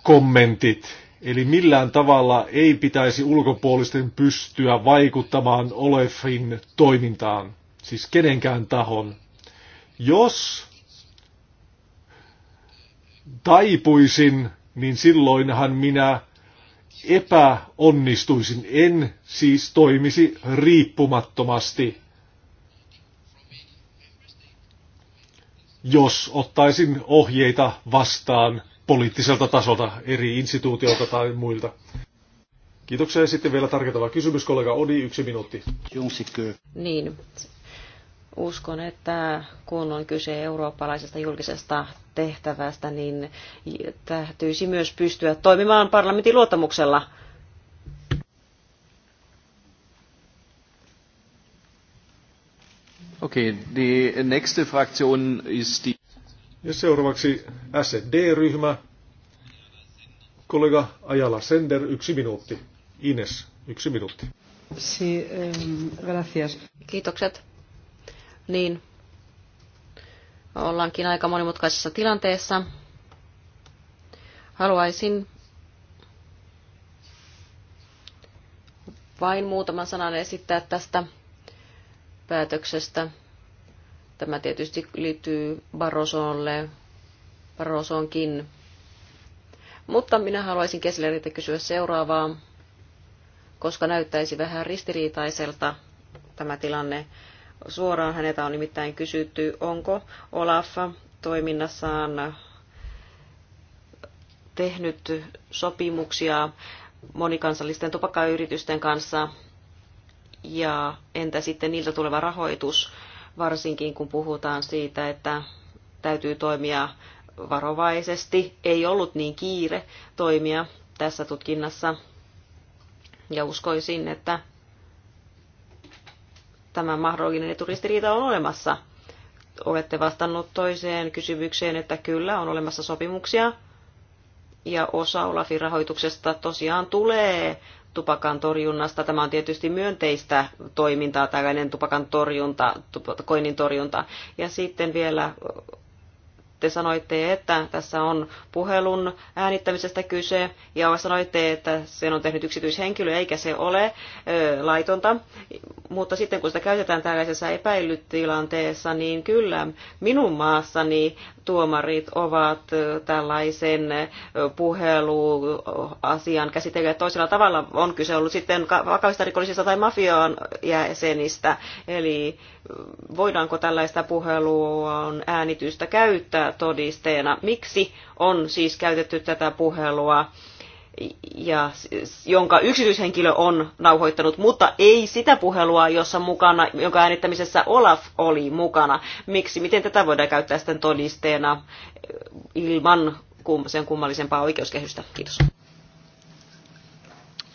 kommentit. Eli millään tavalla ei pitäisi ulkopuolisten pystyä vaikuttamaan Olefin toimintaan, siis kenenkään tahon. Jos taipuisin, niin silloinhan minä epäonnistuisin, en siis toimisi riippumattomasti. Jos ottaisin ohjeita vastaan poliittiselta tasolta, eri instituutioilta tai muilta. Kiitoksia. Ja sitten vielä tarkentava kysymys, kollega Odi, yksi minuutti. Niin, uskon, että kun on kyse eurooppalaisesta julkisesta tehtävästä, niin täytyisi myös pystyä toimimaan parlamentin luottamuksella. Okay, die nächste Fraktion ist die ja seuraavaksi SD-ryhmä. Kollega Ajala Sender, yksi minuutti. Ines, yksi minuutti. Si, eh, gracias. Kiitokset. Niin, ollaankin aika monimutkaisessa tilanteessa. Haluaisin vain muutaman sanan esittää tästä päätöksestä Tämä tietysti liittyy Barrosolle, Barrosonkin. Mutta minä haluaisin Kessleriltä kysyä seuraavaa, koska näyttäisi vähän ristiriitaiselta tämä tilanne. Suoraan häneltä on nimittäin kysytty, onko Olaf toiminnassaan tehnyt sopimuksia monikansallisten tupakkayritysten kanssa ja entä sitten niiltä tuleva rahoitus? varsinkin kun puhutaan siitä, että täytyy toimia varovaisesti. Ei ollut niin kiire toimia tässä tutkinnassa ja uskoisin, että tämä mahdollinen eturistiriita on olemassa. Olette vastannut toiseen kysymykseen, että kyllä on olemassa sopimuksia ja osa Olafin rahoituksesta tosiaan tulee tupakan torjunnasta. Tämä on tietysti myönteistä toimintaa, tällainen tupakan torjunta, tupakoinnin torjunta. Ja sitten vielä te sanoitte, että tässä on puhelun äänittämisestä kyse, ja sanoitte, että sen on tehnyt yksityishenkilö, eikä se ole ö, laitonta. Mutta sitten kun sitä käytetään tällaisessa epäilytilanteessa, niin kyllä minun maassani tuomarit ovat tällaisen puheluasian käsitelleet toisella tavalla. On kyse ollut sitten vakavista rikollisista tai mafiaan jäsenistä. Eli voidaanko tällaista puhelua äänitystä käyttää? todisteena. Miksi on siis käytetty tätä puhelua, ja, jonka yksityishenkilö on nauhoittanut, mutta ei sitä puhelua, jossa mukana, jonka äänittämisessä Olaf oli mukana. Miksi? Miten tätä voidaan käyttää sitten todisteena ilman sen kummallisempaa oikeuskehystä? Kiitos.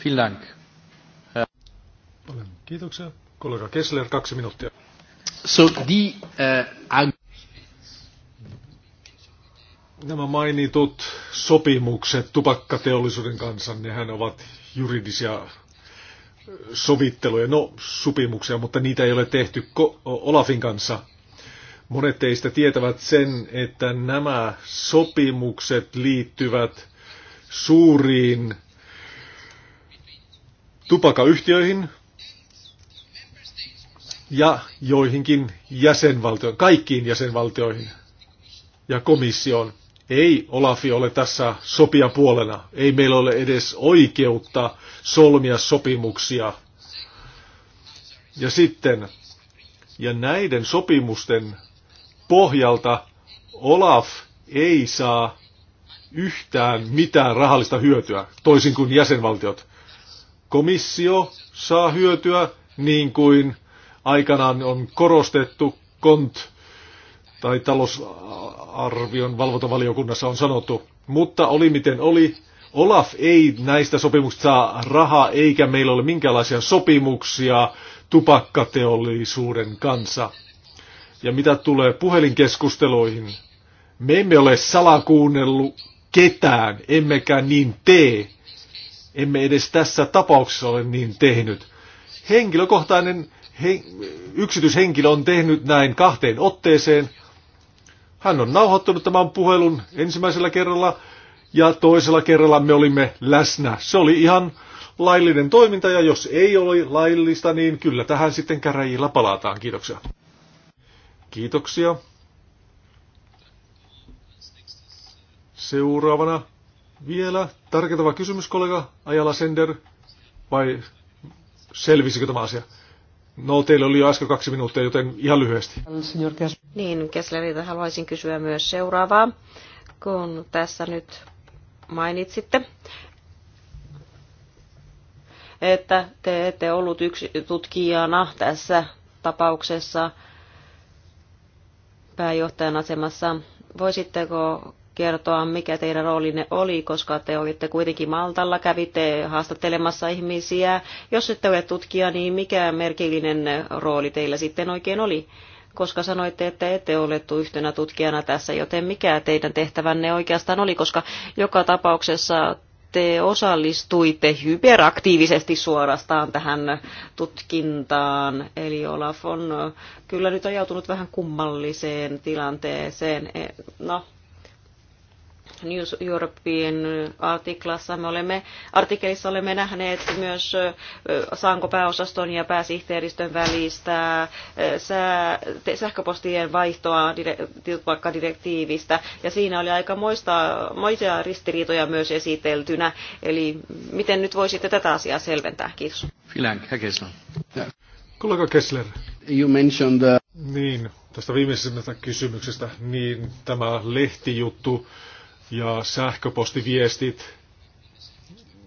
Vielen Paljon äh. kiitoksia. Kollega Kessler, kaksi minuuttia. So the, uh, nämä mainitut sopimukset tupakkateollisuuden kanssa, nehän ovat juridisia sovitteluja, no sopimuksia, mutta niitä ei ole tehty Olafin kanssa. Monet teistä tietävät sen, että nämä sopimukset liittyvät suuriin tupakayhtiöihin ja joihinkin jäsenvaltioihin, kaikkiin jäsenvaltioihin ja komissioon. Ei Olafi ole tässä sopijan puolena. Ei meillä ole edes oikeutta solmia sopimuksia. Ja sitten, ja näiden sopimusten pohjalta Olaf ei saa yhtään mitään rahallista hyötyä, toisin kuin jäsenvaltiot. Komissio saa hyötyä niin kuin aikanaan on korostettu kont tai talousarvion valvontavaliokunnassa on sanottu. Mutta oli miten oli, Olaf ei näistä sopimuksista saa rahaa, eikä meillä ole minkäänlaisia sopimuksia tupakkateollisuuden kanssa. Ja mitä tulee puhelinkeskusteluihin, me emme ole salakuunnellut ketään, emmekä niin tee. Emme edes tässä tapauksessa ole niin tehnyt. Henkilökohtainen he, yksityishenkilö on tehnyt näin kahteen otteeseen, hän on nauhoittanut tämän puhelun ensimmäisellä kerralla ja toisella kerralla me olimme läsnä. Se oli ihan laillinen toiminta ja jos ei ole laillista, niin kyllä tähän sitten käräjillä palataan. Kiitoksia. Kiitoksia. Seuraavana vielä tarkentava kysymys, kollega Ajala Sender, vai selvisikö tämä asia? No, teillä oli jo äsken kaksi minuuttia, joten ihan lyhyesti. Niin, Kesslerilta haluaisin kysyä myös seuraavaa, kun tässä nyt mainitsitte, että te ette ollut yksi tutkijana tässä tapauksessa pääjohtajan asemassa. Voisitteko kertoa, mikä teidän roolinne oli, koska te olitte kuitenkin Maltalla, kävitte haastattelemassa ihmisiä. Jos ette ole tutkija, niin mikä merkillinen rooli teillä sitten oikein oli? Koska sanoitte, että ette ole yhtenä tutkijana tässä, joten mikä teidän tehtävänne oikeastaan oli, koska joka tapauksessa te osallistuitte hyperaktiivisesti suorastaan tähän tutkintaan. Eli Olaf on kyllä nyt ajautunut vähän kummalliseen tilanteeseen. E, no, News European artiklassa me olemme, artikkelissa olemme nähneet myös Saanko pääosaston ja pääsihteeristön välistä sää, sähköpostien vaihtoa vaikka direktiivistä ja siinä oli aika moista, moisia ristiriitoja myös esiteltynä. Eli miten nyt voisitte tätä asiaa selventää? Kiitos. Kollega Kessler. You mentioned the... Niin, tästä viimeisimmästä kysymyksestä, niin tämä lehtijuttu, ja sähköpostiviestit.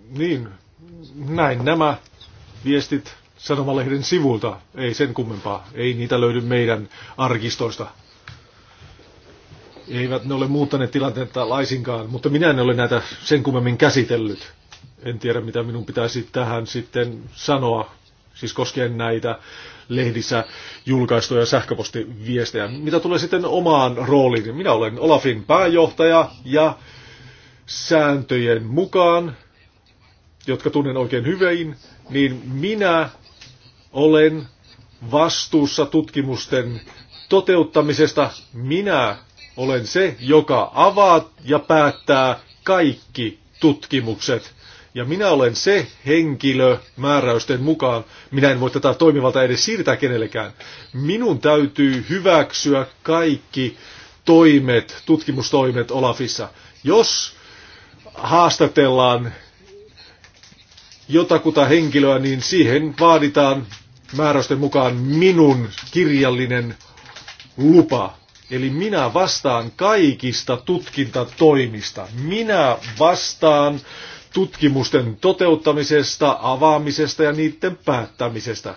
Niin, näin nämä viestit sanomalehden sivulta. Ei sen kummempaa. Ei niitä löydy meidän arkistoista. Eivät ne ole muuttaneet tilannetta laisinkaan, mutta minä en ole näitä sen kummemmin käsitellyt. En tiedä, mitä minun pitäisi tähän sitten sanoa, siis koskien näitä lehdissä julkaistuja sähköpostiviestejä. Mitä tulee sitten omaan rooliin, niin minä olen Olafin pääjohtaja ja sääntöjen mukaan, jotka tunnen oikein hyvin, niin minä olen vastuussa tutkimusten toteuttamisesta. Minä olen se, joka avaa ja päättää kaikki tutkimukset ja minä olen se henkilö määräysten mukaan, minä en voi tätä toimivalta edes siirtää kenellekään. Minun täytyy hyväksyä kaikki toimet, tutkimustoimet Olafissa. Jos haastatellaan jotakuta henkilöä, niin siihen vaaditaan määräysten mukaan minun kirjallinen lupa. Eli minä vastaan kaikista tutkintatoimista. Minä vastaan äh, tutkimusten toteuttamisesta, avaamisesta ja niiden päättämisestä.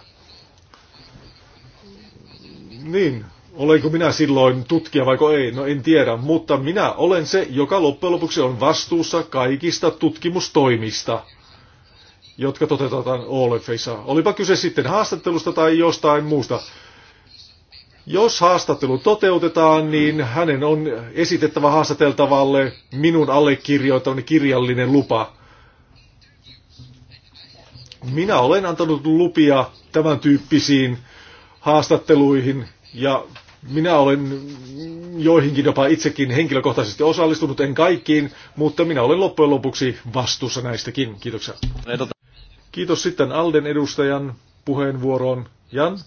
Niin, olenko minä silloin tutkija vaiko ei, no en tiedä, mutta minä olen se, joka loppujen lopuksi on vastuussa kaikista tutkimustoimista jotka toteutetaan OLEFEissa. Olipa kyse sitten haastattelusta tai jostain muusta. Jos haastattelu toteutetaan, niin hänen on esitettävä haastateltavalle minun allekirjoittamani kirjallinen lupa. Minä olen antanut lupia tämän tyyppisiin haastatteluihin ja minä olen joihinkin jopa itsekin henkilökohtaisesti osallistunut, en kaikkiin, mutta minä olen loppujen lopuksi vastuussa näistäkin. Kiitoksia. Kiitos sitten Alden edustajan puheenvuoroon. Jan?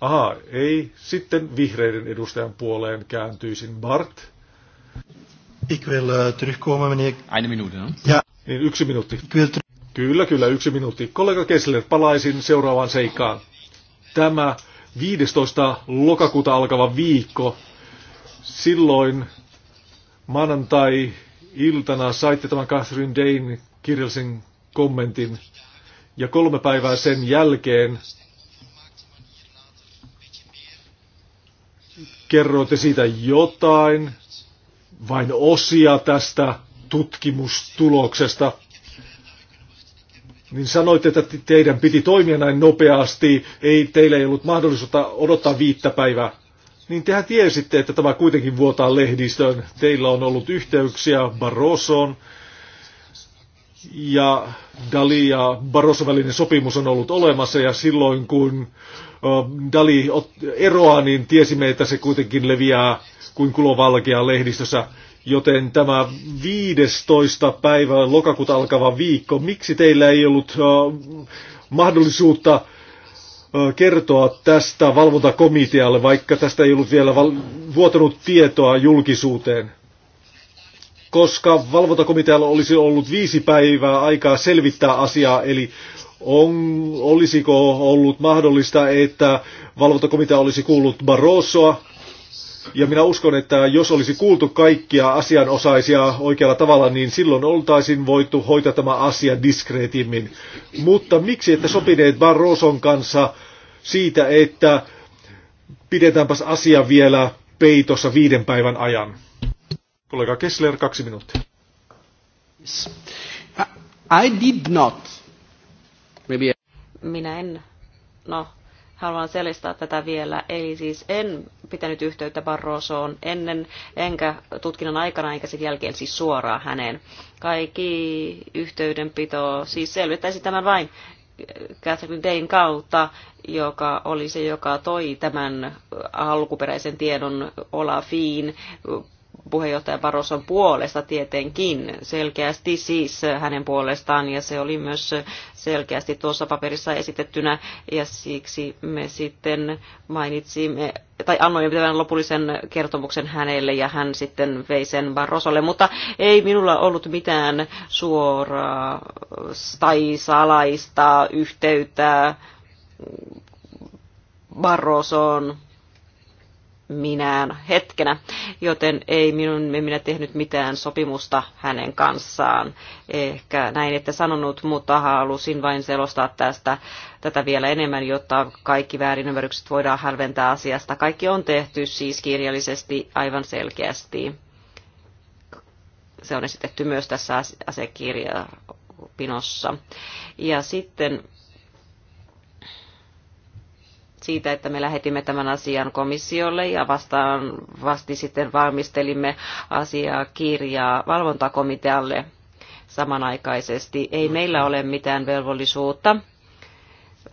Aha, ei. Sitten vihreiden edustajan puoleen kääntyisin Bart. Ik wil uh, terugkomen, meneer. Eine minuutti, no? Ja. Niin, yksi minuutti. Ik wil Kyllä, kyllä, yksi minuutti. Kollega Kessler, palaisin seuraavaan seikkaan. Tämä 15. lokakuuta alkava viikko, silloin maanantai-iltana saitte tämän Catherine Dane kirjallisen kommentin, ja kolme päivää sen jälkeen kerroitte siitä jotain, vain osia tästä tutkimustuloksesta – niin sanoitte, että teidän piti toimia näin nopeasti, ei, teillä ei ollut mahdollisuutta odottaa viittä päivää. Niin tehän tiesitte, että tämä kuitenkin vuotaa lehdistöön. Teillä on ollut yhteyksiä Barroson ja Dali ja Barroson välinen sopimus on ollut olemassa ja silloin kun Dali eroaa, niin tiesimme, että se kuitenkin leviää kuin kulovalkea lehdistössä. Joten tämä 15. päivä lokakuuta alkava viikko, miksi teillä ei ollut mahdollisuutta kertoa tästä valvontakomitealle, vaikka tästä ei ollut vielä val- vuotanut tietoa julkisuuteen? Koska valvontakomitealla olisi ollut viisi päivää aikaa selvittää asiaa, eli on, olisiko ollut mahdollista, että valvontakomitea olisi kuullut Barrosoa, ja minä uskon, että jos olisi kuultu kaikkia asianosaisia oikealla tavalla, niin silloin oltaisiin voitu hoitaa tämä asia diskreetimmin. Mutta miksi että sopineet Barroson kanssa siitä, että pidetäänpäs asia vielä peitossa viiden päivän ajan? Kollega Kessler, kaksi minuuttia. I did not. Maybe I... Minä en. No, haluan selistää tätä vielä. Eli siis en pitänyt yhteyttä Barrosoon ennen, enkä tutkinnon aikana, enkä sen jälkeen siis suoraan häneen. Kaikki yhteydenpito, siis selvittäisi tämän vain Catherine Dayn kautta, joka oli se, joka toi tämän alkuperäisen tiedon Olafiin puheenjohtaja Baroson puolesta tietenkin, selkeästi siis hänen puolestaan, ja se oli myös selkeästi tuossa paperissa esitettynä, ja siksi me sitten mainitsimme tai annoin tämän lopullisen kertomuksen hänelle ja hän sitten vei sen Barrosolle, mutta ei minulla ollut mitään suoraa tai salaista yhteyttä Barrosoon minään hetkenä, joten ei minun, me minä tehnyt mitään sopimusta hänen kanssaan. Ehkä näin ette sanonut, mutta halusin vain selostaa tästä tätä vielä enemmän, jotta kaikki väärinymmärrykset voidaan hälventää asiasta. Kaikki on tehty siis kirjallisesti aivan selkeästi. Se on esitetty myös tässä asiakirjapinossa. Ja sitten siitä, että me lähetimme tämän asian komissiolle ja vastaan vasti sitten valmistelimme kirjaa valvontakomitealle samanaikaisesti. Ei meillä ole mitään velvollisuutta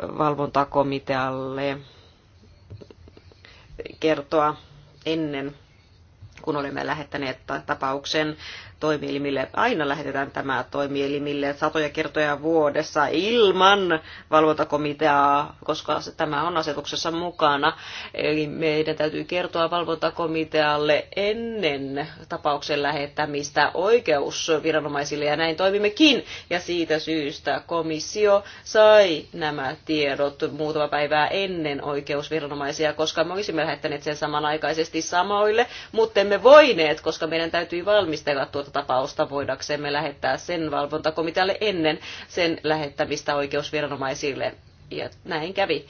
valvontakomitealle kertoa ennen kun olemme lähettäneet tapauksen toimielimille. Aina lähetetään tämä toimielimille satoja kertoja vuodessa ilman valvontakomiteaa, koska tämä on asetuksessa mukana. Eli meidän täytyy kertoa valvontakomitealle ennen tapauksen lähettämistä oikeusviranomaisille, ja näin toimimmekin. Ja siitä syystä komissio sai nämä tiedot muutama päivää ennen oikeusviranomaisia, koska me olisimme lähettäneet sen samanaikaisesti samoille, mutta emme voineet, koska meidän täytyy valmistella tuota tapausta voidaksemme lähettää sen valvontakomitealle ennen sen lähettämistä oikeusviranomaisille. Ja näin kävi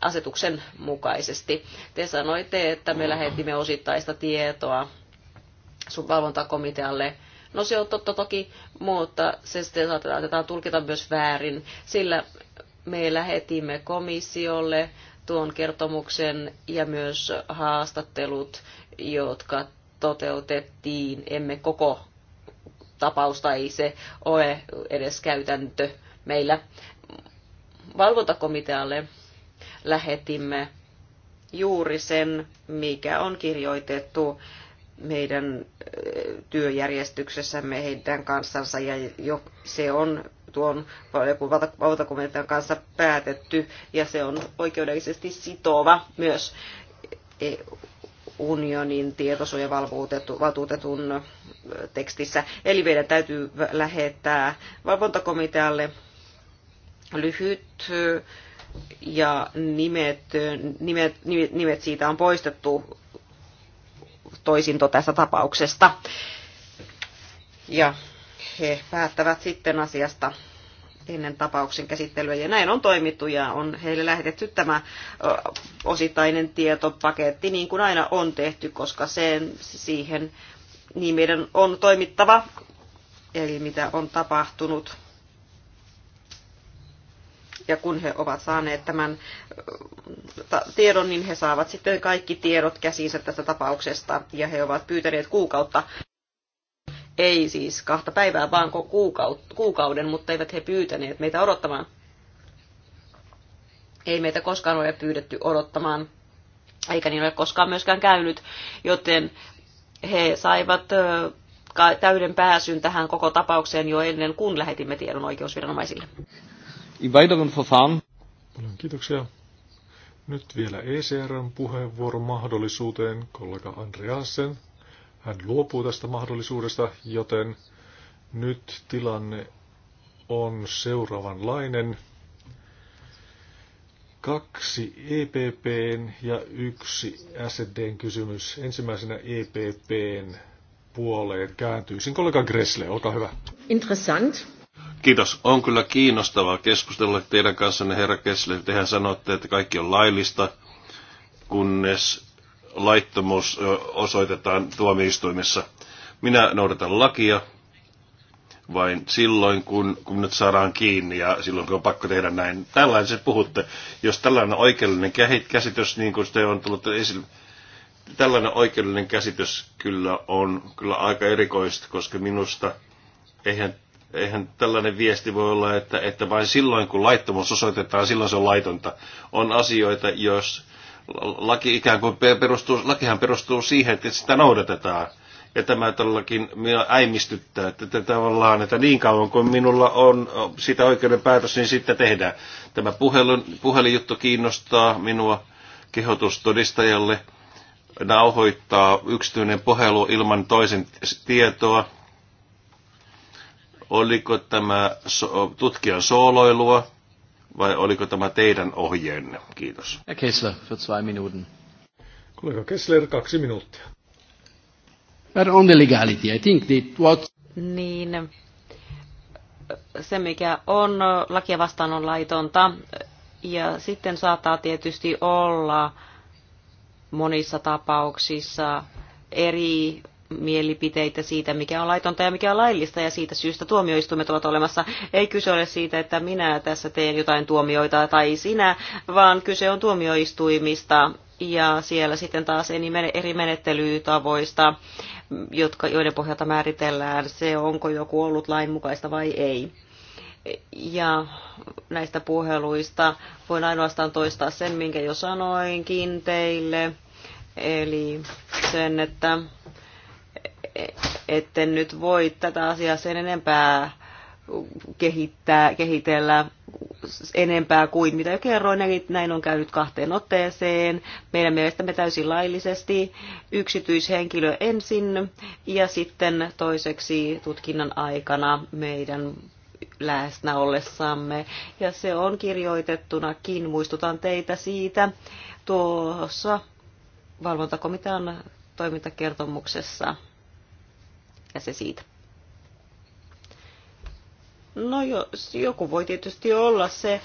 asetuksen mukaisesti. Te sanoitte, että me lähetimme osittaista tietoa sun valvontakomitealle. No se on totta toki, mutta se sitten saatetaan tulkita myös väärin, sillä me lähetimme komissiolle tuon kertomuksen ja myös haastattelut, jotka toteutettiin, emme koko tapausta, ei se ole edes käytäntö meillä. Valvontakomitealle lähetimme juuri sen, mikä on kirjoitettu meidän eh, työjärjestyksessämme heidän kanssansa ja jo se on tuon valvontakomitean kanssa päätetty ja se on oikeudellisesti sitova myös eh, unionin tietosuojavaltuutetun tekstissä. Eli meidän täytyy lähettää valvontakomitealle lyhyt ja nimet, nimet, nimet siitä on poistettu toisinto tästä tapauksesta. Ja he päättävät sitten asiasta ennen tapauksen käsittelyä. Ja näin on toimittu ja on heille lähetetty tämä osittainen tietopaketti, niin kuin aina on tehty, koska sen, siihen niin meidän on toimittava, eli mitä on tapahtunut. Ja kun he ovat saaneet tämän tiedon, niin he saavat sitten kaikki tiedot käsinsä tästä tapauksesta, ja he ovat pyytäneet kuukautta ei siis kahta päivää, vaan kuukauden, mutta eivät he pyytäneet meitä odottamaan. Ei meitä koskaan ole pyydetty odottamaan, eikä niin ole koskaan myöskään käynyt, joten he saivat täyden pääsyn tähän koko tapaukseen jo ennen kuin lähetimme tiedon oikeusviranomaisille. Paljon kiitoksia. Nyt vielä ECRn puheenvuoron mahdollisuuteen kollega Andreasen. Hän luopuu tästä mahdollisuudesta, joten nyt tilanne on seuraavanlainen. Kaksi EPPn ja yksi SDn kysymys. Ensimmäisenä EPPn puoleen kääntyisin. Kollega Gressle, olkaa hyvä. Interessant. Kiitos. On kyllä kiinnostavaa keskustella teidän kanssanne, herra Kessler. Tehän sanotte, että kaikki on laillista, kunnes laittomuus osoitetaan tuomioistuimessa. Minä noudatan lakia vain silloin, kun, kun nyt saadaan kiinni ja silloin, kun on pakko tehdä näin. Tällainen se puhutte. Jos tällainen oikeudellinen käsitys, niin kuin se on tullut esille, tällainen oikeudellinen käsitys kyllä on kyllä aika erikoista, koska minusta eihän, eihän tällainen viesti voi olla, että, että vain silloin kun laittomuus osoitetaan, silloin se on laitonta. On asioita, jos laki ikään kuin perustuu, lakihan perustuu siihen, että sitä noudatetaan. Ja tämä todellakin minua äimistyttää, että, että tavallaan, että niin kauan kuin minulla on sitä oikeuden päätös, niin sitten tehdään. Tämä puhelun, puhelinjuttu kiinnostaa minua kehotustodistajalle nauhoittaa yksityinen puhelu ilman toisen tietoa. Oliko tämä tutkijan sooloilua? vai oliko tämä teidän ohjeenne? Kiitos. Herr Kessler, für zwei Minuten. Kollega Kessler, kaksi minuuttia. But on the legality, I think that what... Niin, se mikä on lakia vastaan on laitonta, ja sitten saattaa tietysti olla monissa tapauksissa eri mielipiteitä siitä, mikä on laitonta ja mikä on laillista, ja siitä syystä tuomioistuimet ovat olemassa. Ei kyse ole siitä, että minä tässä teen jotain tuomioita tai sinä, vaan kyse on tuomioistuimista, ja siellä sitten taas eri menettelytavoista, jotka, joiden pohjalta määritellään se, onko joku ollut lainmukaista vai ei. Ja näistä puheluista voin ainoastaan toistaa sen, minkä jo sanoinkin teille, eli sen, että että nyt voi tätä asiaa sen enempää kehittää, kehitellä enempää kuin mitä jo kerroin. Eli näin on käynyt kahteen otteeseen. Meidän mielestämme täysin laillisesti yksityishenkilö ensin ja sitten toiseksi tutkinnan aikana meidän läsnä ollessamme. Ja se on kirjoitettunakin. Muistutan teitä siitä tuossa valvontakomitean toimintakertomuksessa ja se siitä. No jos joku voi tietysti olla se,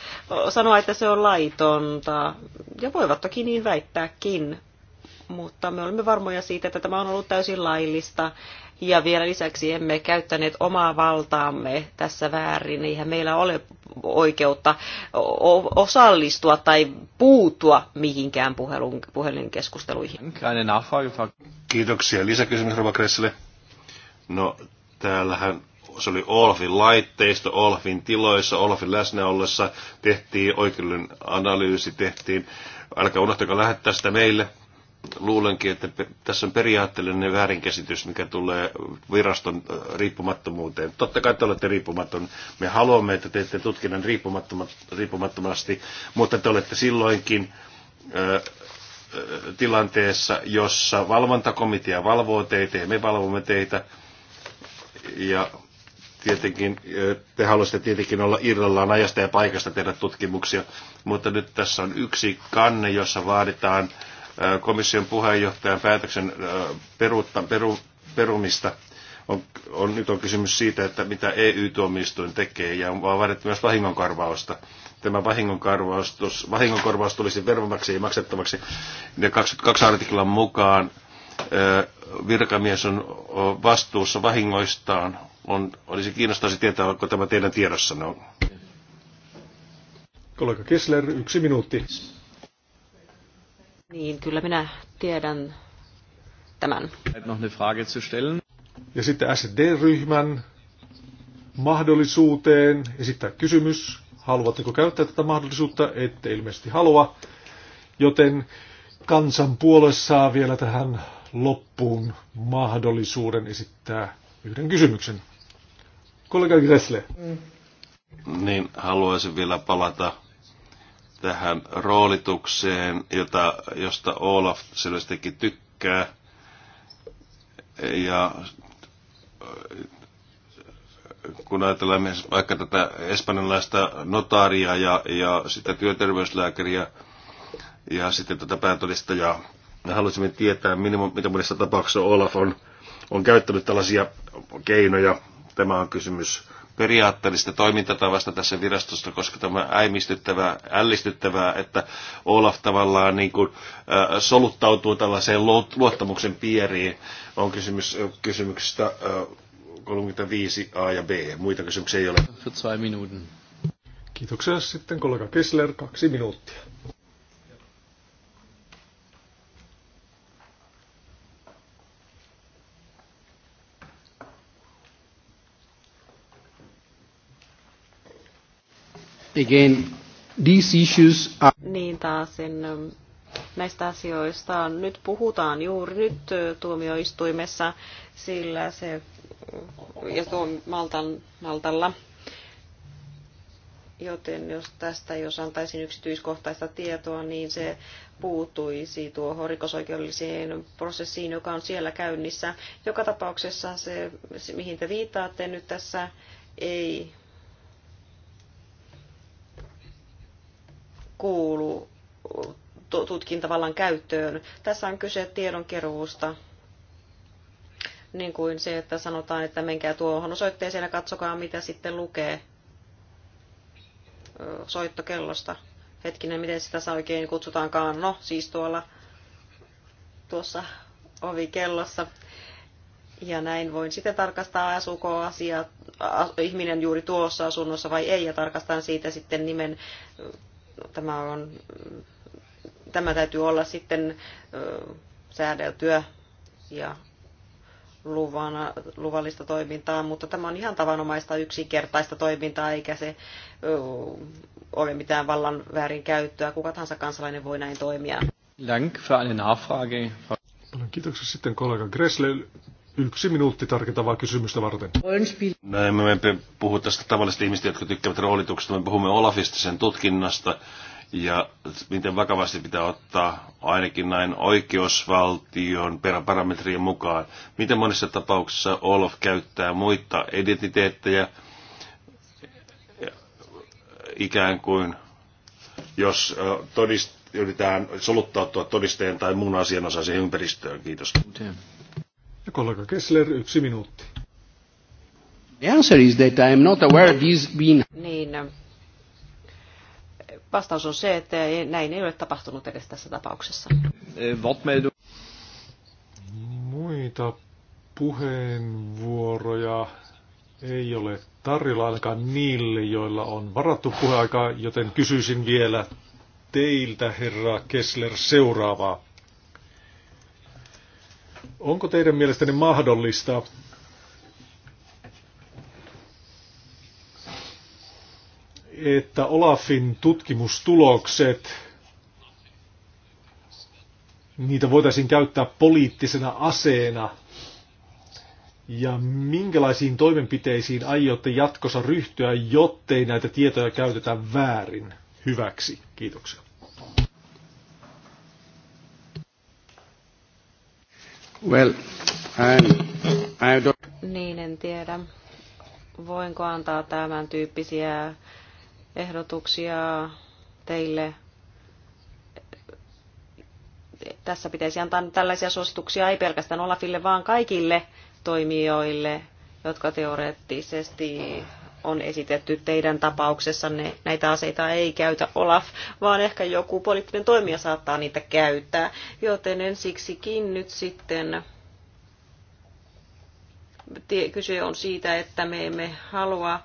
sanoa, että se on laitonta, ja voivat toki niin väittääkin, mutta me olemme varmoja siitä, että tämä on ollut täysin laillista, ja vielä lisäksi emme käyttäneet omaa valtaamme tässä väärin. Eihän meillä ole oikeutta osallistua tai puutua mihinkään puhelun, puhelinkeskusteluihin. Kiitoksia. Lisäkysymys Rova Kressille. No, täällähän se oli Olfin laitteisto, Olfin tiloissa, Olfin läsnä ollessa, tehtiin oikeuden analyysi, tehtiin, älkää unohtakaa lähettää sitä meille. Luulenkin, että tässä on periaatteellinen väärinkäsitys, mikä tulee viraston riippumattomuuteen. Totta kai te olette riippumaton. Me haluamme, että teette tutkinnan riippumattomasti, mutta te olette silloinkin tilanteessa, jossa valvontakomitea valvoo teitä ja me valvomme teitä – ja tietenkin, te haluaisitte tietenkin olla irrallaan ajasta ja paikasta tehdä tutkimuksia, mutta nyt tässä on yksi kanne, jossa vaaditaan komission puheenjohtajan päätöksen peruutta, peru, perumista. On, on, nyt on kysymys siitä, että mitä EU-tuomioistuin tekee, ja on vaadittu myös vahingonkarvausta. Tämä vahingonkorvaus, vahingonkorvaus tulisi ja maksettavaksi 22 artiklan mukaan virkamies on vastuussa vahingoistaan. On, olisi kiinnostaisi tietää, onko tämä teidän tiedossanne on. Kollega Kessler, yksi minuutti. Niin, kyllä minä tiedän tämän. Ja sitten SD-ryhmän mahdollisuuteen esittää kysymys. Haluatteko käyttää tätä mahdollisuutta? Ette ilmeisesti halua. Joten kansan puolessa vielä tähän loppuun mahdollisuuden esittää yhden kysymyksen. Kollega Gressle. Niin, haluaisin vielä palata tähän roolitukseen, jota, josta Olaf selvästikin tykkää. Ja kun ajatellaan vaikka tätä espanjalaista notaaria ja, ja sitä työterveyslääkäriä ja sitten tätä päätodistajaa, me halusimme tietää, mitä monessa tapauksessa Olaf on, on käyttänyt tällaisia keinoja. Tämä on kysymys periaatteellista toimintatavasta tässä virastossa, koska tämä äimistyttävää, ällistyttävää, että Olaf tavallaan niin kuin, äh, soluttautuu tällaiseen luottamuksen piiriin, on kysymys kysymyksestä äh, 35 A ja B. Muita kysymyksiä ei ole. Kiitoksia. Sitten kollega Kessler, kaksi minuuttia. Again, these issues are... Niin taas sen, näistä asioista nyt puhutaan juuri nyt tuomioistuimessa, sillä se ja tuo Maltan, Maltalla joten jos tästä, jos antaisin yksityiskohtaista tietoa, niin se puuttuisi tuohon rikosoikeudelliseen prosessiin, joka on siellä käynnissä. Joka tapauksessa se, se mihin te viittaatte nyt tässä, ei kuulu tutkintavallan käyttöön. Tässä on kyse tiedonkeruusta, niin kuin se, että sanotaan, että menkää tuohon osoitteeseen ja katsokaa, mitä sitten lukee soittokellosta. Hetkinen, miten sitä saa oikein kutsutaankaan? No, siis tuolla tuossa ovikellossa. Ja näin voin sitten tarkastaa, asuuko asia, ihminen juuri tuossa asunnossa vai ei, ja tarkastan siitä sitten nimen tämä, on, tämä täytyy olla sitten säädeltyä ja luvana, luvallista toimintaa, mutta tämä on ihan tavanomaista yksinkertaista toimintaa, eikä se ole mitään vallan käyttöä. Kuka tahansa kansalainen voi näin toimia. Dank für eine Nachfrage. kiitoksia sitten kollega Gressle yksi minuutti tarkentavaa kysymystä varten. No emme me puhu tästä tavallista ihmistä, jotka tykkäävät roolituksesta. Me puhumme Olafista sen tutkinnasta ja miten vakavasti pitää ottaa ainakin näin oikeusvaltion parametrien mukaan. Miten monissa tapauksissa Olaf käyttää muita identiteettejä ikään kuin, jos todist, yritetään soluttautua todisteen tai muun asianosaisen ympäristöön. Kiitos. Okay. Ja kollega Kessler, yksi minuutti. The answer is that I am not aware this been... Niin, vastaus on se, että näin ei ole tapahtunut edes tässä tapauksessa. Muita puheenvuoroja ei ole tarjolla ainakaan niille, joilla on varattu puheaikaa, joten kysyisin vielä teiltä, herra Kessler, seuraavaa. Onko teidän mielestänne mahdollista että Olafin tutkimustulokset, niitä voitaisiin käyttää poliittisena aseena. Ja minkälaisiin toimenpiteisiin aiotte jatkossa ryhtyä, jottei näitä tietoja käytetä väärin hyväksi? Kiitoksia. Well, I'm, I don't... Niin, en tiedä. Voinko antaa tämän tyyppisiä ehdotuksia teille? Tässä pitäisi antaa tällaisia suosituksia ei pelkästään Olafille, vaan kaikille toimijoille, jotka teoreettisesti on esitetty teidän tapauksessanne. Näitä aseita ei käytä Olaf, vaan ehkä joku poliittinen toimija saattaa niitä käyttää. Joten ensiksikin nyt sitten kyse on siitä, että me emme halua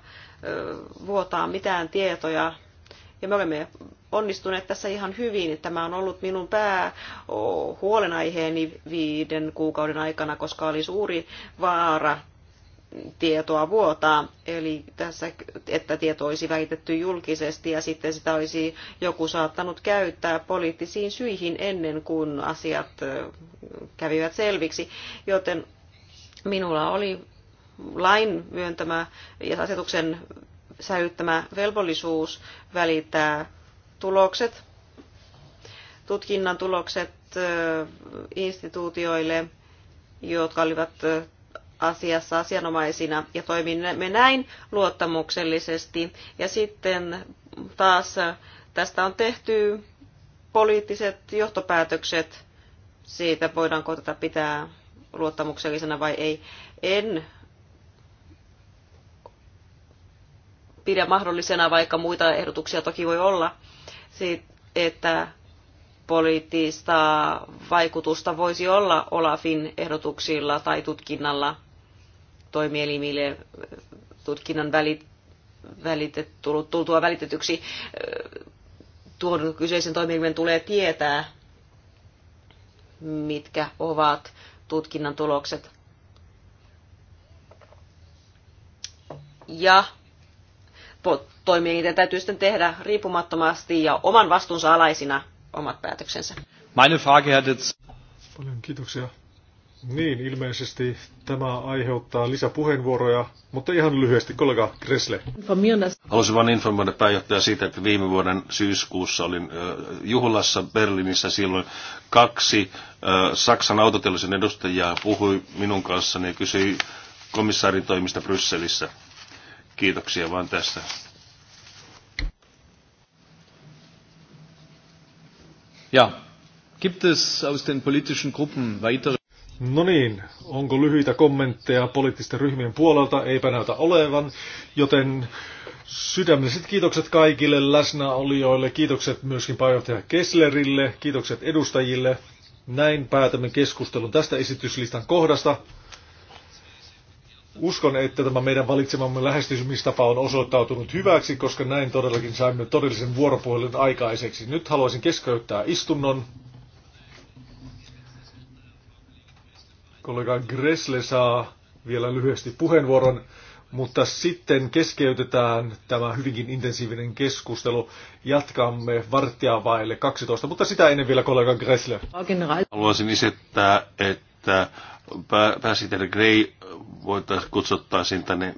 vuotaa mitään tietoja. Ja me olemme onnistuneet tässä ihan hyvin. Tämä on ollut minun päähuolenaiheeni viiden kuukauden aikana, koska oli suuri vaara tietoa vuotaa, eli tässä, että tieto olisi väitetty julkisesti ja sitten sitä olisi joku saattanut käyttää poliittisiin syihin ennen kuin asiat kävivät selviksi, joten minulla oli lain myöntämä ja asetuksen säilyttämä velvollisuus välittää tulokset, tutkinnan tulokset instituutioille, jotka olivat asiassa asianomaisina ja toimimme näin luottamuksellisesti. Ja sitten taas tästä on tehty poliittiset johtopäätökset siitä, voidaanko tätä pitää luottamuksellisena vai ei. En pidä mahdollisena, vaikka muita ehdotuksia toki voi olla, että poliittista vaikutusta voisi olla Olafin ehdotuksilla tai tutkinnalla toimielimille tutkinnan välit, välitet, tullut, tultua välitetyksi tuon kyseisen toimielimen tulee tietää, mitkä ovat tutkinnan tulokset. Ja toimielinten täytyy sitten tehdä riippumattomasti ja oman vastuunsa alaisina omat päätöksensä. Meine Frage hat jetzt... Paljon kiitoksia. Niin, ilmeisesti tämä aiheuttaa lisäpuheenvuoroja, mutta ihan lyhyesti, kollega Kresle. Haluaisin vain informoida pääjohtaja siitä, että viime vuoden syyskuussa olin juhlassa Berliinissä silloin kaksi Saksan autoteollisen edustajaa puhui minun kanssani ja kysyi komissaarin toimista Brysselissä. Kiitoksia vaan tästä. Ja, Gibt es aus den politischen Gruppen weitere No niin, onko lyhyitä kommentteja poliittisten ryhmien puolelta? Eipä näytä olevan, joten sydämelliset kiitokset kaikille läsnäolijoille, kiitokset myöskin pääjohtaja Kesslerille, kiitokset edustajille. Näin päätämme keskustelun tästä esityslistan kohdasta. Uskon, että tämä meidän valitsemamme lähestymistapa on osoittautunut hyväksi, koska näin todellakin saimme todellisen vuoropuhelun aikaiseksi. Nyt haluaisin keskeyttää istunnon. Kollega Gressle saa vielä lyhyesti puheenvuoron, mutta sitten keskeytetään tämä hyvinkin intensiivinen keskustelu. Jatkamme varttia vaille 12, mutta sitä ennen vielä kollega Gressle. Haluaisin esittää, että pääsihteeri Gray voitaisiin sinne tänne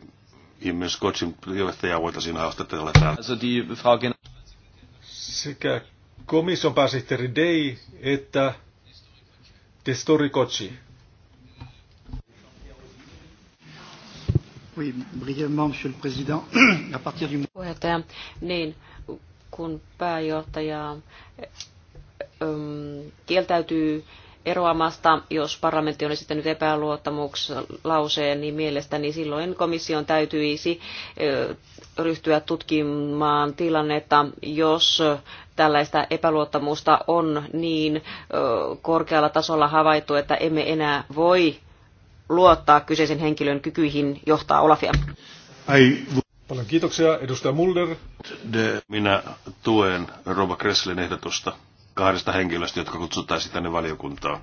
ja myös Kotsin johtajaa voitaisiin haastatella täällä. Sekä komission pääsihteeri Day että Testori Kotsi. Oui, brièvement, monsieur le président. à partir du... Puheenjohtaja, niin kun pääjohtaja ähm, kieltäytyy eroamasta, jos parlamentti on esittänyt epäluottamuslauseen, niin mielestäni silloin komission täytyisi äh, ryhtyä tutkimaan tilannetta, jos tällaista epäluottamusta on niin äh, korkealla tasolla havaittu, että emme enää voi luottaa kyseisen henkilön kykyihin johtaa Olafia. Ai. Paljon kiitoksia, edustaja Mulder. Minä tuen Rova Kresslin ehdotusta kahdesta henkilöstä, jotka kutsuttaisiin tänne valiokuntaan.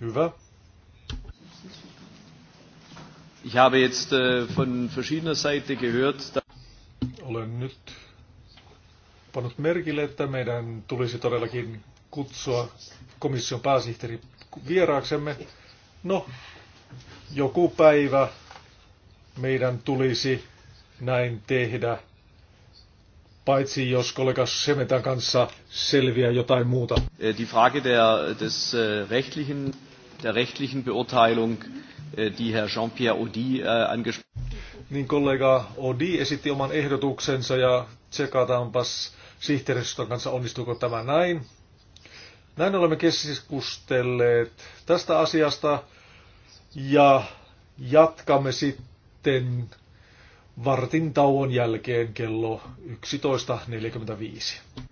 Hyvä. Ich habe jetzt äh, von verschiedener Seite gehört, olen nyt pannut merkille, että meidän tulisi todellakin kutsua komission pääsihteeri vieraaksemme. No, joku päivä meidän tulisi näin tehdä, paitsi jos kollega Semetan kanssa selviää jotain muuta. Äh, die Frage der, des äh, rechtlichen, der rechtlichen Beurteilung, äh, die Herr Jean-Pierre Audi angesprochen Niin kollega Odi esitti oman ehdotuksensa ja tsekataanpas sihteeristön kanssa, onnistuuko tämä näin. Näin olemme keskustelleet tästä asiasta ja jatkamme sitten vartin tauon jälkeen kello 11.45.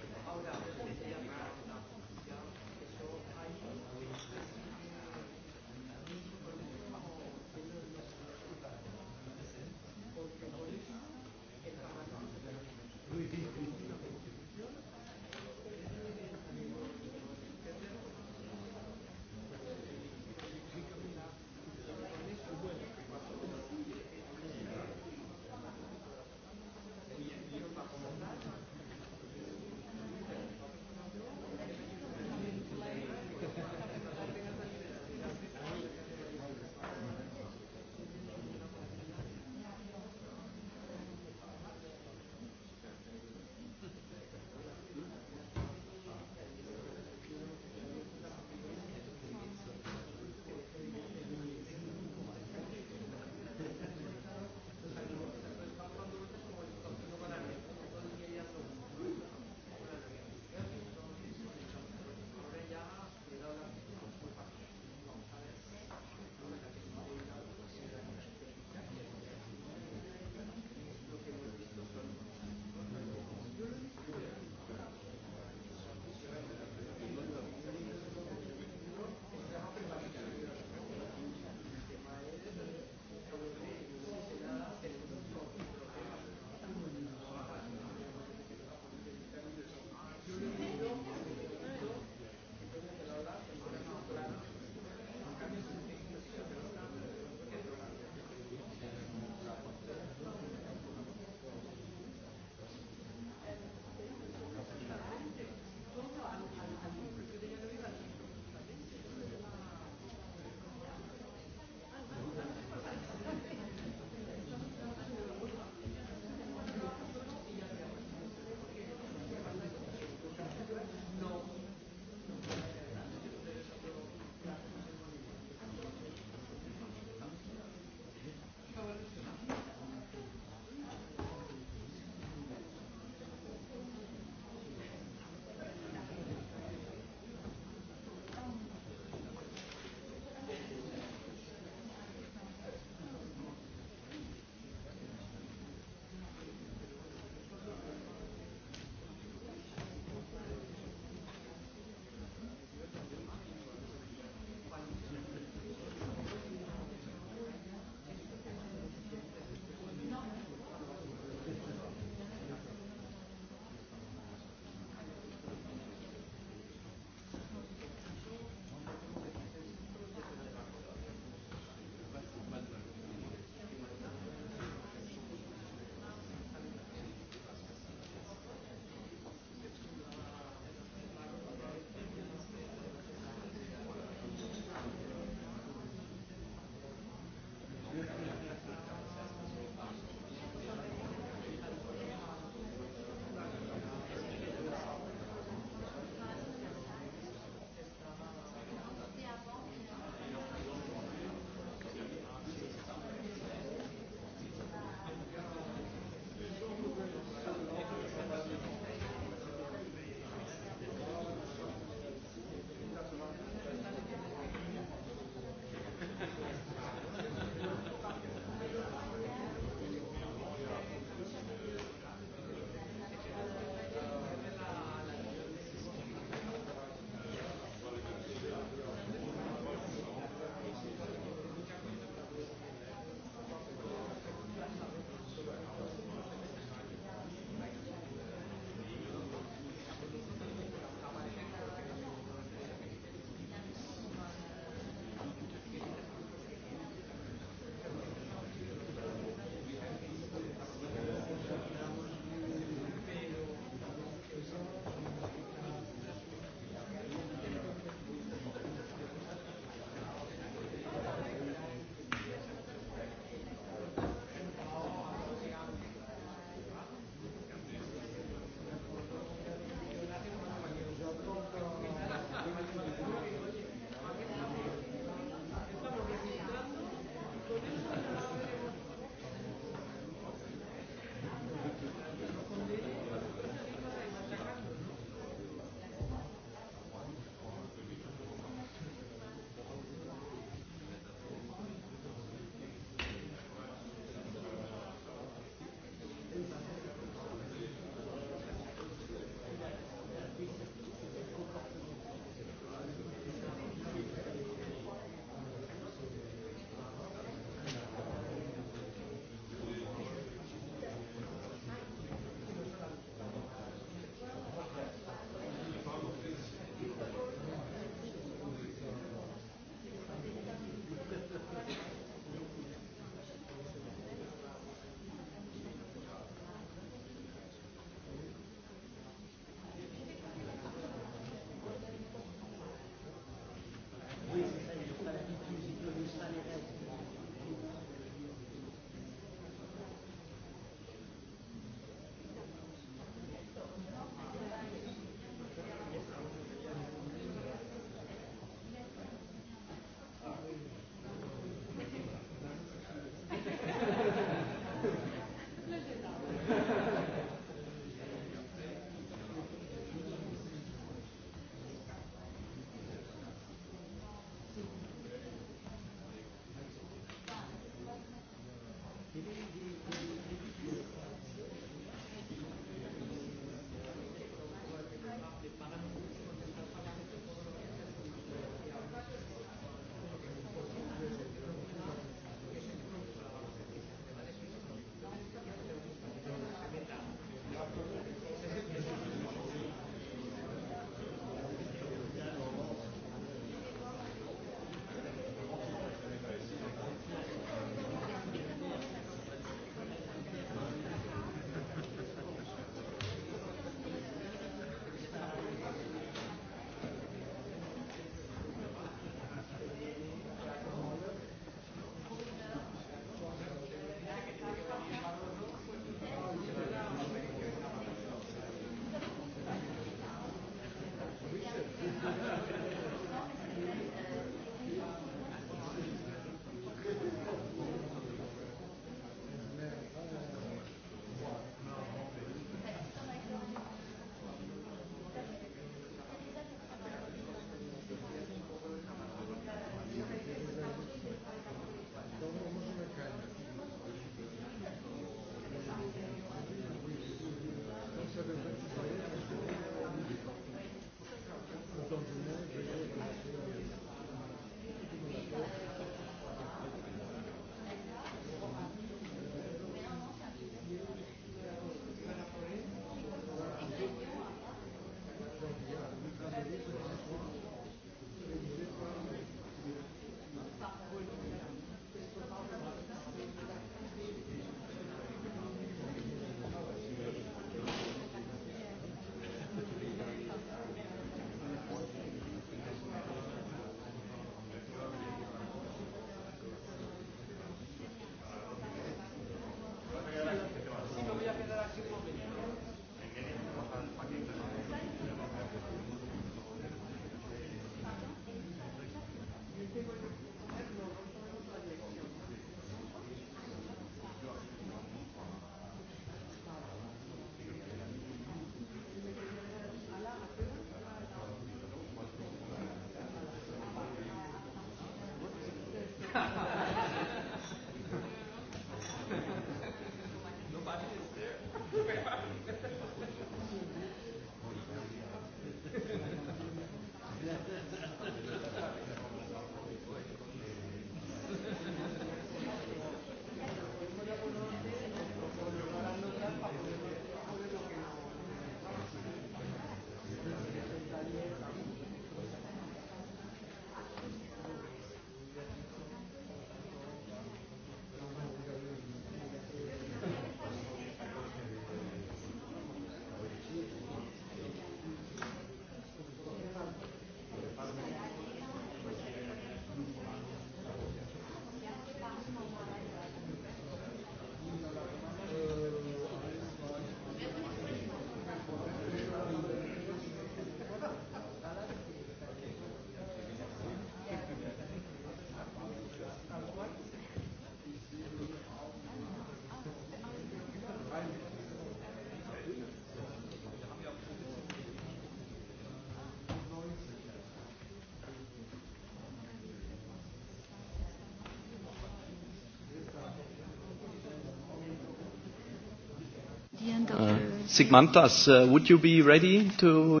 Uh, Sigmantas, uh, would you be ready to...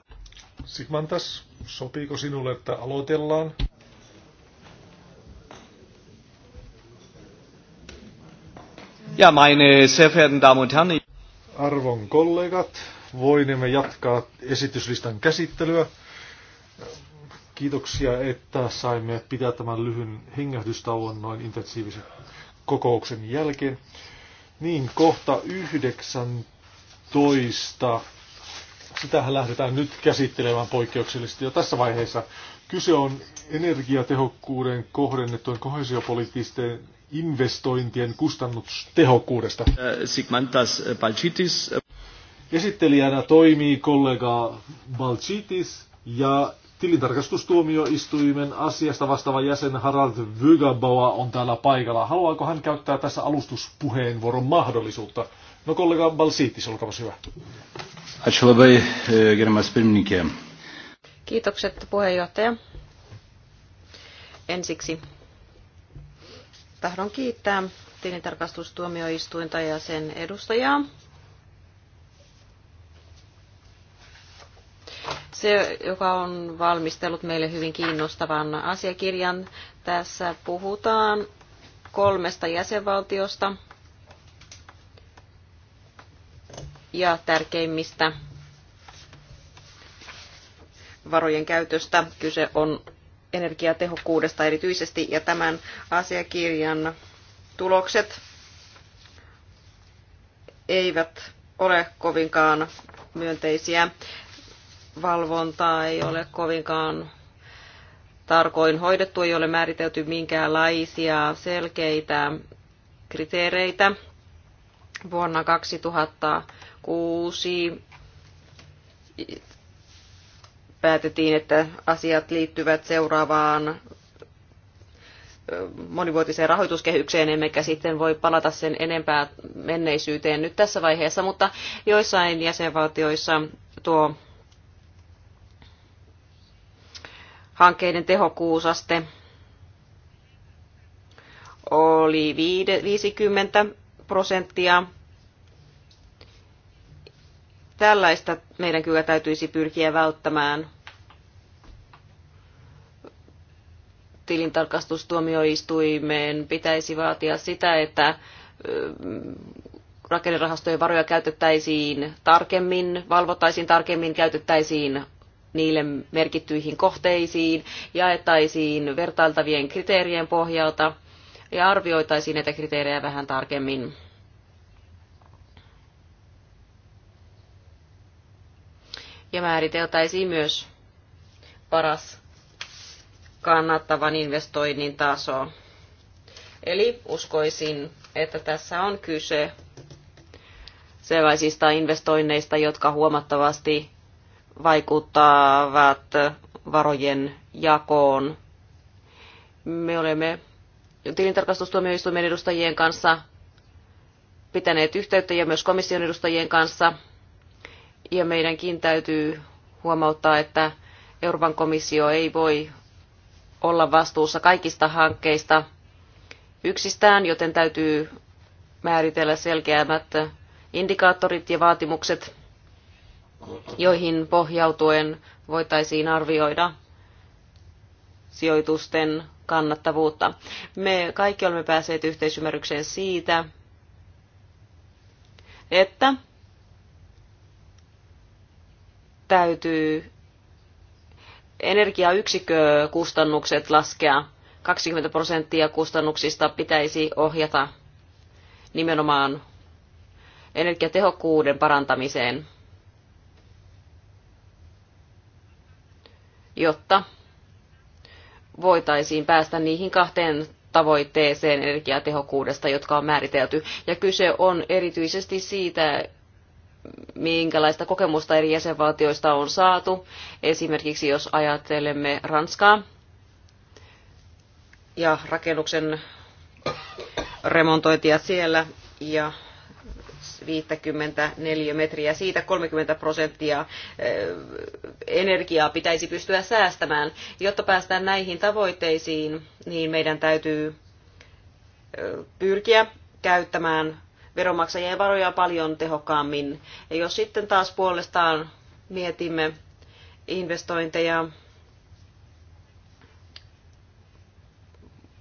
Sigmantas, sopiiko sinulle, että aloitellaan? Ja meine sehr verehrten Damen und Herren. Arvon kollegat, voinemme jatkaa esityslistan käsittelyä. Kiitoksia, että saimme pitää tämän lyhyen hengähdystauon noin intensiivisen kokouksen jälkeen. Niin, kohta 19 toista. Sitähän lähdetään nyt käsittelemään poikkeuksellisesti jo tässä vaiheessa. Kyse on energiatehokkuuden kohdennettujen kohesiopoliittisten investointien kustannustehokkuudesta. Äh, Sigmantas äh, Balchitis. Esittelijänä toimii kollega Balchitis ja tilintarkastustuomioistuimen asiasta vastaava jäsen Harald Vygaboa on täällä paikalla. Haluaako hän käyttää tässä alustuspuheenvuoron mahdollisuutta? No kollega Balsiitis, olkaa hyvä. Ačiū labai, e, pirmininkė. Kiitokset puheenjohtaja. Ensiksi tahdon kiittää tilintarkastustuomioistuinta ja sen edustajaa. Se, joka on valmistellut meille hyvin kiinnostavan asiakirjan, tässä puhutaan kolmesta jäsenvaltiosta – ja tärkeimmistä varojen käytöstä. Kyse on energiatehokkuudesta erityisesti ja tämän asiakirjan tulokset eivät ole kovinkaan myönteisiä. Valvontaa ei ole kovinkaan tarkoin hoidettu, ei ole määritelty minkäänlaisia selkeitä kriteereitä vuonna 2006 päätettiin, että asiat liittyvät seuraavaan monivuotiseen rahoituskehykseen, emmekä sitten voi palata sen enempää menneisyyteen nyt tässä vaiheessa, mutta joissain jäsenvaltioissa tuo hankkeiden tehokkuusaste oli 50 prosenttia. Tällaista meidän kyllä täytyisi pyrkiä välttämään tilintarkastustuomioistuimeen pitäisi vaatia sitä, että rakennerahastojen varoja käytettäisiin tarkemmin, valvottaisiin tarkemmin, käytettäisiin niille merkittyihin kohteisiin, jaettaisiin vertailtavien kriteerien pohjalta ja arvioitaisiin näitä kriteerejä vähän tarkemmin. Ja määriteltäisiin myös paras kannattavan investoinnin taso. Eli uskoisin, että tässä on kyse sellaisista investoinneista, jotka huomattavasti vaikuttavat varojen jakoon. Me olemme tilintarkastustuomioistuimen edustajien kanssa pitäneet yhteyttä ja myös komission edustajien kanssa. Ja meidänkin täytyy huomauttaa, että Euroopan komissio ei voi olla vastuussa kaikista hankkeista yksistään, joten täytyy määritellä selkeämmät indikaattorit ja vaatimukset, joihin pohjautuen voitaisiin arvioida sijoitusten kannattavuutta. Me kaikki olemme päässeet yhteisymmärrykseen siitä, että täytyy energiayksikkökustannukset laskea. 20 prosenttia kustannuksista pitäisi ohjata nimenomaan energiatehokkuuden parantamiseen, jotta voitaisiin päästä niihin kahteen tavoitteeseen energiatehokkuudesta, jotka on määritelty. Ja kyse on erityisesti siitä, minkälaista kokemusta eri jäsenvaltioista on saatu. Esimerkiksi jos ajattelemme Ranskaa ja rakennuksen remontointia siellä ja 54 metriä. Siitä 30 prosenttia eh, energiaa pitäisi pystyä säästämään. Jotta päästään näihin tavoitteisiin, niin meidän täytyy eh, pyrkiä käyttämään veronmaksajien varoja paljon tehokkaammin. Ja jos sitten taas puolestaan mietimme investointeja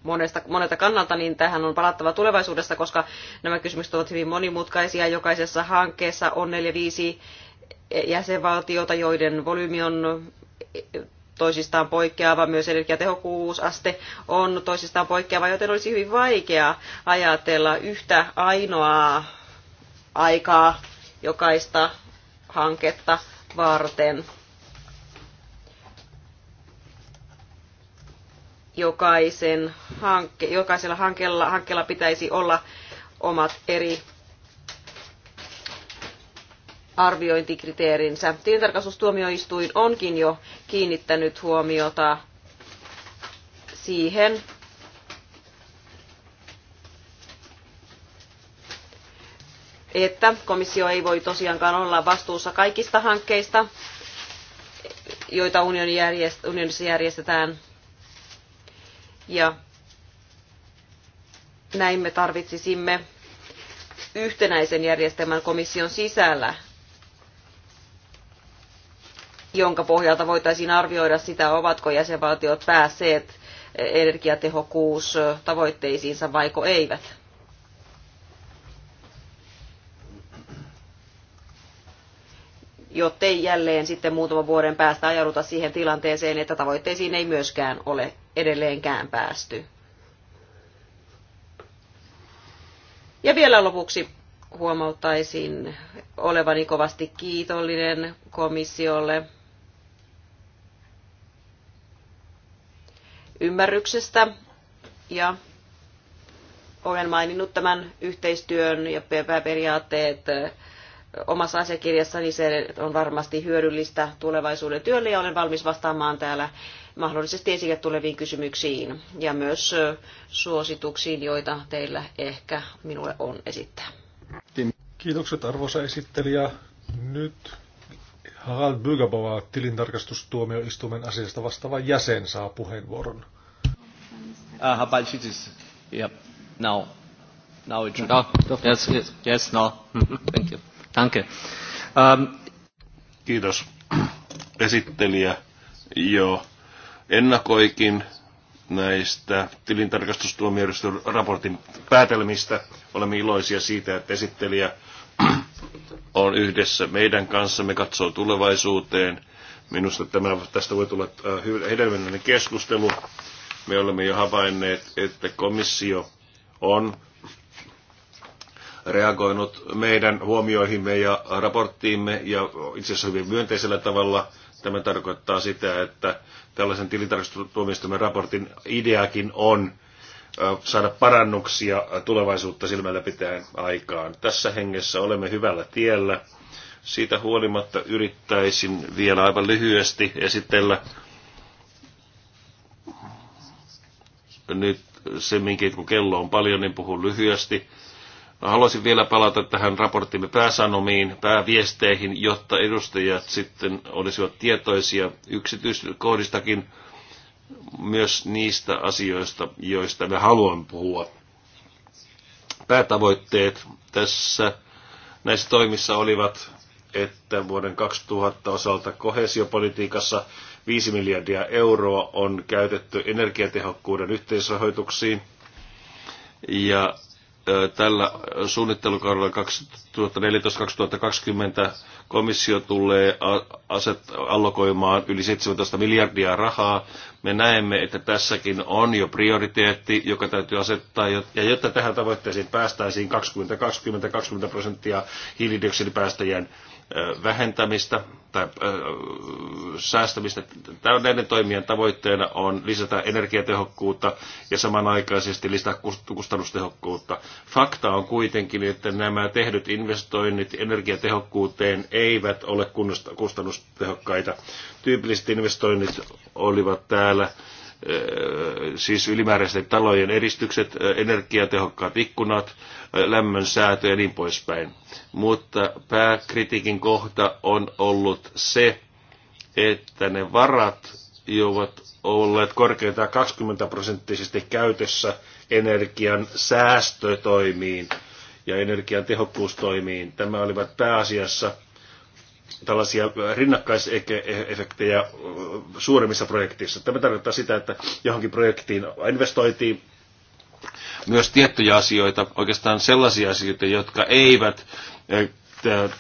monesta, monelta kannalta, niin tähän on palattava tulevaisuudessa, koska nämä kysymykset ovat hyvin monimutkaisia. Jokaisessa hankkeessa on 4-5 jäsenvaltiota, joiden volyymi on toisistaan poikkeava, myös energiatehokkuusaste on toisistaan poikkeava, joten olisi hyvin vaikea ajatella yhtä ainoaa aikaa jokaista hanketta varten. jokaisen hankke, jokaisella hankkeella, hankkeella pitäisi olla omat eri arviointikriteerinsä. Tilintarkastustuomioistuin onkin jo kiinnittänyt huomiota siihen, että komissio ei voi tosiaankaan olla vastuussa kaikista hankkeista, joita unionissa järjestetään ja näin me tarvitsisimme yhtenäisen järjestelmän komission sisällä, jonka pohjalta voitaisiin arvioida sitä, ovatko jäsenvaltiot päässeet energiatehokkuustavoitteisiinsa vaiko eivät. jottei jälleen sitten muutaman vuoden päästä ajauduta siihen tilanteeseen, että tavoitteisiin ei myöskään ole edelleenkään päästy. Ja vielä lopuksi huomauttaisin olevani kovasti kiitollinen komissiolle ymmärryksestä ja olen maininnut tämän yhteistyön ja pääperiaatteet omassa asiakirjassani niin se on varmasti hyödyllistä tulevaisuuden työlle ja olen valmis vastaamaan täällä mahdollisesti esille tuleviin kysymyksiin ja myös suosituksiin, joita teillä ehkä minulle on esittää. Kiitokset arvoisa esittelijä. Nyt Harald Bygabova, tilintarkastustuomioistuimen asiasta vastaava jäsen, saa puheenvuoron. Uh, Now. Now it's... No. Yes, yes, yes, no. Thank you. Danke. Ähm. Um, Kiitos. Esittelijä jo ennakoikin näistä tilintarkastustuomioiden raportin päätelmistä. Olemme iloisia siitä, että esittelijä on yhdessä meidän kanssa, me katsoo tulevaisuuteen. Minusta tämä, tästä voi tulla äh, hedelmällinen keskustelu. Me olemme jo havainneet, että komissio on reagoinut meidän huomioihimme ja raporttiimme ja itse asiassa hyvin myönteisellä tavalla. Tämä tarkoittaa sitä, että tällaisen tilintarkastustuomioistuimen raportin ideakin on saada parannuksia tulevaisuutta silmällä pitäen aikaan. Tässä hengessä olemme hyvällä tiellä. Siitä huolimatta yrittäisin vielä aivan lyhyesti esitellä nyt semminkin, kun kello on paljon, niin puhun lyhyesti Haluaisin vielä palata tähän raporttimme pääsanomiin, pääviesteihin, jotta edustajat sitten olisivat tietoisia yksityiskohdistakin myös niistä asioista, joista me haluamme puhua. Päätavoitteet tässä näissä toimissa olivat, että vuoden 2000 osalta kohesiopolitiikassa 5 miljardia euroa on käytetty energiatehokkuuden yhteisrahoituksiin ja tällä suunnittelukaudella 2014-2020 komissio tulee aset allokoimaan yli 17 miljardia rahaa. Me näemme, että tässäkin on jo prioriteetti, joka täytyy asettaa, ja jotta tähän tavoitteeseen päästäisiin 20-20-20 prosenttia hiilidioksidipäästöjen -20 vähentämistä tai säästämistä. Näiden toimien tavoitteena on lisätä energiatehokkuutta ja samanaikaisesti lisätä kustannustehokkuutta. Fakta on kuitenkin, että nämä tehdyt investoinnit energiatehokkuuteen eivät ole kustannustehokkaita. Tyypilliset investoinnit olivat täällä siis ylimääräiset talojen eristykset, energiatehokkaat ikkunat, lämmön säätö ja niin poispäin. Mutta pääkritiikin kohta on ollut se, että ne varat, ovat olleet korkeintaan 20 prosenttisesti käytössä energian säästötoimiin ja energian tehokkuustoimiin. Tämä olivat pääasiassa tällaisia rinnakkaisefektejä suuremmissa projekteissa. Tämä tarkoittaa sitä, että johonkin projektiin investoitiin myös tiettyjä asioita, oikeastaan sellaisia asioita, jotka eivät eh,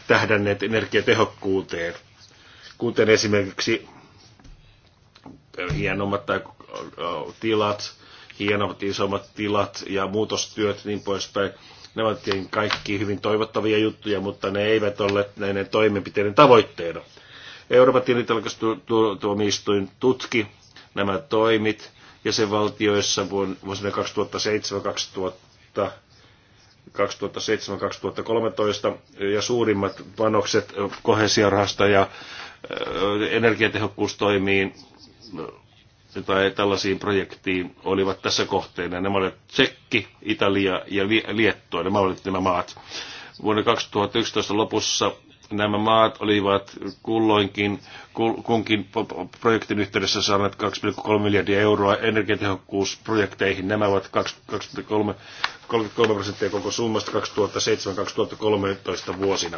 tähdänneet energiatehokkuuteen, kuten esimerkiksi eh, hienommat tai eh, tilat, hienommat isommat tilat ja muutostyöt niin poispäin. Ne ovat kaikki hyvin toivottavia juttuja, mutta ne eivät ole näiden toimenpiteiden tavoitteena. Euroopan tilintarkastustuomioistuin tutki nämä toimit jäsenvaltioissa vuosina 2007 2000 2007-2013 ja suurimmat panokset kohesiorahasta ja energiatehokkuustoimiin tai tällaisiin projektiin olivat tässä kohteena. Nämä olivat Tsekki, Italia ja Liettua, nämä olivat nämä maat. Vuonna 2011 lopussa nämä maat olivat kulloinkin, kunkin projektin yhteydessä saaneet 2,3 miljardia euroa energiatehokkuusprojekteihin. Nämä ovat 23, 33 prosenttia koko summasta 2007-2013 vuosina.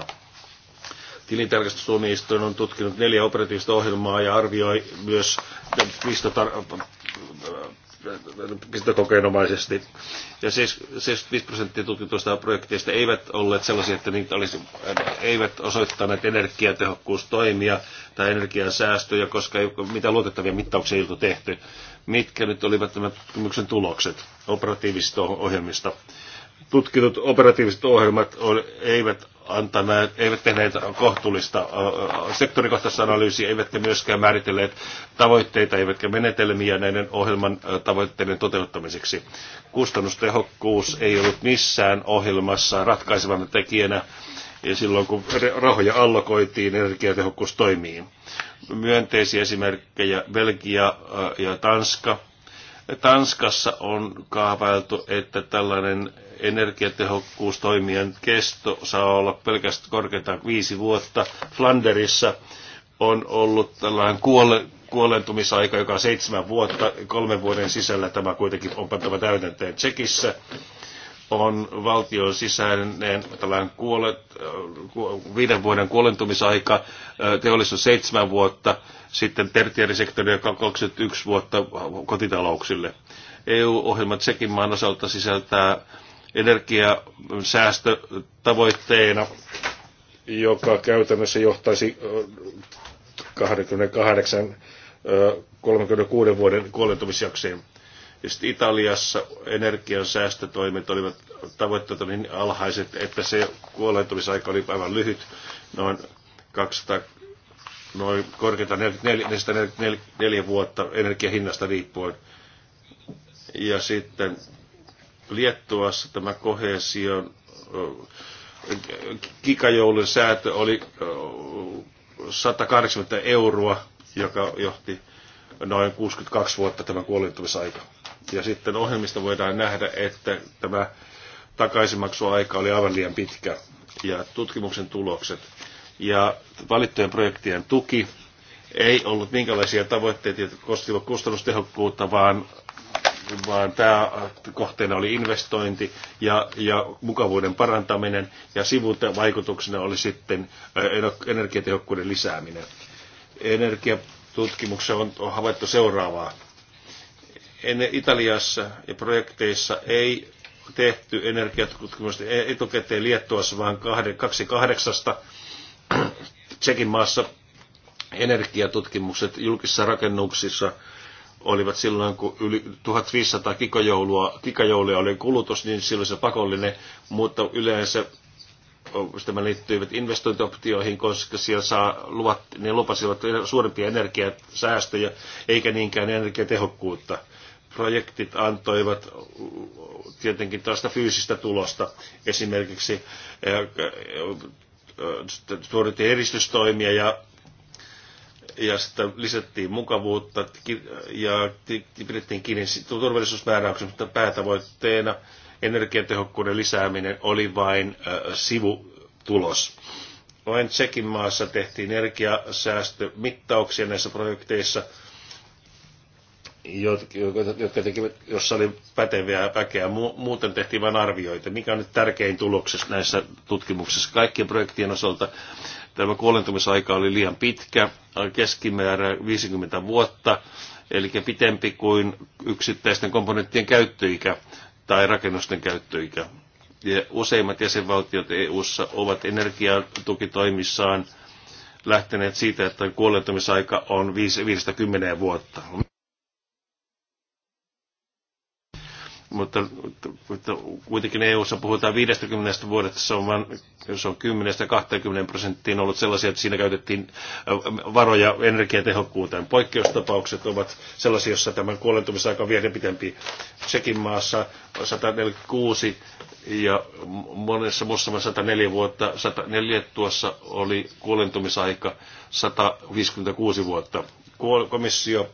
Tilintarkastustuomioistuin on tutkinut neljä operatiivista ohjelmaa ja arvioi myös pistokokeenomaisesti. Ja 75 prosenttia tutkintoista projekteista eivät olleet sellaisia, että niitä olisi, eivät osoittaneet energiatehokkuustoimia tai energiansäästöjä, koska ei mitään luotettavia mittauksia ei tehty. Mitkä nyt olivat nämä tutkimuksen tulokset operatiivisista ohjelmista? tutkitut operatiiviset ohjelmat on, eivät antaneet, eivät tehneet kohtuullista sektorikohtaista analyysiä, eivätkä myöskään määritelleet tavoitteita eivätkä menetelmiä näiden ohjelman tavoitteiden toteuttamiseksi. Kustannustehokkuus ei ollut missään ohjelmassa ratkaisevana tekijänä ja silloin, kun rahoja allokoitiin energiatehokkuustoimiin. Myönteisiä esimerkkejä Belgia ja Tanska – Tanskassa on kaavailtu, että tällainen energiatehokkuustoimien kesto saa olla pelkästään korkeintaan viisi vuotta. Flanderissa on ollut tällainen kuole, kuolentumisaika, joka on seitsemän vuotta. Kolmen vuoden sisällä tämä kuitenkin on pantava täytäntöön Tsekissä on valtion sisäinen tällainen kuole, viiden vuoden kuolentumisaika, teollisuus seitsemän vuotta, sitten tertiärisektori, joka on 21 vuotta kotitalouksille. EU-ohjelma Tsekin maan osalta sisältää energiasäästötavoitteena, joka käytännössä johtaisi 28 36 vuoden kuolentumisjaksojen. Ja sitten Italiassa energian säästötoimet olivat tavoitteet niin alhaiset, että se kuolentumisaika oli aivan lyhyt, noin 200, noin korkeinta 444 vuotta energiahinnasta riippuen. Ja sitten Liettuassa tämä kohesion kikajoulun säätö oli 180 euroa, joka johti noin 62 vuotta tämä kuolintumisaika. Ja sitten ohjelmista voidaan nähdä, että tämä takaisinmaksuaika oli aivan liian pitkä. Ja tutkimuksen tulokset ja valittujen projektien tuki ei ollut minkälaisia tavoitteita, jotka koskivat kustannustehokkuutta, vaan, vaan tämä kohteena oli investointi ja, ja mukavuuden parantaminen ja sivuvaikutuksena oli sitten energiatehokkuuden lisääminen. Energiatutkimuksessa on, on havaittu seuraavaa. En, Italiassa ja projekteissa ei tehty energiatutkimusta etukäteen Liettuassa, vaan kahde, kaksi kahdeksasta – Tsekin maassa energiatutkimukset julkisissa rakennuksissa olivat silloin, kun yli 1500 kikajoulua, kikajoulua oli kulutus, niin silloin se pakollinen, mutta yleensä oh, tämä liittyivät investointioptioihin, koska siellä saa luvat, ne lupasivat suurempia energiasäästöjä, eikä niinkään energiatehokkuutta. Projektit antoivat tietenkin tällaista fyysistä tulosta. Esimerkiksi eh, suoritti eristystoimia ja, ja sitä lisättiin mukavuutta ja pidettiin kiinni turvallisuusmääräyksen, mutta päätavoitteena energiatehokkuuden lisääminen oli vain sivutulos. Vain Tsekin maassa tehtiin energiasäästömittauksia näissä projekteissa – jotka tekivät, jossa oli päteviä väkeä. Muuten tehtiin vain arvioita. Mikä on nyt tärkein tuloksessa näissä tutkimuksissa? Kaikkien projektien osalta tämä kuolentumisaika oli liian pitkä, keskimäärä 50 vuotta, eli pitempi kuin yksittäisten komponenttien käyttöikä tai rakennusten käyttöikä. Ja useimmat jäsenvaltiot EU:ssa ovat energiatukitoimissaan lähteneet siitä, että kuolentumisaika on 50 vuotta. mutta, mutta kuitenkin EU-ssa puhutaan 50 vuodesta, se on, vain, se on 10-20 prosenttiin ollut sellaisia, että siinä käytettiin äh, varoja energiatehokkuuteen. Poikkeustapaukset ovat sellaisia, joissa tämän kuolentumisaika on vielä pitempi. Tsekin maassa 146 ja monessa muussa 104 vuotta, 104 tuossa oli kuolentumisaika 156 vuotta. Komissio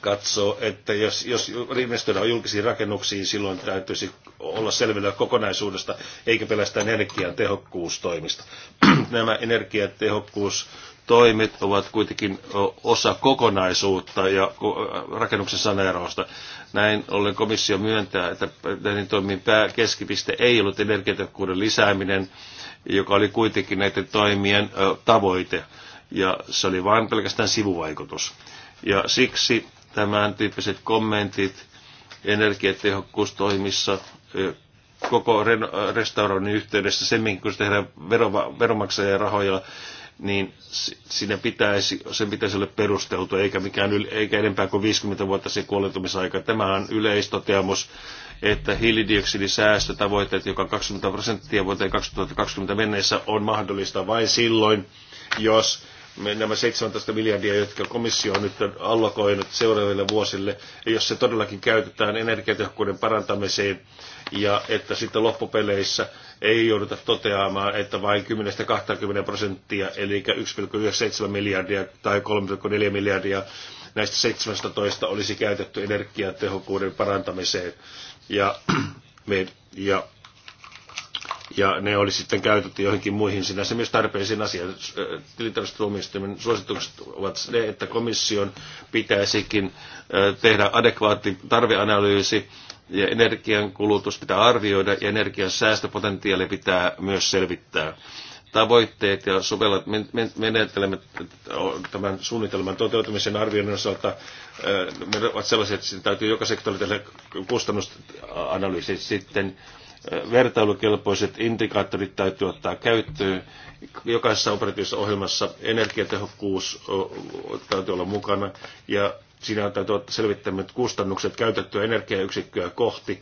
katsoo, että jos, jos investoidaan julkisiin rakennuksiin, silloin täytyisi olla selvillä kokonaisuudesta, eikä pelkästään energiatehokkuustoimista. Nämä energiatehokkuustoimet ovat kuitenkin osa kokonaisuutta ja rakennuksen saneerausta. Näin ollen komissio myöntää, että näiden toimien pääkeskipiste ei ollut energiatehokkuuden lisääminen, joka oli kuitenkin näiden toimien tavoite, ja se oli vain pelkästään sivuvaikutus. Ja siksi tämän tyyppiset kommentit energiatehokkuustoimissa koko restauroinnin yhteydessä, semminkin kun se tehdään veroma, veromaksajien rahoilla, niin siinä pitäisi, sen pitäisi olla perusteltu, eikä, mikään, eikä enempää kuin 50 vuotta sen kuolentumisaika. Tämä on yleistoteamus, että hiilidioksidisäästötavoitteet, joka 20 prosenttia vuoteen 2020 mennessä, on mahdollista vain silloin, jos nämä 17 miljardia, jotka komissio on nyt allokoinut seuraaville vuosille, jos se todellakin käytetään energiatehokkuuden parantamiseen ja että sitten loppupeleissä ei jouduta toteamaan, että vain 10-20 prosenttia, eli 1,97 miljardia tai 3,4 miljardia näistä 17 olisi käytetty energiatehokkuuden parantamiseen. Ja, ja ja ne oli sitten käytetty johonkin muihin sinänsä myös tarpeisiin asioihin. Tilintarkastustuomioistuimen suositukset ovat ne, että komission pitäisikin tehdä adekvaatti tarveanalyysi ja energian kulutus pitää arvioida ja energian säästöpotentiaali pitää myös selvittää. Tavoitteet ja sovellat menetelmät tämän suunnitelman toteutumisen arvioinnin osalta ovat sellaisia, että täytyy joka sektorilla tehdä kustannusanalyysi sitten vertailukelpoiset indikaattorit täytyy ottaa käyttöön. Jokaisessa operatiivisessa ohjelmassa energiatehokkuus täytyy olla mukana ja siinä täytyy ottaa selvittämät kustannukset käytettyä energiayksikköä kohti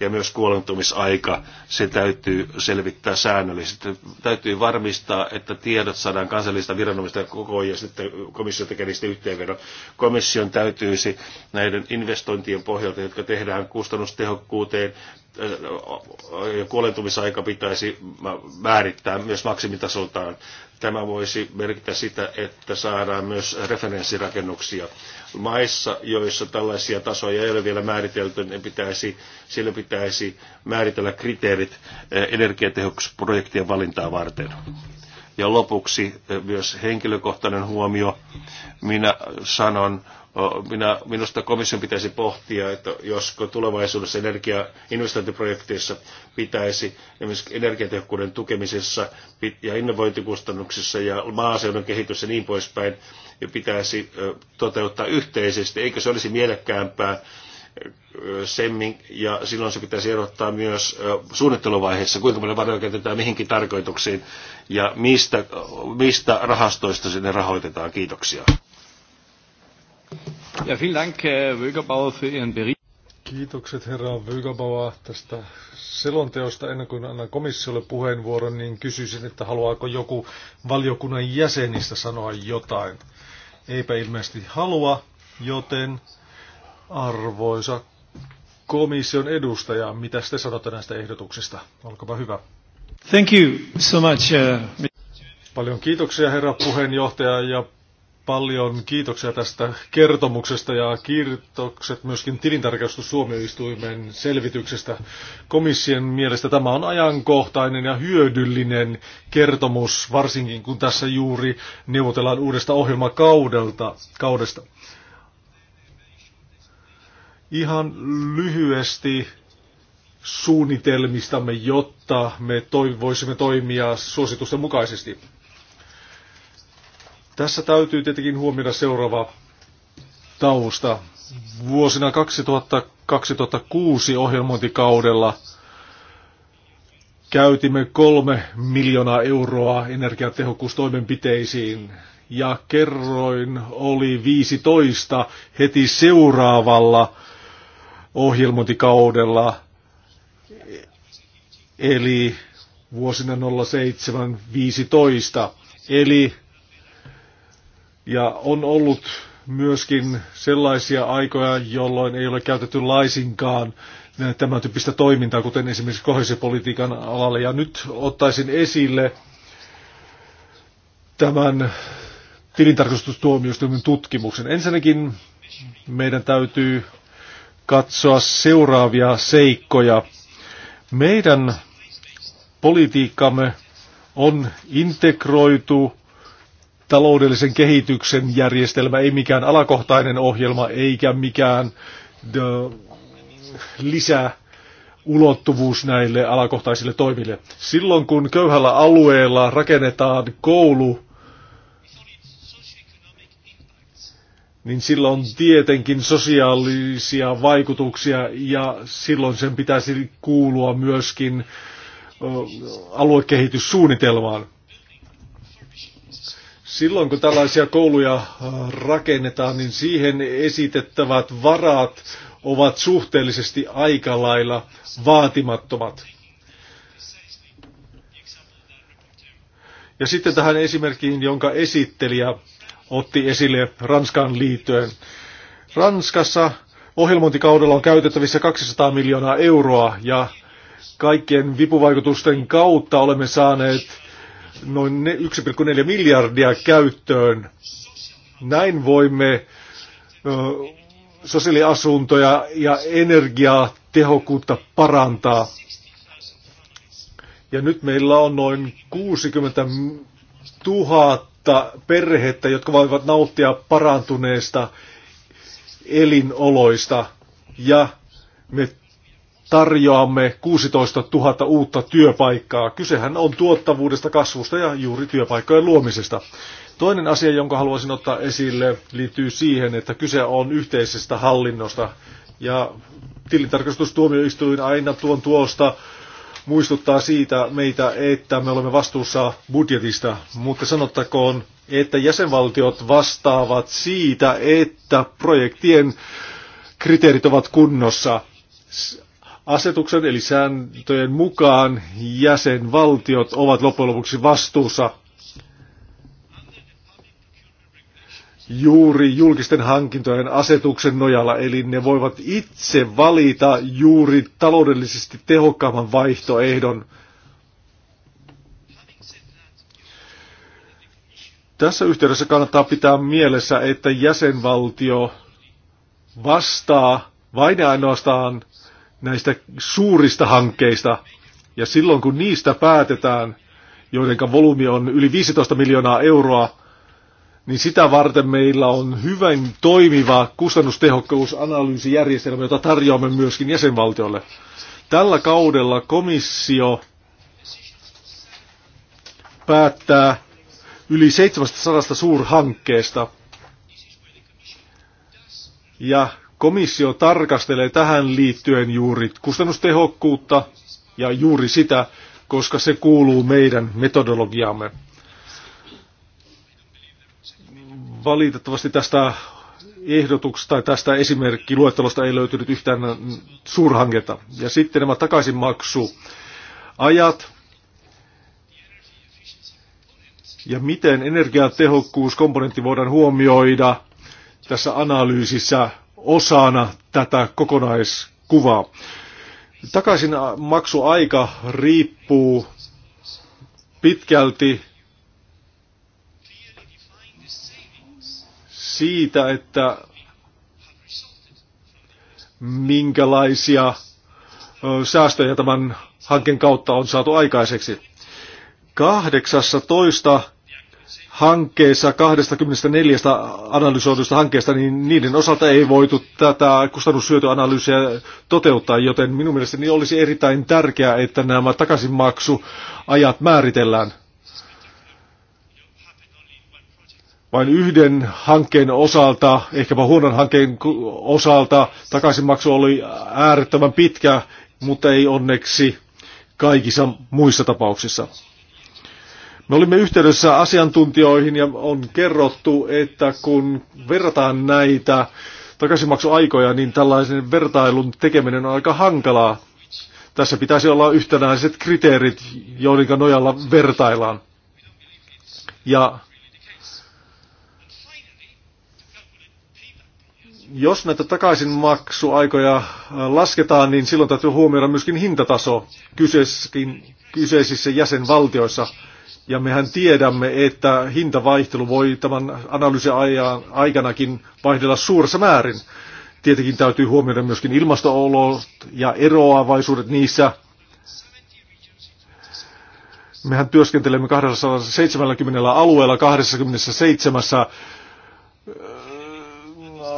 ja myös kuolentumisaika, se täytyy selvittää säännöllisesti. Täytyy varmistaa, että tiedot saadaan kansallista viranomaista koko ajan ja sitten komissio tekee niistä yhteenvedon. Komission täytyisi näiden investointien pohjalta, jotka tehdään kustannustehokkuuteen, kuolentumisaika pitäisi määrittää myös maksimitasoltaan. Tämä voisi merkitä sitä, että saadaan myös referenssirakennuksia. Maissa, joissa tällaisia tasoja ei ole vielä määritelty, niin pitäisi, sille pitäisi määritellä kriteerit energiatehokkuusprojektien valintaa varten. Ja lopuksi myös henkilökohtainen huomio. Minä sanon minä, minusta komission pitäisi pohtia, että josko tulevaisuudessa energiainvestointiprojekteissa pitäisi, esimerkiksi energiatehokkuuden tukemisessa ja innovointikustannuksissa ja maaseudun kehitys ja niin poispäin, pitäisi toteuttaa yhteisesti, eikö se olisi mielekkäämpää semmin, ja silloin se pitäisi erottaa myös suunnitteluvaiheessa, kuinka paljon varoja käytetään mihinkin tarkoituksiin, ja mistä, mistä rahastoista sinne rahoitetaan. Kiitoksia. Ja vielen Dank, äh, für Ihren Bericht. Kiitokset herra Vygabawa tästä selonteosta. Ennen kuin annan komissiolle puheenvuoron, niin kysyisin, että haluaako joku valiokunnan jäsenistä sanoa jotain. Eipä ilmeisesti halua, joten arvoisa komission edustaja, mitä te sanotte näistä ehdotuksista? Olkaapa hyvä. Thank you so much. Uh... Paljon kiitoksia herra puheenjohtaja ja paljon kiitoksia tästä kertomuksesta ja kiitokset myöskin tilintarkastus Suomioistuimen selvityksestä. Komission mielestä tämä on ajankohtainen ja hyödyllinen kertomus, varsinkin kun tässä juuri neuvotellaan uudesta ohjelmakaudelta. Kaudesta. Ihan lyhyesti suunnitelmistamme, jotta me toi, voisimme toimia suositusten mukaisesti tässä täytyy tietenkin huomioida seuraava tausta. Vuosina 2000-2006 ohjelmointikaudella käytimme kolme miljoonaa euroa energiatehokkuustoimenpiteisiin ja kerroin oli 15 heti seuraavalla ohjelmointikaudella, eli vuosina 07-15. Eli ja on ollut myöskin sellaisia aikoja, jolloin ei ole käytetty laisinkaan tämän tyyppistä toimintaa, kuten esimerkiksi kohdallisen alalle. Ja nyt ottaisin esille tämän tilintarkastustuomioistuimen tutkimuksen. Ensinnäkin meidän täytyy katsoa seuraavia seikkoja. Meidän politiikkamme on integroitu taloudellisen kehityksen järjestelmä, ei mikään alakohtainen ohjelma eikä mikään lisää ulottuvuus näille alakohtaisille toimille. Silloin kun köyhällä alueella rakennetaan koulu, niin silloin on tietenkin sosiaalisia vaikutuksia ja silloin sen pitäisi kuulua myöskin aluekehityssuunnitelmaan. Silloin kun tällaisia kouluja äh, rakennetaan, niin siihen esitettävät varat ovat suhteellisesti aika lailla vaatimattomat. Ja sitten tähän esimerkkiin, jonka esittelijä otti esille Ranskan liittyen. Ranskassa ohjelmointikaudella on käytettävissä 200 miljoonaa euroa ja kaikkien vipuvaikutusten kautta olemme saaneet noin 1,4 miljardia käyttöön. Näin voimme sosiaaliasuntoja ja tehokkuutta parantaa. Ja nyt meillä on noin 60 000 perhettä, jotka voivat nauttia parantuneesta elinoloista. Ja me tarjoamme 16 000 uutta työpaikkaa. Kysehän on tuottavuudesta, kasvusta ja juuri työpaikkojen luomisesta. Toinen asia, jonka haluaisin ottaa esille, liittyy siihen, että kyse on yhteisestä hallinnosta. Ja tilintarkastustuomioistuin aina tuon tuosta muistuttaa siitä meitä, että me olemme vastuussa budjetista, mutta sanottakoon, että jäsenvaltiot vastaavat siitä, että projektien kriteerit ovat kunnossa Asetuksen eli sääntöjen mukaan jäsenvaltiot ovat loppujen lopuksi vastuussa juuri julkisten hankintojen asetuksen nojalla, eli ne voivat itse valita juuri taloudellisesti tehokkaamman vaihtoehdon. Tässä yhteydessä kannattaa pitää mielessä, että jäsenvaltio vastaa vain ja ainoastaan näistä suurista hankkeista. Ja silloin kun niistä päätetään, joiden volyymi on yli 15 miljoonaa euroa, niin sitä varten meillä on hyvin toimiva kustannustehokkuusanalyysijärjestelmä, jota tarjoamme myöskin jäsenvaltiolle. Tällä kaudella komissio päättää yli 700 suurhankkeesta. Ja Komissio tarkastelee tähän liittyen juuri kustannustehokkuutta ja juuri sitä, koska se kuuluu meidän metodologiamme. Valitettavasti tästä ehdotuksesta tai tästä esimerkkiluettelosta ei löytynyt yhtään suurhanketta. Ja sitten nämä takaisinmaksuajat ja miten energiatehokkuuskomponentti voidaan huomioida tässä analyysissä osana tätä kokonaiskuvaa. Takaisin maksuaika riippuu pitkälti siitä, että minkälaisia säästöjä tämän hankkeen kautta on saatu aikaiseksi. 18 hankkeessa, 24 analysoidusta hankkeesta, niin niiden osalta ei voitu tätä kustannushyötyanalyysiä toteuttaa, joten minun mielestäni olisi erittäin tärkeää, että nämä takaisinmaksuajat määritellään. Vain yhden hankkeen osalta, ehkäpä huonon hankkeen osalta, takaisinmaksu oli äärettömän pitkä, mutta ei onneksi kaikissa muissa tapauksissa. Me olimme yhteydessä asiantuntijoihin ja on kerrottu, että kun verrataan näitä takaisinmaksuaikoja, niin tällaisen vertailun tekeminen on aika hankalaa. Tässä pitäisi olla yhtenäiset kriteerit, joiden nojalla vertaillaan. Ja jos näitä takaisinmaksuaikoja äh, lasketaan, niin silloin täytyy huomioida myöskin hintataso kyseisissä jäsenvaltioissa. Ja mehän tiedämme, että hintavaihtelu voi tämän analyysin ajan, aikanakin vaihdella suuressa määrin. Tietenkin täytyy huomioida myöskin ilmastoolot ja eroavaisuudet niissä. Mehän työskentelemme 270 alueella 27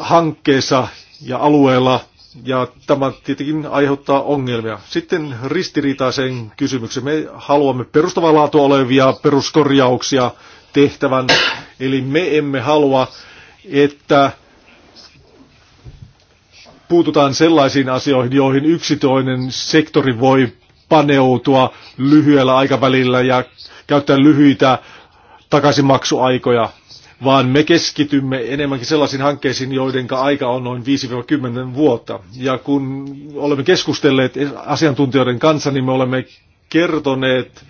hankkeessa ja alueella ja tämä tietenkin aiheuttaa ongelmia. Sitten ristiriitaisen kysymyksen. Me haluamme perustavaa laatua olevia peruskorjauksia tehtävän. Eli me emme halua, että puututaan sellaisiin asioihin, joihin yksitoinen sektori voi paneutua lyhyellä aikavälillä ja käyttää lyhyitä takaisinmaksuaikoja vaan me keskitymme enemmänkin sellaisiin hankkeisiin, joiden aika on noin 5-10 vuotta. Ja kun olemme keskustelleet asiantuntijoiden kanssa, niin me olemme kertoneet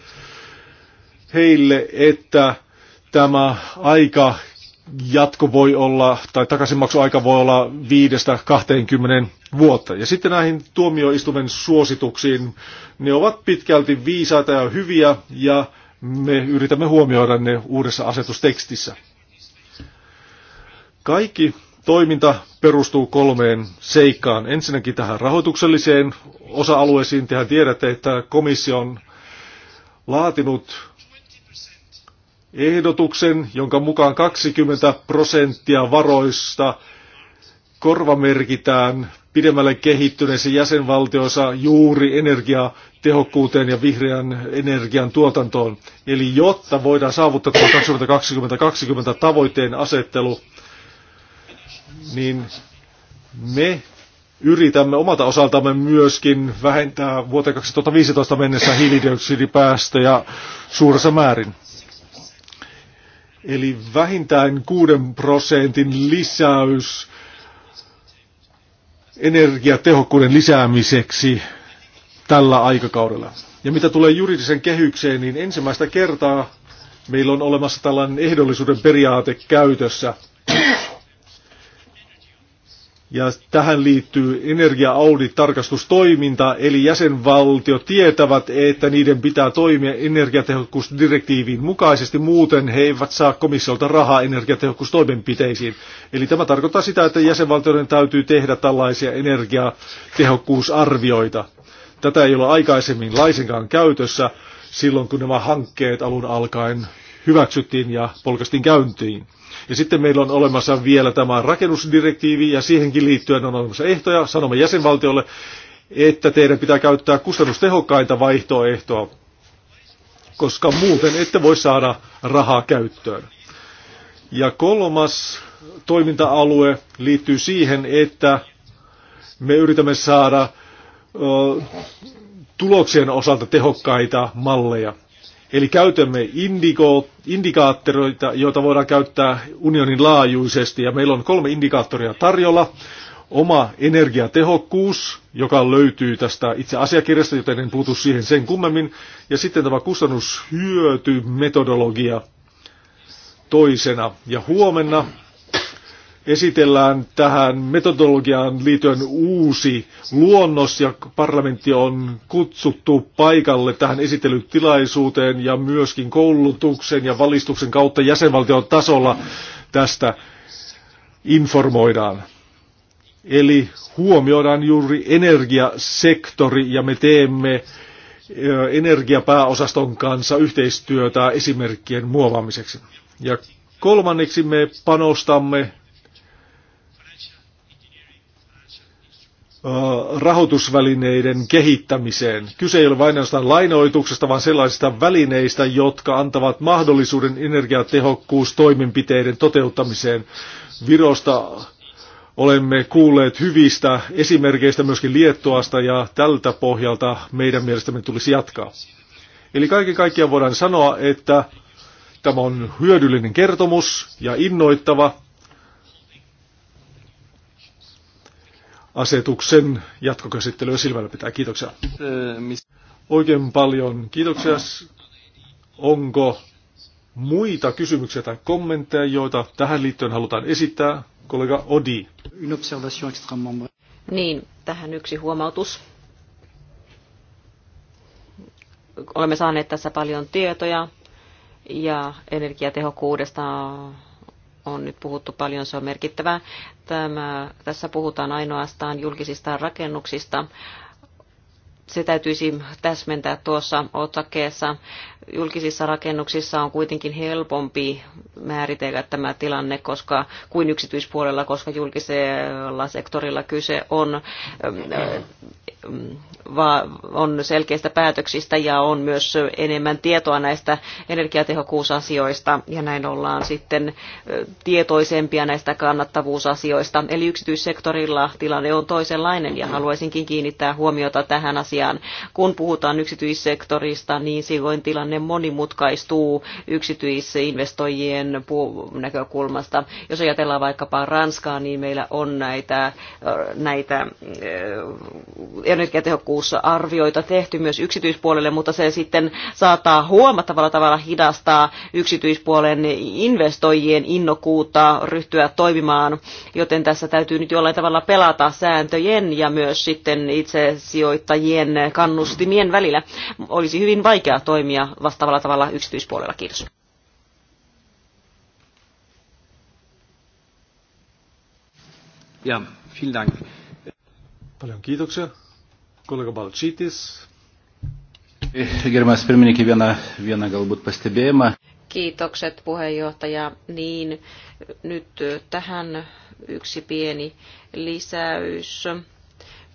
heille, että tämä aika jatko voi olla, tai takaisinmaksuaika voi olla 5-20 vuotta. Ja sitten näihin tuomioistuimen suosituksiin, ne ovat pitkälti viisaita ja hyviä, ja me yritämme huomioida ne uudessa asetustekstissä. Kaikki toiminta perustuu kolmeen seikkaan. Ensinnäkin tähän rahoitukselliseen osa-alueisiin. Tehän tiedätte, että komissio on laatinut ehdotuksen, jonka mukaan 20 prosenttia varoista korvamerkitään pidemmälle kehittyneissä jäsenvaltioissa juuri energiatehokkuuteen ja vihreän energian tuotantoon. Eli jotta voidaan saavuttaa 2020-2020 tavoitteen asettelu, niin me yritämme omalta osaltamme myöskin vähentää vuoteen 2015 mennessä hiilidioksidipäästöjä suuressa määrin. Eli vähintään 6 prosentin lisäys energiatehokkuuden lisäämiseksi tällä aikakaudella. Ja mitä tulee juridisen kehykseen, niin ensimmäistä kertaa meillä on olemassa tällainen ehdollisuuden periaate käytössä. Ja tähän liittyy energia-audi tarkastustoiminta eli jäsenvaltiot tietävät, että niiden pitää toimia energiatehokkuusdirektiivin mukaisesti, muuten he eivät saa komissiolta rahaa energiatehokkuustoimenpiteisiin. Eli tämä tarkoittaa sitä, että jäsenvaltioiden täytyy tehdä tällaisia energiatehokkuusarvioita. Tätä ei ole aikaisemmin laisinkaan käytössä silloin, kun nämä hankkeet alun alkaen hyväksyttiin ja polkastiin käyntiin. Ja sitten meillä on olemassa vielä tämä rakennusdirektiivi ja siihenkin liittyen on olemassa ehtoja. Sanomme jäsenvaltiolle, että teidän pitää käyttää kustannustehokkainta vaihtoehtoa, koska muuten ette voi saada rahaa käyttöön. Ja kolmas toiminta-alue liittyy siihen, että me yritämme saada ö, tuloksien osalta tehokkaita malleja. Eli käytämme indigo, indikaattoreita, joita voidaan käyttää unionin laajuisesti, ja meillä on kolme indikaattoria tarjolla. Oma energiatehokkuus, joka löytyy tästä itse asiakirjasta, joten en puutu siihen sen kummemmin. Ja sitten tämä kustannushyötymetodologia toisena. Ja huomenna esitellään tähän metodologiaan liittyen uusi luonnos ja parlamentti on kutsuttu paikalle tähän esittelytilaisuuteen ja myöskin koulutuksen ja valistuksen kautta jäsenvaltion tasolla tästä informoidaan. Eli huomioidaan juuri energiasektori ja me teemme energiapääosaston kanssa yhteistyötä esimerkkien muovaamiseksi. Ja kolmanneksi me panostamme rahoitusvälineiden kehittämiseen. Kyse ei ole vain ainoastaan lainoituksesta, vaan sellaisista välineistä, jotka antavat mahdollisuuden energiatehokkuustoimenpiteiden toteuttamiseen. Virosta olemme kuulleet hyvistä esimerkkeistä myöskin Liettuasta ja tältä pohjalta meidän mielestämme tulisi jatkaa. Eli kaiken kaikkiaan voidaan sanoa, että tämä on hyödyllinen kertomus ja innoittava asetuksen jatkokäsittelyä silmällä pitää. Kiitoksia. Oikein paljon kiitoksia. Onko muita kysymyksiä tai kommentteja, joita tähän liittyen halutaan esittää? Kollega Odi. Niin, tähän yksi huomautus. Olemme saaneet tässä paljon tietoja ja energiatehokkuudesta on nyt puhuttu paljon, se on merkittävää. Tämä, tässä puhutaan ainoastaan julkisista rakennuksista. Se täytyisi täsmentää tuossa otsakkeessa. Julkisissa rakennuksissa on kuitenkin helpompi määritellä tämä tilanne koska, kuin yksityispuolella, koska julkisella sektorilla kyse on on selkeistä päätöksistä ja on myös enemmän tietoa näistä energiatehokkuusasioista ja näin ollaan sitten tietoisempia näistä kannattavuusasioista. Eli yksityissektorilla tilanne on toisenlainen ja haluaisinkin kiinnittää huomiota tähän asiaan. Kun puhutaan yksityissektorista, niin silloin tilanne monimutkaistuu yksityisinvestoijien näkökulmasta. Jos ajatellaan vaikkapa Ranskaa, niin meillä on näitä, näitä arvioita tehty myös yksityispuolelle, mutta se sitten saattaa huomattavalla tavalla hidastaa yksityispuolen investoijien innokkuutta ryhtyä toimimaan, joten tässä täytyy nyt jollain tavalla pelata sääntöjen ja myös sitten itse sijoittajien kannustimien välillä. Olisi hyvin vaikea toimia vastaavalla tavalla yksityispuolella. Kiitos. Ja, vielen Dank. Paljon kiitoksia. Kolega Balčytis. Gerbiamas pirmininkė, vieną, vieną galbūt pastebėjimą. Kiitokset puheenjohtaja. Niin, nyt tähän yksi pieni lisäys.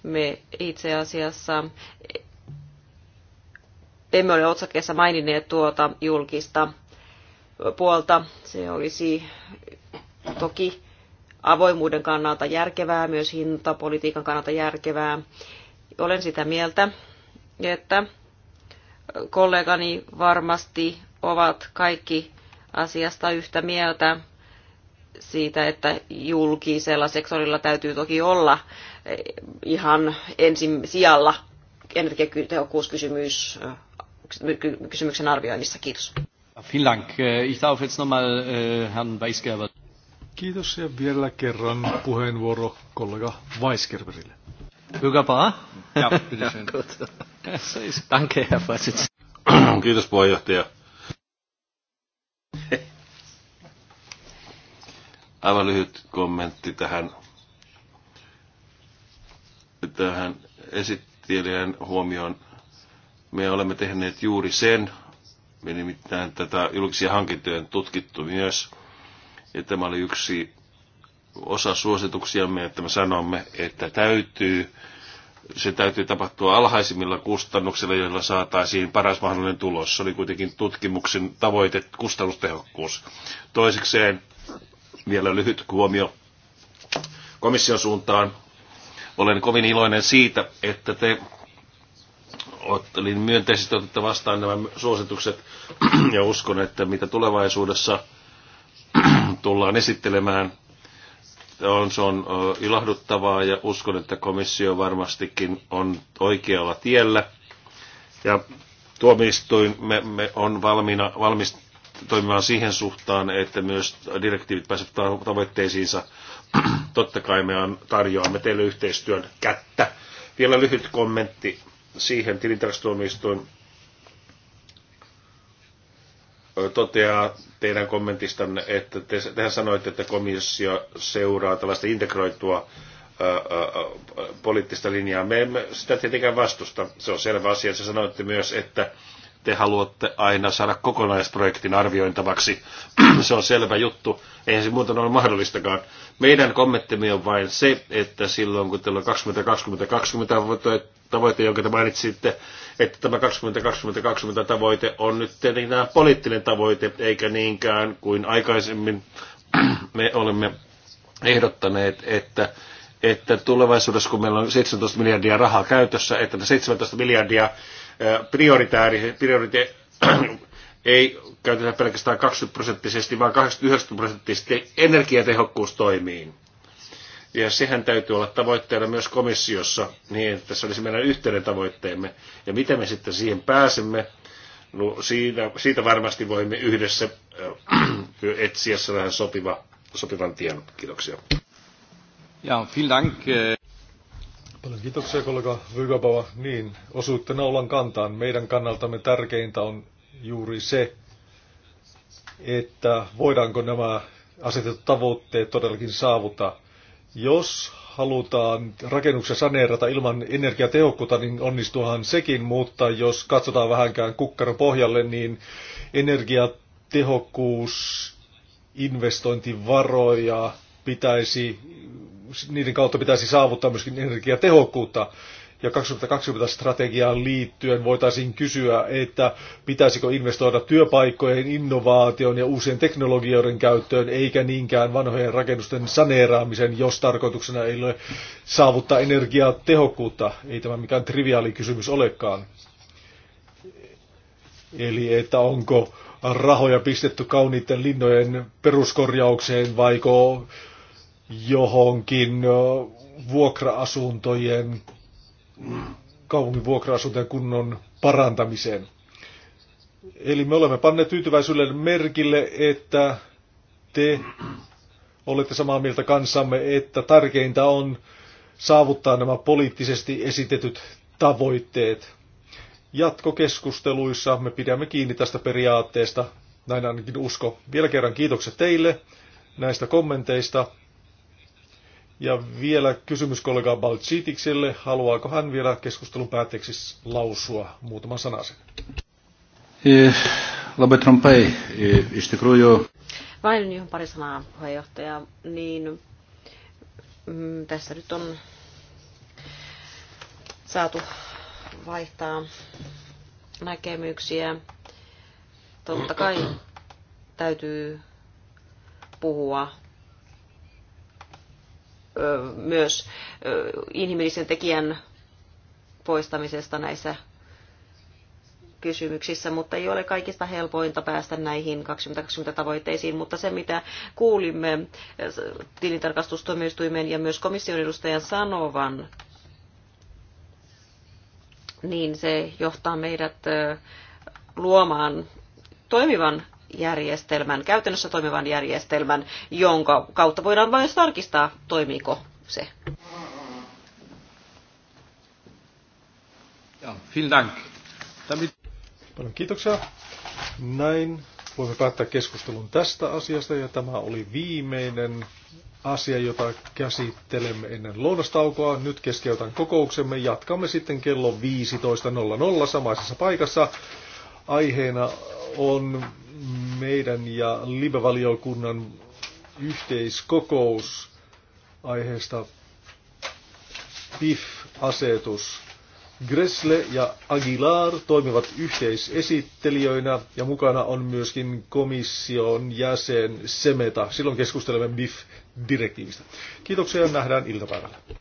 Me itse asiassa emme ole otsakkeessa maininneet tuota julkista puolta. Se olisi toki avoimuuden kannalta järkevää, myös hintapolitiikan kannalta järkevää. Olen sitä mieltä, että kollegani varmasti ovat kaikki asiasta yhtä mieltä siitä, että julkisella sektorilla täytyy toki olla eh, ihan ensin sijalla energiatehokkuuskysymys eh, kysymyksen arvioinnissa. Kiitos. Eh, Kiitos ja vielä kerran puheenvuoro kollega Weisgerberille. Bürger Bar? Ja, bitteschön. Ja, Danke, Herr Vorsitzender. Kiitos puheenjohtaja. Aivan lyhyt kommentti tähän, tähän esittelijän huomioon. Me olemme tehneet juuri sen, me nimittäin tätä julkisia hankintojen tutkittu myös, ja tämä oli yksi osa suosituksiamme, että me sanomme, että täytyy, se täytyy tapahtua alhaisimmilla kustannuksilla, joilla saataisiin paras mahdollinen tulos. Se oli kuitenkin tutkimuksen tavoite, kustannustehokkuus. Toisekseen vielä lyhyt huomio komission suuntaan. Olen kovin iloinen siitä, että te olin niin myönteisesti otetta vastaan nämä suositukset ja uskon, että mitä tulevaisuudessa tullaan esittelemään – on, se on ilahduttavaa ja uskon, että komissio varmastikin on oikealla tiellä. Ja tuomioistuin me, me on valmiina, valmis toimimaan siihen suhtaan, että myös direktiivit pääsevät tavoitteisiinsa. Totta kai me tarjoamme teille yhteistyön kättä. Vielä lyhyt kommentti siihen tilintarkastustuomioistuin toteaa teidän kommentistanne, että te, tehän sanoitte, että komissio seuraa tällaista integroitua ää, ää, poliittista linjaa. Me emme sitä tietenkään vastusta. Se on selvä asia. Se sanoitte myös, että te haluatte aina saada kokonaisprojektin arviointavaksi. se on selvä juttu. Eihän se muuten ole mahdollistakaan. Meidän kommenttimme on vain se, että silloin kun teillä on 2020-2020 tavoite, jonka te mainitsitte, että tämä 2020-2020 tavoite on nyt tietenkin poliittinen tavoite, eikä niinkään kuin aikaisemmin me olemme ehdottaneet, että että tulevaisuudessa, kun meillä on 17 miljardia rahaa käytössä, että ne 17 miljardia prioritääri, ei käytetä pelkästään 20 prosenttisesti, vaan 89 prosenttisesti energiatehokkuustoimiin. Ja sehän täytyy olla tavoitteena myös komissiossa, niin että se olisi meidän yhteinen tavoitteemme. Ja miten me sitten siihen pääsemme, no siitä, siitä varmasti voimme yhdessä etsiä sellainen sopiva, sopivan tien. Kiitoksia. Ja, vielen dank. Äh, Paljon kiitoksia kollega Vygabava. Niin, osuitte naulan kantaan. Meidän kannaltamme tärkeintä on juuri se, että voidaanko nämä asetetut tavoitteet todellakin saavuttaa. Jos halutaan rakennuksia saneerata ilman energiatehokkuutta, niin onnistuuhan sekin, mutta jos katsotaan vähänkään kukkaron pohjalle, niin energiatehokkuus investointivaroja pitäisi niiden kautta pitäisi saavuttaa myöskin energiatehokkuutta. Ja 2020-strategiaan liittyen voitaisiin kysyä, että pitäisikö investoida työpaikkojen, innovaation ja uusien teknologioiden käyttöön, eikä niinkään vanhojen rakennusten saneeraamisen, jos tarkoituksena ei ole saavuttaa energiatehokkuutta. Ei tämä mikään triviaali kysymys olekaan. Eli että onko rahoja pistetty kauniitten linnojen peruskorjaukseen vaiko johonkin vuokra-asuntojen, kaupungin vuokra-asuntojen kunnon parantamiseen. Eli me olemme panneet tyytyväisyyden merkille, että te olette samaa mieltä kanssamme, että tärkeintä on saavuttaa nämä poliittisesti esitetyt tavoitteet. Jatkokeskusteluissa me pidämme kiinni tästä periaatteesta, näin ainakin usko. Vielä kerran kiitokset teille näistä kommenteista. Ja vielä kysymys kollega Balchitikselle. Haluaako hän vielä keskustelun päätteeksi lausua muutaman sanasen? Labai e, trumpai, e, iš Vain ihan pari sanaa, puheenjohtaja. Niin, mm, tässä nyt on saatu vaihtaa näkemyksiä. Totta kai täytyy puhua myös inhimillisen tekijän poistamisesta näissä kysymyksissä, mutta ei ole kaikista helpointa päästä näihin 2020 tavoitteisiin, mutta se mitä kuulimme tilintarkastustuomioistuimen ja myös komission edustajan sanovan, niin se johtaa meidät luomaan toimivan järjestelmän, käytännössä toimivan järjestelmän, jonka kautta voidaan vain tarkistaa, toimiiko se. Ja, vielen dank. Paljon kiitoksia. Näin voimme päättää keskustelun tästä asiasta ja tämä oli viimeinen asia, jota käsittelemme ennen lounastaukoa. Nyt keskeytän kokouksemme. Jatkamme sitten kello 15.00 samaisessa paikassa. Aiheena on meidän ja Libevaliokunnan yhteiskokous aiheesta PIF-asetus. Gressle ja Aguilar toimivat yhteisesittelijöinä ja mukana on myöskin komission jäsen Semeta. Silloin keskustelemme BIF-direktiivistä. Kiitoksia ja nähdään iltapäivällä.